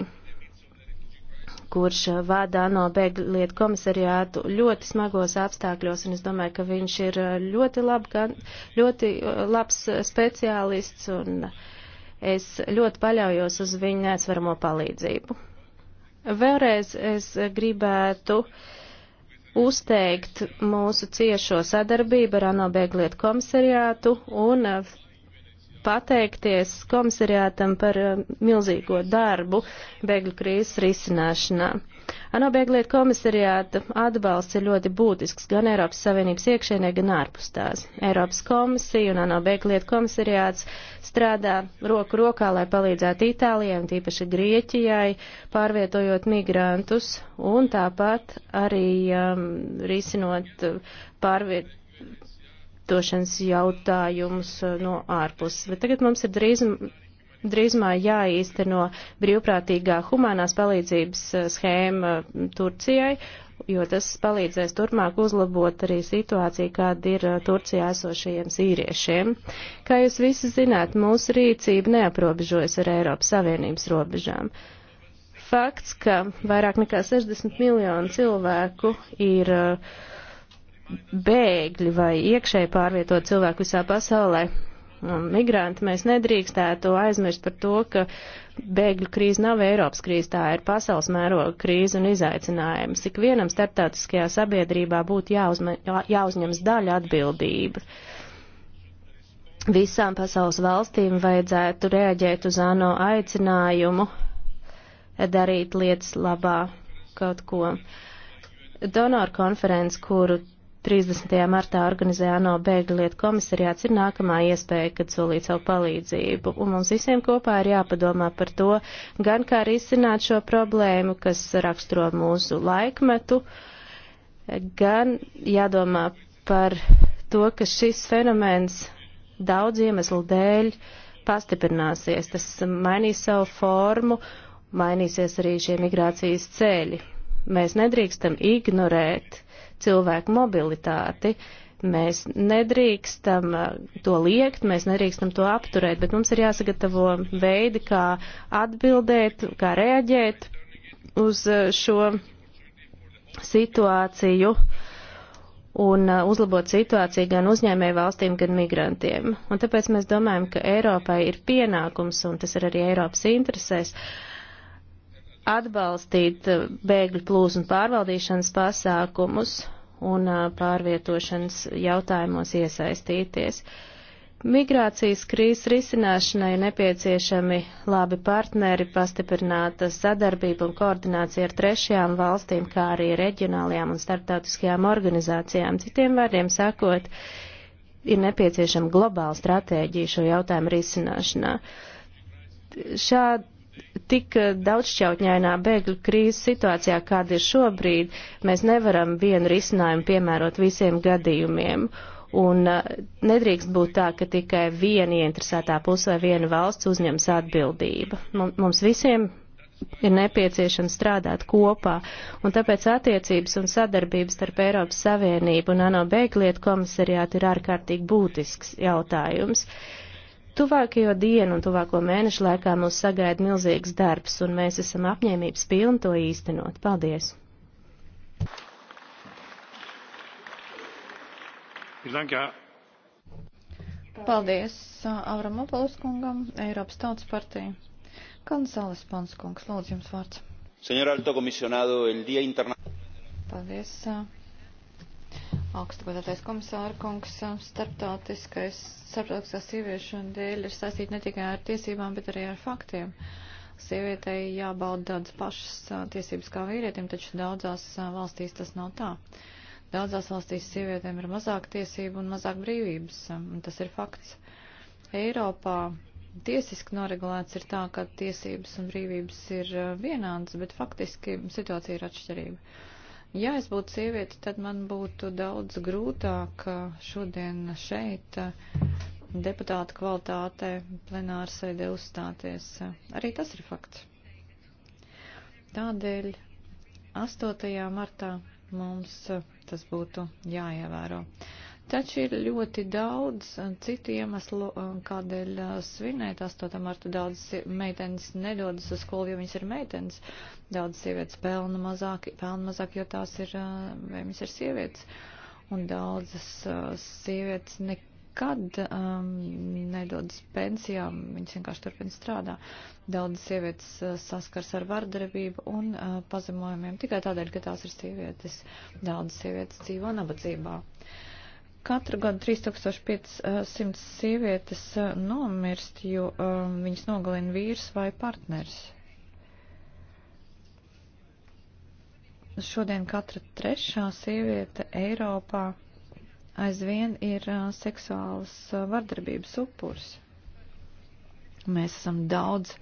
kurš uh, vada ANO bēglietu komisariātu ļoti smagos apstākļos, un es domāju, ka viņš ir uh, ļoti, lab, gan, ļoti uh, labs speciālists, un es ļoti paļaujos uz viņa neatsvaramo palīdzību. Vēlreiz es gribētu uzteikt mūsu ciešo sadarbību ar ANO bēglietu komisariātu un pateikties komisariātam par eh, milzīgo darbu bēgļu krīzes risināšanā. ANO bēglietu komisariāta atbalsts ir ļoti būtisks gan Eiropas Savienības iekšēnē, gan ārpus tās. Eiropas komisija un ANO bēglietu komisariāts strādā roku rokā, lai palīdzētu Itālijai un tīpaši Grieķijai, pārvietojot migrantus un tāpat arī um, risinot eh, pārviet likumdošanas jautājumus uh, no ārpuses. Bet tagad mums ir drīz, drīzumā jāīsteno brīvprātīgā humanās palīdzības uh, schēma mm, Turcijai, jo tas palīdzēs turpmāk uzlabot arī situāciju, kāda ir uh, Turcijā esošajiem sīriešiem. Kā jūs visi zināt, mūsu rīcība neaprobežojas ar Eiropas Savienības robežām fakts, ka vairāk nekā 60 miljonu cilvēku ir uh, bēgļi vai iekšēji pārvietot cilvēku visā pasaulē. Un migranti mēs nedrīkstētu aizmirst par to, ka bēgļu krīze nav Eiropas krīze, tā ir pasaules mēroga krīze un izaicinājums. Ik vienam starptautiskajā sabiedrībā būtu jāuzme, jāuzņems daļa atbildība. Visām pasaules valstīm vajadzētu reaģēt uz ANO aicinājumu darīt lietas labā kaut ko. Donoru konferences, kuru 30. martā organizē ANO bēgļu lietu komisariāts ir nākamā iespēja, kad solīt savu palīdzību. Un mums visiem kopā ir jāpadomā par to, gan kā risināt šo problēmu, kas raksturo mūsu laikmetu, gan jādomā par to, ka šis fenomens daudz iemeslu dēļ pastiprināsies. Tas mainīs savu formu, mainīsies arī šie migrācijas ceļi. Mēs nedrīkstam ignorēt cilvēku mobilitāti. Mēs nedrīkstam uh, to liekt, mēs nedrīkstam to apturēt, bet mums ir jāsagatavo veidi, kā atbildēt, kā reaģēt uz uh, šo situāciju un uh, uzlabot situāciju gan uzņēmēju valstīm, gan migrantiem. Un tāpēc mēs domājam, ka Eiropai ir pienākums, un tas ir arī Eiropas interesēs, uh, atbalstīt eh, bēgļu plūsmu pārvaldīšanas pasākumus un eh, pārvietošanas jautājumos iesaistīties. Migrācijas krīzes risināšanai ir nepieciešami labi partneri, pastiprināta sadarbība un koordinācija ar trešajām valstīm, kā arī reģionālajām un starptautiskajām organizācijām. Citiem vārdiem sakot, ir nepieciešama globāla stratēģija šo jautājumu risināšanā. Šādi tik daudzšķautņainā bēgļu krīzes situācijā, kāda ir šobrīd, mēs nevaram vienu risinājumu piemērot visiem gadījumiem. Un nedrīkst būt tā, ka tikai viena ieinteresētā puse vai viena valsts uzņems atbildību. Mums visiem ir nepieciešams strādāt kopā, un tāpēc attiecības un sadarbības starp Eiropas Savienību un ANO bēglietu komisariātu ir ārkārtīgi būtisks jautājums. Uh, Tuvākajo dienu un tuvāko mēnešu laikā mūs sagaida milzīgs darbs, un mēs esam apņēmības pilni to īstenot. Paldies! Paldies uh, Avramopolus kungam, Eiropas Tautas partija. Kansāles Pons kungs, lūdzu jums vārds. Paldies. Uh, augstgadātais komisāra kungs, starptautiskais, starptautiskā sieviešana dēļ ir saistīta ne tikai ar tiesībām, bet arī ar faktiem. Sievietei jābauda daudz pašas tiesības kā vīrietim, taču daudzās valstīs tas nav tā. Daudzās valstīs sievietēm ir mazāk tiesību un mazāk brīvības, un tas ir fakts. Eiropā tiesiski noregulēts ir tā, ka tiesības un brīvības ir vienādas, bet faktiski situācija ir atšķirība Ja es būtu sieviete, tad man būtu daudz grūtāk šodien šeit eh, deputāta kvalitātē plenāra sēdē uzstāties. Arī tas ir fakts. Tādēļ 8. martā mums eh, tas būtu jāievēro. Taču ir ļoti daudz eh, citu iemeslu, eh, kādēļ eh, svinēt 8. martu. Daudz meitenes nedodas uz skolu, jo viņas ir meitenes. Daudz sievietes pelna mazāk, pelna mazāk jo tās ir, vai viņas ir sievietes. Un daudzas sievietes nekad um, nedodas pensijām, viņas vienkārši turpina strādā. Daudzas sievietes saskars ar vardarbību un uh, pazemojumiem tikai tādēļ, ka tās ir sievietes. Daudzas sievietes dzīvo nabadzībā. Katru gadu 3500 sievietes uh, nomirst, jo um, viņas nogalina vīrs vai partners. Šodien katra trešā sieviete Eiropā aizvien ir uh, seksuālas uh, vardarbības upurs. Mēs esam daudz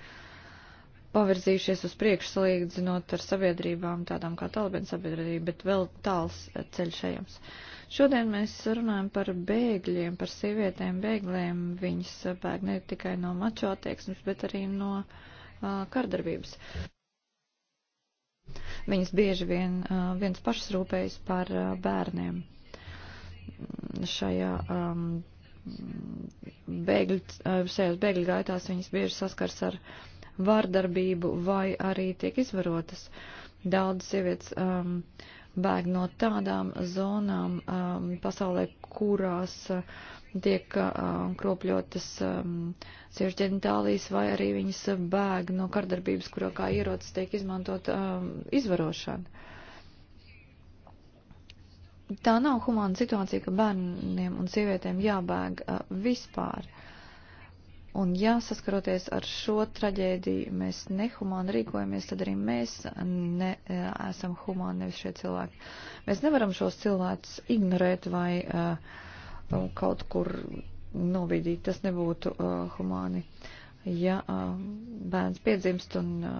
pavirzījušies uz priekšu salīdzinot ar sabiedrībām, tādām kā Talibana sabiedrība, bet vēl tāls uh, ceļš ejams. Uh, Šodien mēs runājam par bēgļiem, par sievietēm bēgļiem. Viņas bēg ne tikai no mačo attieksmes, bet arī no uh, kardarbības. Viņas bieži vien uh, viens pašs rūpējas par uh, bērniem šajā. Um, Bēgļu, šajās bēgļu gaitās viņas bieži saskars ar vārdarbību vai arī tiek izvarotas. Daudz sievietes um, uh, bēg no tādām zonām um, pasaulē, kurās uh, tiek uh, kropļotas um, sieviešu ģenitālijas, vai arī viņas bēg no kardarbības, kurā kā ierocis tiek izmantot um, izvarošana. Tā nav humāna situācija, ka bērniem un sievietēm jābēg uh, vispār. Uh, Un ja saskaroties ar šo traģēdiju mēs nehumāni rīkojamies, tad arī mēs ne, e, esam humāni, nevis šie cilvēki. Mēs nevaram šos cilvēkus ignorēt vai uh, kaut kur novīdīt. Tas nebūtu uh, humāni. Ja uh, bērns piedzimst un uh,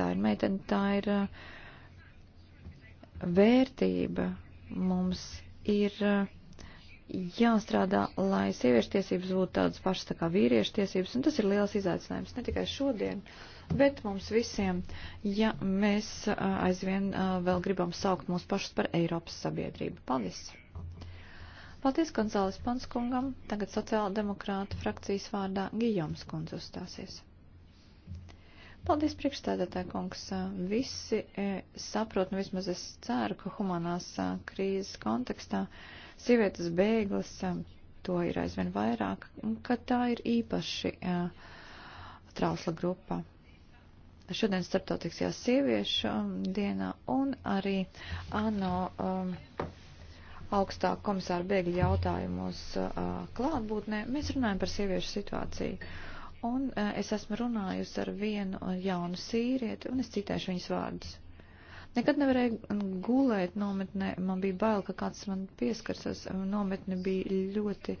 tā ir meitene, tā ir uh, vērtība mums ir. Uh, jāstrādā, lai sieviešu tiesības būtu tādas pašas tā kā vīriešu tiesības, un tas ir liels izaicinājums ne tikai šodien, bet mums visiem, ja mēs aizvien vēl gribam saukt mūs pašus par Eiropas sabiedrību. Paldies! Paldies Gonzāles Panskungam, tagad sociāldemokrāta frakcijas vārdā Gijoms kundze uzstāsies. Paldies, priekšstādātāji kungs. Visi e, saprot, nu vismaz es ceru, ka humanās krīzes kontekstā. E, sievietes bēglas, um, to ir aizvien vairāk, un ka tā ir īpaši uh, trausla grupa. Šodien starptautiskajā sieviešu um, dienā un arī ANO um, augstā komisāra bēgļu jautājumos uh, klātbūtnē, mēs runājam par sieviešu situāciju. Un uh, es esmu runājusi ar vienu jaunu sīrieti, un es citēšu viņas vārdus. Nekad nevarēju mm, gulēt nometnē, man bija bail, ka kāds man pieskarsies. Nometne bija ļoti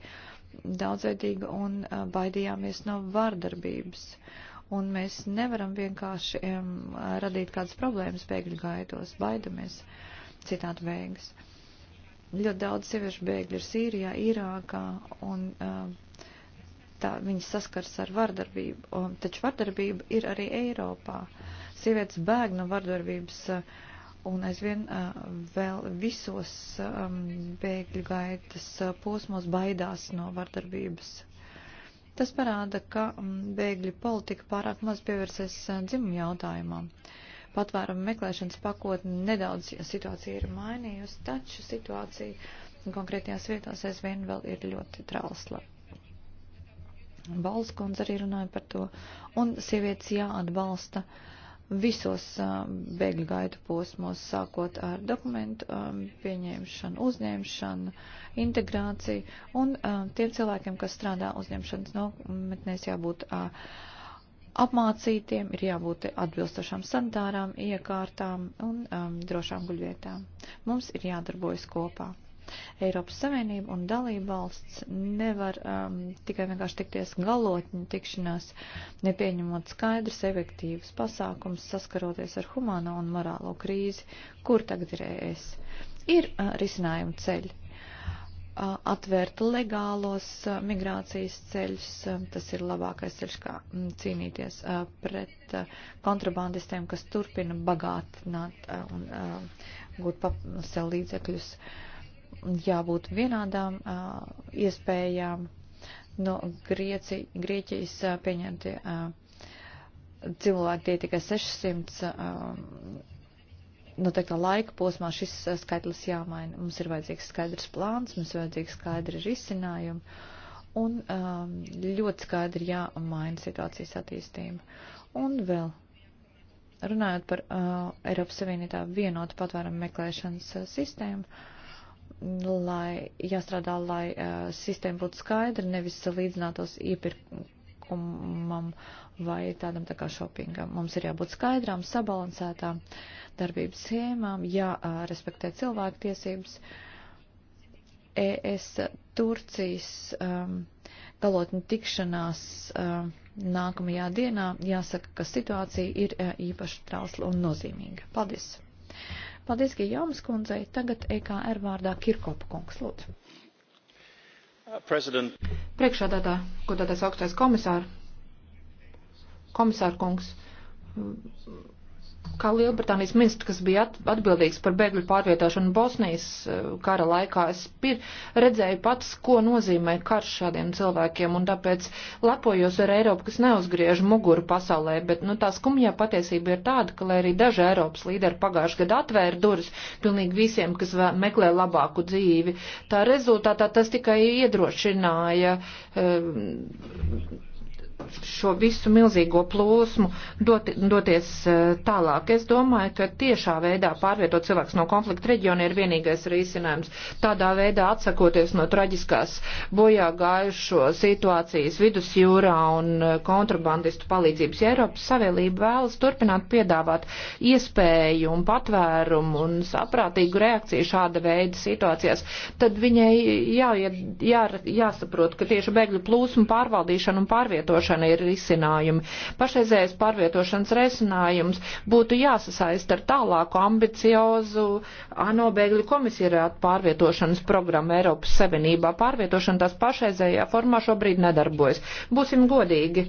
daudzveidīga un eh, baidījāmies no vārdarbības. Un mēs nevaram vienkārši um, radīt kādas problēmas bēgļu gaitos, baidamies citādi bēgas. Ļoti daudz sieviešu bēgļu ir Sīrijā, Irākā, un um, tā, viņas saskars ar vardarbību, un, taču vardarbība ir arī Eiropā. Uh, Sievietes bēg no vardarbības eh, un aizvien eh, vēl visos ehm, bēgļu gaitas eh, posmos baidās no vardarbības. Tas parāda, ka mm, bēgļu politika pārāk maz pievērsies dzimumu jautājumam. Patvērumu meklēšanas pakotne nedaudz situācija ir mainījusi, taču situācija konkrētajās vietās aizvien vēl ir ļoti trausla. Balskundze arī runāja par to, un sievietes jāatbalsta. Uh, visos bēgļu gaitu posmos, sākot ar dokumentu pieņemšanu, uzņemšanu, integrāciju, un tiem cilvēkiem, kas strādā uzņemšanas nometnēs, jābūt apmācītiem, ir jābūt atbilstošām sanitārām, iekārtām un drošām guļvietām. Mums ir jādarbojas kopā. Eiropas Savienība un dalība valsts nevar um, tikai vienkārši tikties galotņu tikšanās, nepieņemot skaidrs, efektīvs pasākums, saskaroties ar humāno un morālo krīzi, kur tagad ir ES. Ir uh, risinājuma ceļi uh, atvērt legālos uh, migrācijas ceļus. Uh, tas ir labākais ceļš, kā um, cīnīties uh, pret uh, kontrabandistiem, kas turpina bagātināt uh, un uh, gūt pa sev līdzekļus. Uh, jābūt vienādām uh, iespējām no nu, Grieci, Grieķijas uh, pieņemti uh, cilvēki, tie tikai 600. Uh, noteiktā laika posmā šis skaitlis jāmaina. Mums ir vajadzīgs skaidrs plāns, mums ir vajadzīgs skaidri risinājumi un um, ļoti skaidri jāmaina situācijas attīstība. Un vēl runājot par uh, Eiropas Savienībā vienotu patvērumu meklēšanas sistēmu, lai jāstrādā, lai uh, sistēma būtu skaidra, nevis līdzinātos iepirkumam vai tādam tā kā šopingam. Mums ir jābūt skaidrām, sabalansētām darbības schēmām, jārespektē uh, cilvēku tiesības. ES Turcijas um, galotņu tikšanās um, nākamajā dienā jāsaka, ka situācija ir uh, īpaši trausla un nozīmīga. Paldies! Paldies Gijomas kundzei. Tagad EKR vārdā Kirkopa kungs lūdzu. Uh, Priekšādātā, godātais augstais komisār, komisār kungs, kā Lielbritānijas ministrs, kas bija atbildīgs par bēgļu pārvietošanu Bosnijas eh, kara laikā, es pir, redzēju pats, ko nozīmē karš šādiem cilvēkiem, un tāpēc lepojos ar Eiropu, kas neuzgriež muguru pasaulē, bet, nu, tā skumjā patiesība ir tāda, ka, lai arī daži Eiropas līderi pagājuši gadu atvēra durvis pilnīgi visiem, kas vēl, meklē labāku dzīvi, tā rezultātā tas tikai iedrošināja. Uh, šo visu milzīgo plūsmu dot, doties eh, tālāk. Es domāju, ka tiešā veidā pārvietot cilvēks no konflikta reģiona ir vienīgais risinājums. Tādā veidā atsakoties no traģiskās bojā gājušo situācijas vidusjūrā un eh, kontrabandistu palīdzības. Ja Eiropas Savienība vēlas turpināt piedāvāt iespēju un patvērumu un saprātīgu reakciju šāda veida situācijās, tad viņai jā, jā, jāsaprot, ka tieši bēgļu plūsmu pārvaldīšana un pārvietošana pārvietošana ir risinājumi. Pašreizējais pārvietošanas risinājums būtu jāsasaist ar tālāku ambiciozu ANO bēgļu komisierētu pārvietošanas programmu Eiropas Savienībā. Pārvietošana tās pašreizējā formā šobrīd nedarbojas. Būsim godīgi.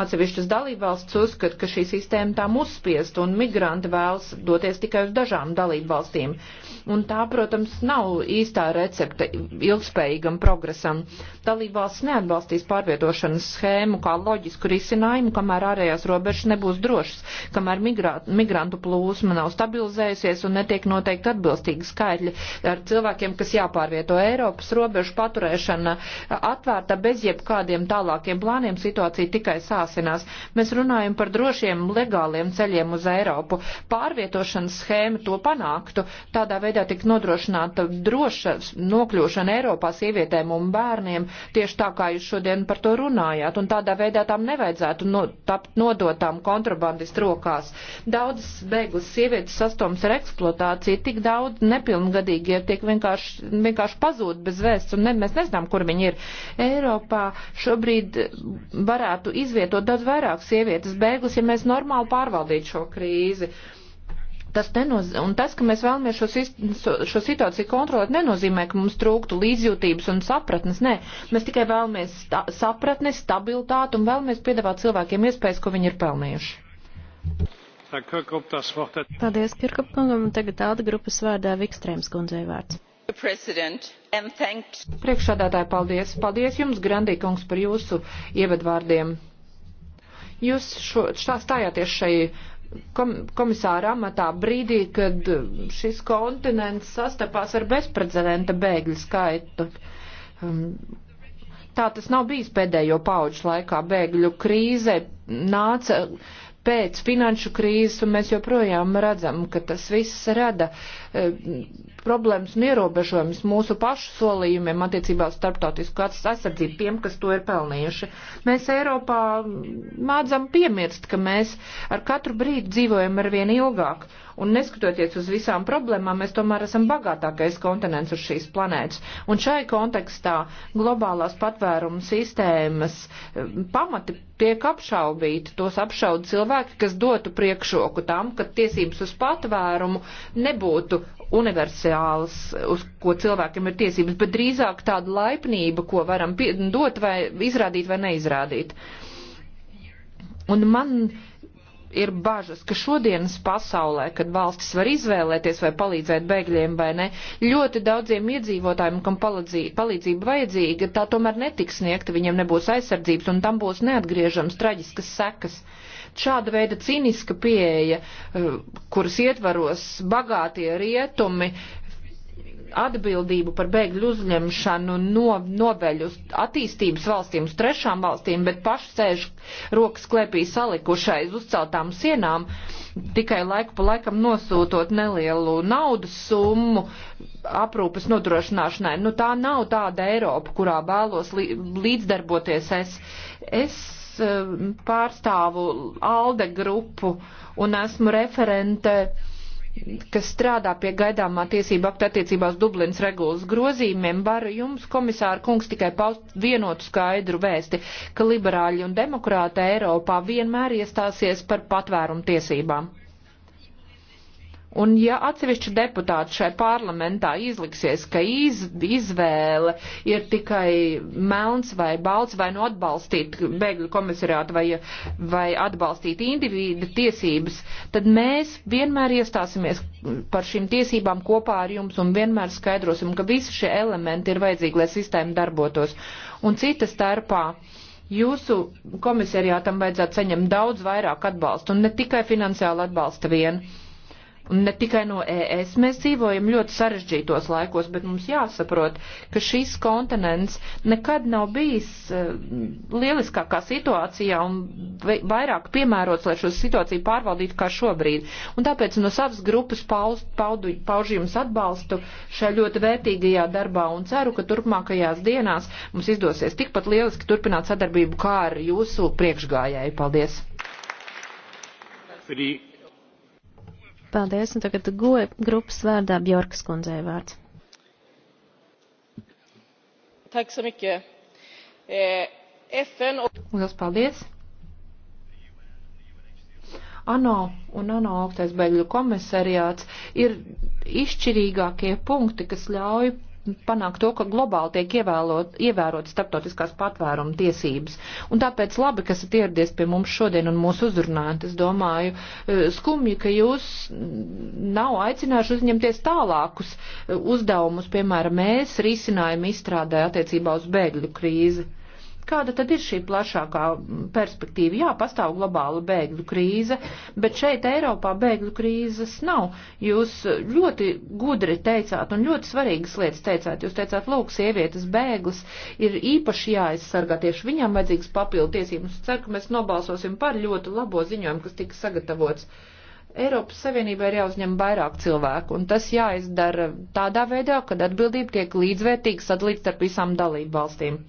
Atsevišķas dalībvalsts uzskata, ka šī sistēma tām uzspiest un migranti vēlas doties tikai uz dažām dalībvalstīm. valstīm un tā, protams, nav īstā recepte ilgspējīgam progresam. Dalībvalsts neatbalstīs pārvietošanas schēmu kā loģisku risinājumu, kamēr ārējās robežas nebūs drošas, kamēr migrāt, migrantu plūsma nav stabilizējusies un netiek noteikti atbilstīgi skaitļi ar cilvēkiem, kas jāpārvieto Eiropas robežu paturēšana atvērta bez jebkādiem tālākiem plāniem situācija tikai sāsinās. Mēs runājam par drošiem, legāliem ceļiem uz Eiropu. Pārvietošanas schēma to panāktu. Tādā veidā veidā tiks nodrošināta droša nokļūšana Eiropā sievietēm un bērniem, tieši tā kā jūs šodien par to runājāt, un tādā veidā tām nevajadzētu no, tapt nodotām kontrabandistu rokās. Daudzas bēglas sievietes sastoms ar eksploatāciju, tik daudz nepilngadīgie tiek vienkārši, vienkārši pazūd bez vēsts, un ne, mēs nezinām, kur viņi ir. Eiropā šobrīd varētu izvietot daudz vairāk sievietes bēglas, ja mēs normāli pārvaldītu šo krīzi. Uh, Tas nenoz... Un tas, ka mēs vēlamies šo, šo situāciju kontrolēt, nenozīmē, ka mums trūktu līdzjūtības un sapratnes. Nē, mēs tikai vēlamies sta sapratni, stabilitāti un vēlamies piedāvāt cilvēkiem iespējas, ko viņi ir pelnījuši. Paldies, Kirkapungam. Tagad tāda grupas vārdā Vikstrēms kundzei vārds. Priekšādātāji, paldies. Paldies jums, Grandī kungs, par jūsu ievadvārdiem. Jūs šo, stājāties šai komisāra amatā brīdī, kad šis kontinents sastapās ar bezprecedenta bēgļu skaitu. Um, tā tas nav bijis pēdējo pauģu laikā. Bēgļu krīze nāca pēc finanšu krīzes, un mēs joprojām redzam, ka tas viss rada eh, problēmas un ierobežojumus mūsu pašu solījumiem attiecībā uz starptautisku aizsardzību tiem, kas to ir pelnījuši. Mēs Eiropā mādzam piemirst, ka mēs ar katru brīdi dzīvojam ar vien ilgāk. Un neskatoties uz visām problēmām, mēs tomēr esam bagātākais kontinents uz šīs planētas. Un šai kontekstā globālās patvērumu sistēmas eh, pamati tiek apšaubīti. Tos apšaud cilvēki, kas dotu priekšroku tam, ka tiesības uz patvērumu nebūtu universāls, uz ko cilvēkam ir tiesības, bet drīzāk tāda laipnība, ko varam dot vai izrādīt vai neizrādīt. Un man ir bažas, ka šodienas pasaulē, kad valstis var izvēlēties vai palīdzēt bēgļiem vai ne, ļoti daudziem iedzīvotājiem, kam palīdzība vajadzīga, tā tomēr netiks sniegta, viņiem nebūs aizsardzības un tam būs neatgriežams traģiskas sekas. Uh, Šāda veida ciniska pieeja, eh, kuras ietvaros bagātie rietumi atbildību par bēgļu uzņemšanu no, noveļ uz attīstības valstīm, uz trešām valstīm, bet paši sēž rokas klēpī salikušais uzceltām sienām, tikai laiku pa laikam nosūtot nelielu naudas summu aprūpes nodrošināšanai. Nu tā nav tāda Eiropa, kurā vēlos līdzdarboties es. Es Eh, pārstāvu ALDE grupu un esmu referente kas strādā pie gaidāmā tiesība akta attiecībās Dublinas regulas grozījumiem, var jums, komisāra kungs, tikai paust vienotu skaidru vēsti, ka liberāļi un demokrāti Eiropā vienmēr iestāsies par patvērumu tiesībām. Un ja atsevišķi deputāti šai parlamentā izliksies, ka iz, izvēle ir tikai melns vai balts, vai nu atbalstīt bēgļu komisariātu vai, vai atbalstīt individu tiesības, tad mēs vienmēr iestāsimies par šīm tiesībām kopā ar jums un vienmēr skaidrosim, ka visi šie elementi ir vajadzīgi, lai sistēma darbotos. Un cita starpā jūsu komisariātam vajadzētu saņemt daudz vairāk atbalstu un ne tikai finansiālu atbalstu vienu Un ne tikai no ES mēs dzīvojam ļoti sarežģītos laikos, bet mums jāsaprot, ka šis kontinents nekad nav bijis eh, lieliskākā situācijā un vairāk piemērots, lai šo situāciju pārvaldītu kā šobrīd. Un tāpēc no savas grupas pauz, paudu, paužu jums atbalstu šajā ļoti vērtīgajā darbā un ceru, ka turpmākajās dienās mums izdosies tikpat lieliski turpināt sadarbību kā ar jūsu priekšgājēju. Paldies! Three Paldies, un tagad goja grupas vārdā Bjorkas kundzei vārds. Eh, Lielas paldies! ANO un ANO augstais bēgļu komisariāts ir izšķirīgākie punkti, kas ļauj panākt to, ka globāli tiek ievēlot, ievērot starptautiskās patvēruma tiesības. Un tāpēc labi, kas ir ieradies pie mums šodien un mūsu uzrunājot. Es domāju, e, skumji, ka jūs nav aicinājuši uzņemties tālākus e, uzdevumus, piemēram, mēs risinājumu izstrādāja attiecībā uz bēgļu krīzi. Kāda tad ir šī plašākā perspektīva? Jā, pastāv globāla bēgļu krīze, bet šeit Eiropā bēgļu krīzes nav. Jūs ļoti gudri teicāt un ļoti svarīgas lietas teicāt. Jūs teicāt, lūk, sievietes bēglas ir īpaši jāaizsargā, tieši viņām vajadzīgs papildu tiesības. Ceru, ka mēs nobalsosim par ļoti labo ziņojumu, kas tika sagatavots. Eiropas Savienībai ir jāuzņem vairāk cilvēku, un tas jāizdara tādā veidā, kad atbildība tiek līdzvērtīgi sadalīta starp visām dalību valstīm.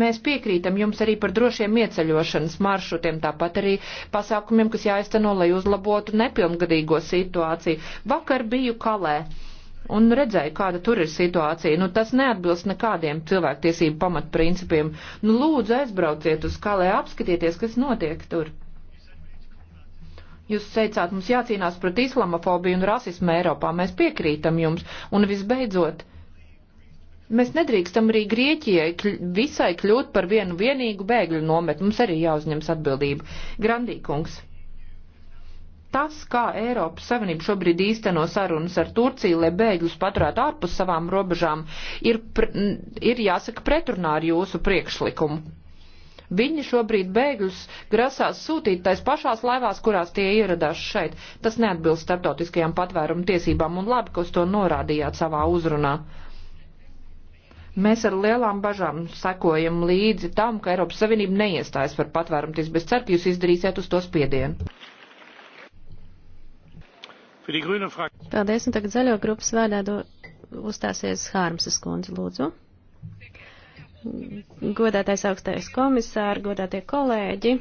Mēs piekrītam jums arī par drošiem ieceļošanas maršrutiem, tāpat arī pasākumiem, kas jāizteno, lai uzlabotu nepilngadīgo situāciju. Vakar biju Kalē un redzēju, kāda tur ir situācija. Nu, tas neatbilst nekādiem cilvēktiesību pamatprincipiem. Nu, lūdzu, aizbrauciet uz Kalē, apskatieties, kas notiek tur. Jūs teicāt, mums jācīnās pret islamofobiju un rasismu Eiropā. Mēs piekrītam jums. Un visbeidzot Mēs nedrīkstam arī Grieķijai kļ visai kļūt par vienu vienīgu bēgļu nometu. Mums arī jāuzņems atbildība. Grandīkungs. Tas, kā Eiropas Savienība šobrīd īsteno sarunas ar Turciju, lai bēgļus paturētu ārpus savām robežām, ir, ir jāsaka pretrunā ar jūsu priekšlikumu. Viņi šobrīd bēgļus grasās sūtīt tais pašās laivās, kurās tie ieradās šeit. Tas neatbilst starptautiskajām patvērumu tiesībām un labi, ka uz to norādījāt savā uzrunā. Mēs ar lielām bažām sekojam līdzi tam, ka Eiropas Savienība neiestājas par patvērumties, bet ceru, ka jūs izdarīsiet uz to spiedienu. Paldies, un tagad zaļo grupas vārdā uzstāsies Hārmsas kundze, lūdzu. Godātais augstais komisāri, godātie kolēģi.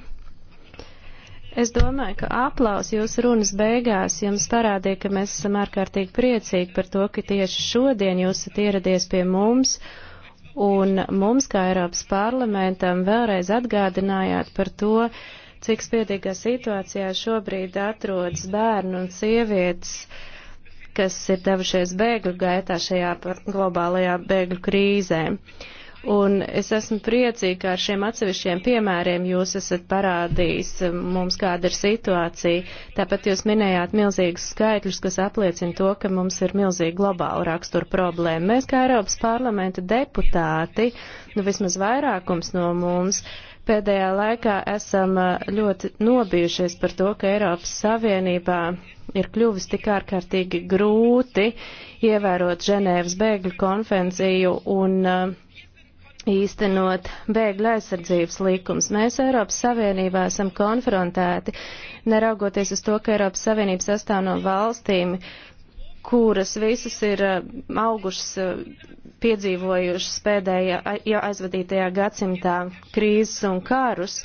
Es domāju, ka aplaus jūsu runas beigās jums parādīja, ka mēs esam ārkārtīgi priecīgi par to, ka tieši šodien jūs esat ieradies pie mums un mums, kā Eiropas parlamentam, vēlreiz atgādinājāt par to, cik spiedīgā situācijā šobrīd atrodas bērnu un sievietes, kas ir devušies bēgļu gaitā šajā globālajā bēgļu krīzē. Uh, Un es esmu priecīga, ka ar šiem atsevišķiem piemēriem jūs esat parādījis um, mums, kāda ir situācija. Tāpat jūs minējāt milzīgus skaitļus, kas apliecina to, ka mums ir milzīga globāla rakstura problēma. Mēs kā Eiropas parlamenta deputāti, nu vismaz vairākums no mums, pēdējā laikā esam uh, ļoti nobijušies par to, ka Eiropas Savienībā ir kļuvis tik ārkārtīgi grūti ievērot Ženēvas bēgļu konvenciju un uh, īstenot bēgļu aizsardzības likums. Mēs Eiropas Savienībā esam konfrontēti, neraugoties uz to, ka Eiropas Savienība sastāv no valstīm, kuras visas ir uh, augušas, uh, piedzīvojušas pēdējā jau aizvadītajā gadsimtā krīzes un kārus,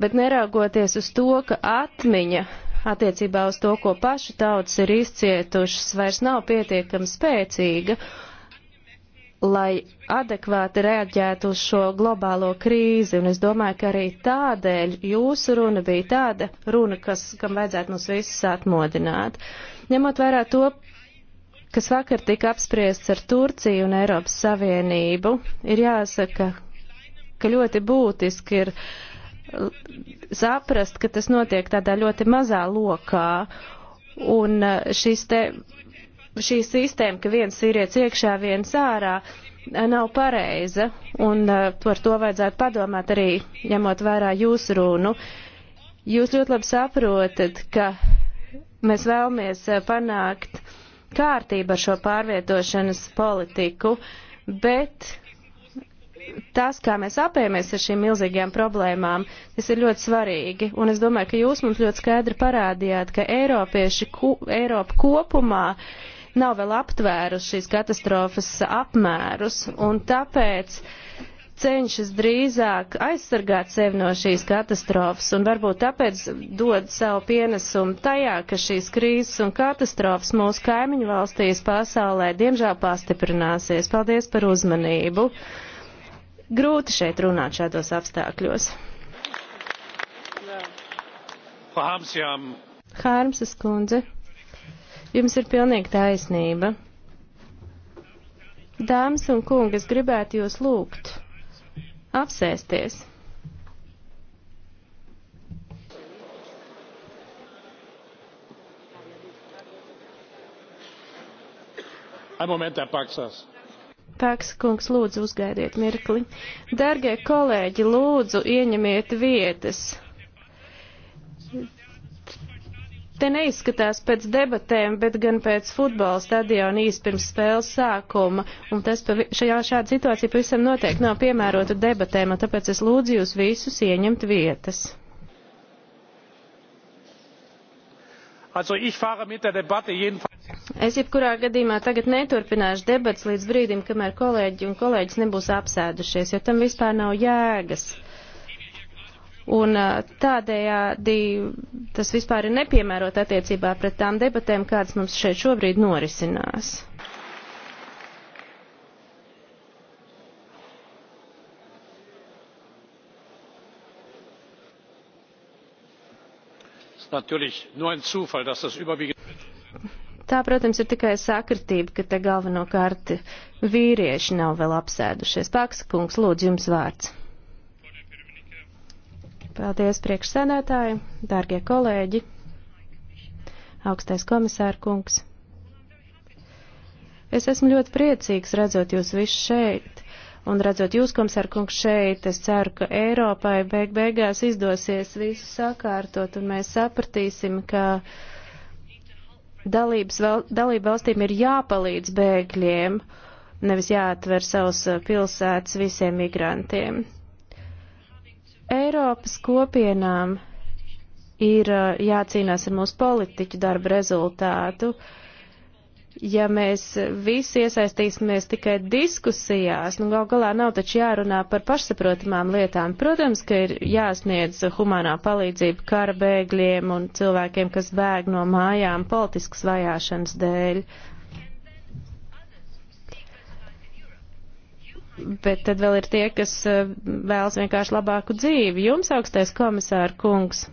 bet neraugoties uz to, ka atmiņa attiecībā uz to, ko paši tautas ir izcietušas, vairs nav pietiekami spēcīga lai adekvāti reaģētu uz šo globālo krīzi, un es domāju, ka arī tādēļ jūsu runa bija tāda runa, kas, kam vajadzētu mums visus atmodināt. Ņemot vērā to, kas vakar tika apspriests ar Turciju un Eiropas Savienību, ir jāsaka, ka ļoti būtiski ir saprast, ka tas notiek tādā ļoti mazā lokā, un eh, šis te šī sistēma, ka viens sīrietis iekšā, viens ārā, nav pareiza, un eh, par to vajadzētu padomāt arī, ņemot vērā jūsu runu. Jūs ļoti labi saprotat, ka mēs vēlamies eh, panākt kārtību ar šo pārvietošanas politiku, bet tas, kā mēs apējamies ar šīm milzīgajām problēmām, tas ir ļoti svarīgi. Un es domāju, ka jūs mums ļoti skaidri parādījāt, ka Eiropieši, ku, Eiropa kopumā uh, nav vēl aptvēruši šīs katastrofas apmērus, un tāpēc cenšas drīzāk aizsargāt sevi no šīs katastrofas un varbūt tāpēc dod savu pienesumu tajā, ka šīs krīzes un katastrofas mūsu kaimiņu valstīs pasaulē diemžēl pastiprināsies. Paldies par uzmanību. Grūti šeit runāt šādos apstākļos. Hārmsas kundze. Jums ir pilnīgi taisnība. Dāmas un kungi, es gribētu jūs lūgt apsēsties. Paks kungs, lūdzu, uzgaidiet mirkli. Dargie kolēģi, lūdzu, ieņemiet vietas. Te neizskatās pēc debatēm, bet gan pēc futbola stadiona īsti pirms spēles sākuma, un tas šajā šāda situācija pavisam noteikti nav piemērota debatēm, un tāpēc es lūdzu jūs visus ieņemt vietas. Also ich fahre mit der Debatte jedenfalls. Es jebkurā gadījumā tagad neturpināšu debats līdz brīdim, kamēr kolēģi un kolēģis nebūs apsēdušies, jo tam vispār nav jēgas un tādējādi tas vispār ir nepiemērot attiecībā pret tām debatēm, kādas mums šeit šobrīd norisinās. Tā, protams, ir tikai sakritība, ka te galvenokārt vīrieši nav vēl apsēdušies. Paksa kungs, lūdzu, jums vārds. Paldies priekšsēdētāji, dārgie kolēģi, augstais komisārkungs. Es esmu ļoti priecīgs redzot jūs visus šeit, un redzot jūs, komisārkungs, šeit, es ceru, ka Eiropai beig beigās izdosies visu sakārtot, un mēs sapratīsim, ka dalības val dalība valstīm ir jāpalīdz bēgļiem, nevis jāatver savus pilsētas visiem migrantiem. Eiropas kopienām ir uh, jācīnās ar mūsu politiķu darba rezultātu. Ja mēs visi iesaistīsimies tikai diskusijās, nu gal galā nav taču jārunā par pašsaprotamām lietām. Protams, ka ir jāsniedz humanā palīdzība kara bēgļiem un cilvēkiem, kas bēg no mājām politiskas vajāšanas dēļ. Uh, bet tad vēl ir tie, kas eh, vēlas vienkārši labāku dzīvi. Jums, augstais komisāra kungs,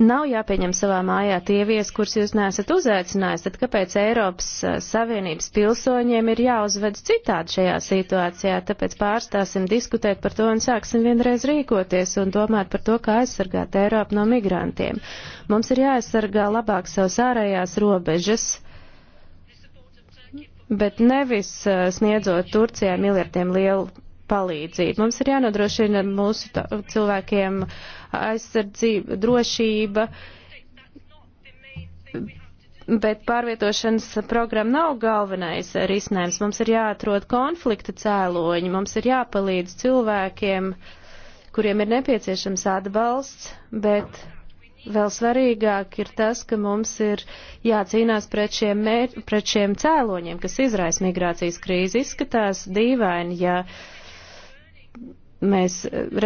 nav jāpieņem savā mājā tie viesi, kurus jūs neesat uzaicinājis, tad kāpēc Eiropas eh, Savienības pilsoņiem ir jāuzved citādi šajā situācijā? Tāpēc pārstāsim diskutēt par to un sāksim vienreiz rīkoties un domāt par to, kā aizsargāt Eiropu no migrantiem. Mums ir jāaizsargā labāk savas ārējās robežas bet nevis sniedzot Turcijai miljardiem lielu palīdzību. Mums ir jānodrošina mūsu cilvēkiem aizsardzība, drošība, bet pārvietošanas programma nav galvenais risinājums. Mums ir jāatrod konflikta cēloņi, mums ir jāpalīdz cilvēkiem, kuriem ir nepieciešams atbalsts, bet Vēl svarīgāk ir tas, ka mums ir jācīnās pret šiem, mēr, pret šiem cēloņiem, kas izraisa migrācijas krīzi. Izskatās dīvaini, ja mēs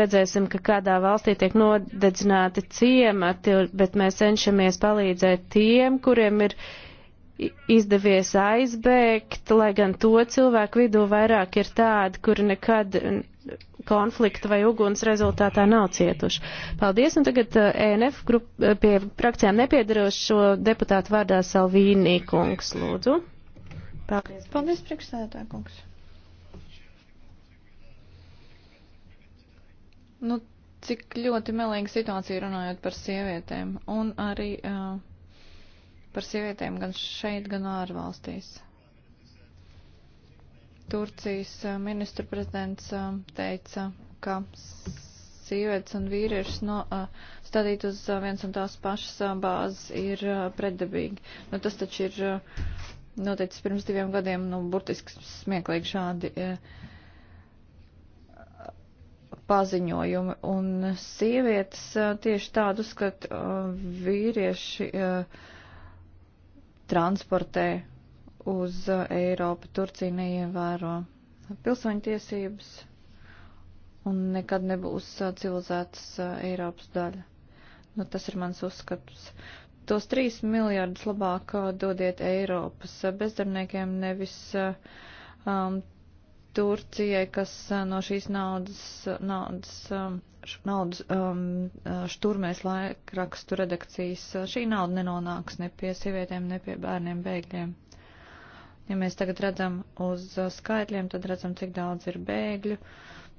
redzēsim, ka kādā valstī tiek nodedzināti ciemati, bet mēs cenšamies palīdzēt tiem, kuriem ir izdevies aizbēgt, lai gan to cilvēku vidū vairāk ir tādi, kuri nekad konflikta vai uguns rezultātā nav cietuši. Paldies, un tagad uh, ENF grup, uh, pie frakcijām nepiedarošo deputātu vārdā Salvīnī kungs, lūdzu. Paldies. Paldies, priekšsēdētā kungs. Nu, cik ļoti melīga situācija runājot par sievietēm un arī. Uh, par sievietēm gan šeit, gan ārvalstīs. Turcijas eh, ministra prezidents eh, teica, ka sievietes un vīriešus no, eh, stādīt uz viens un tās pašas bāzes ir pretdabīgi. Nu, tas taču ir noticis pirms diviem gadiem, nu, burtiski smieklīgi šādi paziņojumi. Un sievietes tieši tādu uzskata vīrieši. Uh, transportē uz uh, Eiropu. Turcija neievēro pilsoņu tiesības un nekad nebūs uh, civilizētas uh, Eiropas daļa. Nu, tas ir mans uzskats. Tos trīs miljārdus labāk dodiet Eiropas bezdarbniekiem, nevis um, Turcijai, kas no šīs naudas, naudas, naudas um, šturmēs laikrakstu redakcijas. Šī nauda nenonāks ne pie sievietēm, ne pie bērniem bēgļiem. Ja mēs tagad redzam uz skaitļiem, tad redzam, cik daudz ir bēgļu.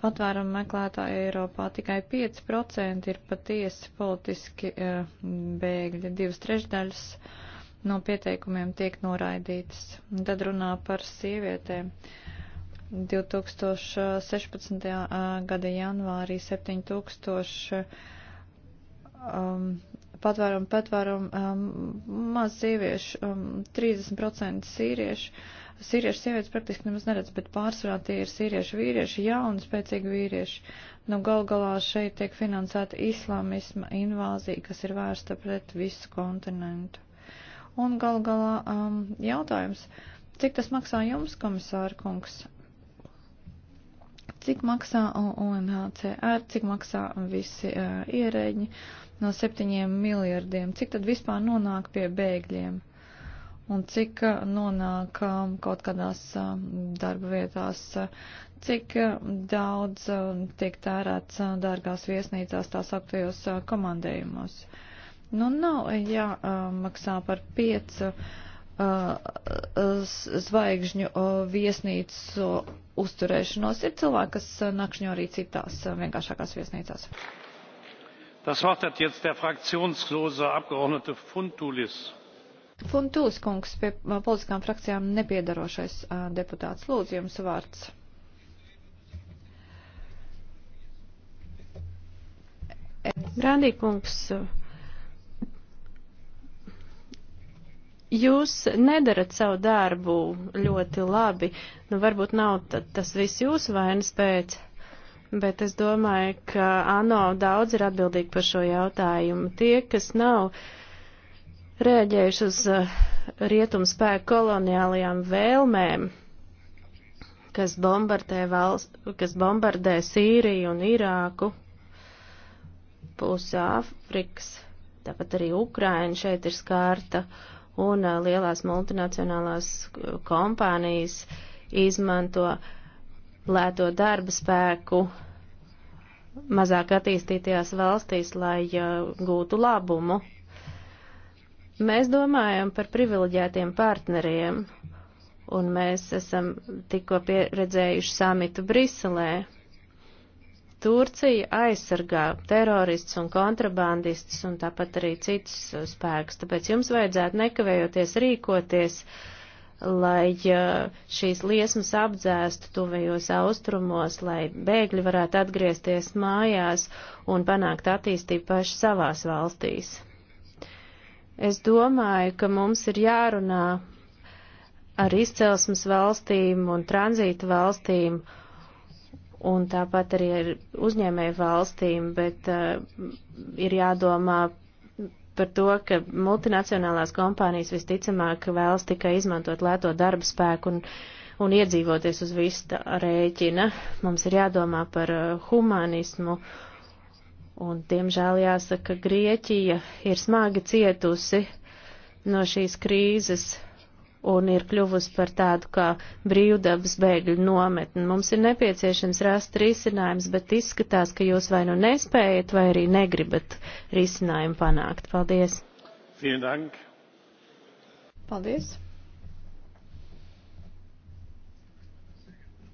Patvērumu meklētāju Eiropā tikai 5% ir patiesi politiski bēgļi, divas trešdaļas no pieteikumiem tiek noraidītas. Tad runā par sievietēm. Uh, 2016. gada janvārī 7000 um, patvērumu, patvērumu um, maz sieviešu, um, 30% sīriešu. Sīriešu sievietes praktiski nemaz neredz, bet pārsvarā tie ir sīriešu vīrieši, jauni, spēcīgi vīrieši. Nu, gal galā šeit tiek finansēta islamisma invāzija, kas ir vērsta pret visu kontinentu. Un gal galā um, jautājums, cik tas maksā jums, komisāra kungs? cik maksā UNHCR, cik maksā visi uh, ierēģi no septiņiem miljardiem, cik tad vispār nonāk pie bēgļiem un cik nonāk um, kaut kādās uh, darba vietās, uh, cik daudz uh, tiek tērēts uh, dārgās viesnīcās tās aktajos uh, komandējumos. Nu, nav jāmaksā uh, par piecu. Uh, Uh, uh, zvaigžņu uh, viesnīcu uzturēšanos. Ir cilvēki, kas nakšņo arī citās vienkāršākās viesnīcās. Das Wort hat jetzt der fraktionslose Abgeordnete Funtulis. Funtulis kungs, pie politiskām frakcijām nepiedarošais deputāts. Lūdzu, jums vārds. Grandī kungs, uh, Jūs nedarat savu darbu ļoti labi. Nu, varbūt nav tas viss jūsu vainas pēc, bet es domāju, ka ANO daudz ir atbildīgi par šo jautājumu. Tie, kas nav rēģējuši uz eh, rietumu spēku koloniālajām vēlmēm, kas bombardē, valst, kas bombardē Sīriju un Irāku, pusi Āfrikas, tāpat arī Ukraina šeit ir skārta. Uh, un uh, lielās multinacionālās uh, kompānijas izmanto lēto darba spēku mazāk attīstītajās valstīs, lai uh, gūtu labumu. Mēs domājam par privileģētiem partneriem, un mēs esam tikko pieredzējuši samitu Briselē, Turcija aizsargā terorists un kontrabandistus un tāpat arī citus uh, spēkus, tāpēc jums vajadzētu nekavējoties rīkoties, lai uh, šīs liesmas apdzēstu tuvējos austrumos, lai bēgļi varētu atgriezties mājās un panākt attīstību paši savās valstīs. Es domāju, ka mums ir jārunā ar izcelsmes valstīm un tranzīta valstīm un tāpat arī ar uzņēmēju valstīm, bet uh, ir jādomā par to, ka multinacionālās kompānijas visticamāk vēlas tikai izmantot lēto darba spēku un, un iedzīvoties uz visu tā rēķina. Mums ir jādomā par uh, humanismu. Un, diemžēl, jāsaka, Grieķija ir smagi cietusi no šīs krīzes, un ir kļuvusi par tādu kā brīvdabas bēgļu nometni. Mums ir nepieciešams rast risinājums, bet izskatās, ka jūs vai nu nespējat, vai arī negribat risinājumu panākt. Paldies! Paldies!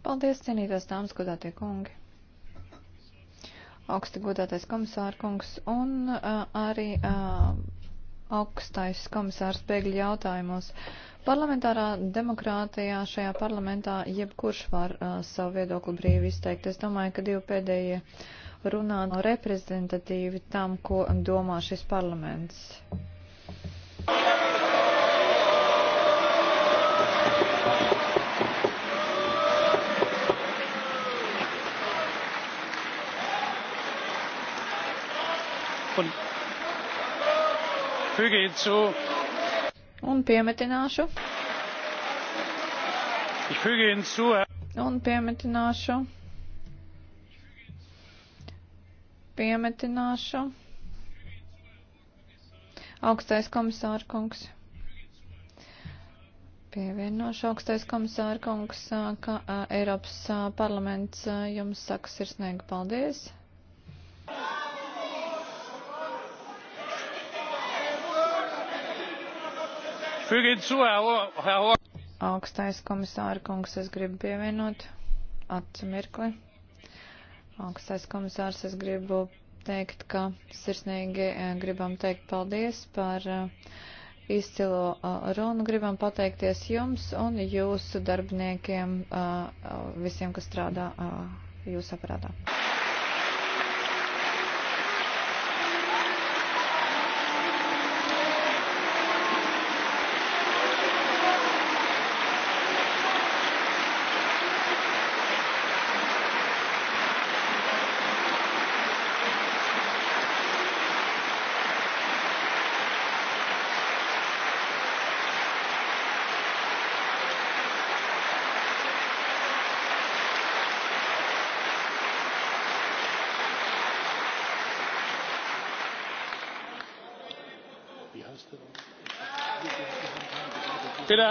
Paldies, cienītās dāmas, godātie kungi! Augsti godātais komisāra kungs un uh, arī uh, augstais komisārs bēgļu jautājumos. Uh, Parlamentārā demokrātijā šajā parlamentā jebkurš var uh, savu viedokli brīvi izteikt. Es domāju, ka divi pēdējie runā no reprezentatīvi tam, ko domā šis parlaments. Un füge hinzu, un piemetināšu. Un piemetināšu. Piemetināšu. Augstais komisāra kungs. Pievienošu augstais komisāra kungs, ka Eiropas parlaments jums saka sirsnīgi paldies. Thank you. Augstais komisāra kungs, es gribu pievienot atsimirkli. Augstais komisārs, es gribu teikt, ka sirsnīgi eh, gribam teikt paldies par eh, izcilo eh, runu, gribam pateikties jums un jūsu darbiniekiem, visiem, kas strādā jūsu aparātā.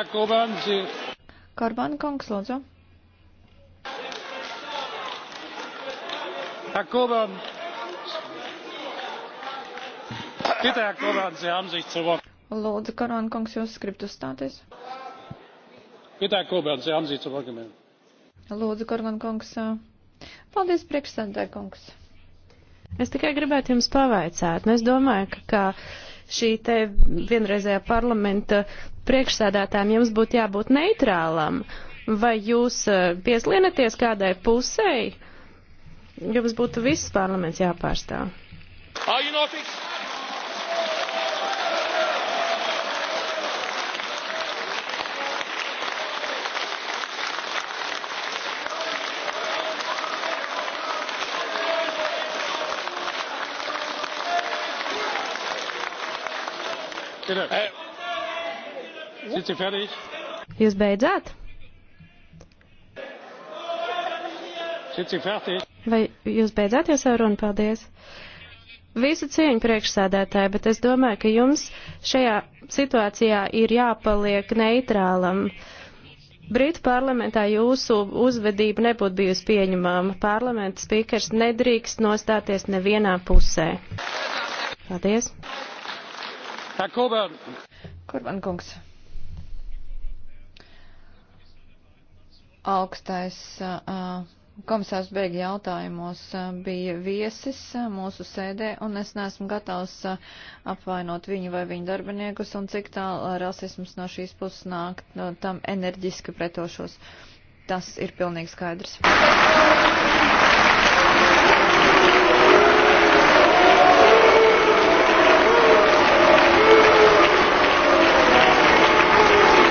Korban kungs, lūdzu. Herr Coburn, bitte, Herr Coburn, Sie haben sich zu Wort. Lūdzu, Korban kungs, jūs gribat uzstāties? Bitte, Herr Coburn, Sie haben sich zu Wort gemeldet. Lūdzu, Korban kungs. Paldies, priekšsēdētāj kungs. Es tikai gribētu jums pavaicāt, un es domāju, ka. ka šī te vienreizējā parlamenta priekšsēdētājiem jums būtu jābūt neitrālam? Vai jūs eh, pieslienaties kādai pusei? Jums būtu viss parlaments jāpārstāv. Are you not Äh, jūs beidzāt? Vai jūs beidzāt jau savu runu? Paldies! Visu cieņu priekšsēdētāji, bet es domāju, ka jums šajā situācijā ir jāpaliek neitrālam. Britu parlamentā jūsu uzvedība nebūtu bijusi pieņemama. Parlamenta spīkers nedrīkst nostāties nevienā pusē. Paldies! Kurban kungs. Augstais uh, komisārs Bēgi jautājumos bija viesis mūsu sēdē, un es neesmu gatavs apvainot viņu vai viņu darbiniekus, un cik tālu rasisms no šīs puses nāk, no tam enerģiski pretošos. Tas ir pilnīgi skaidrs.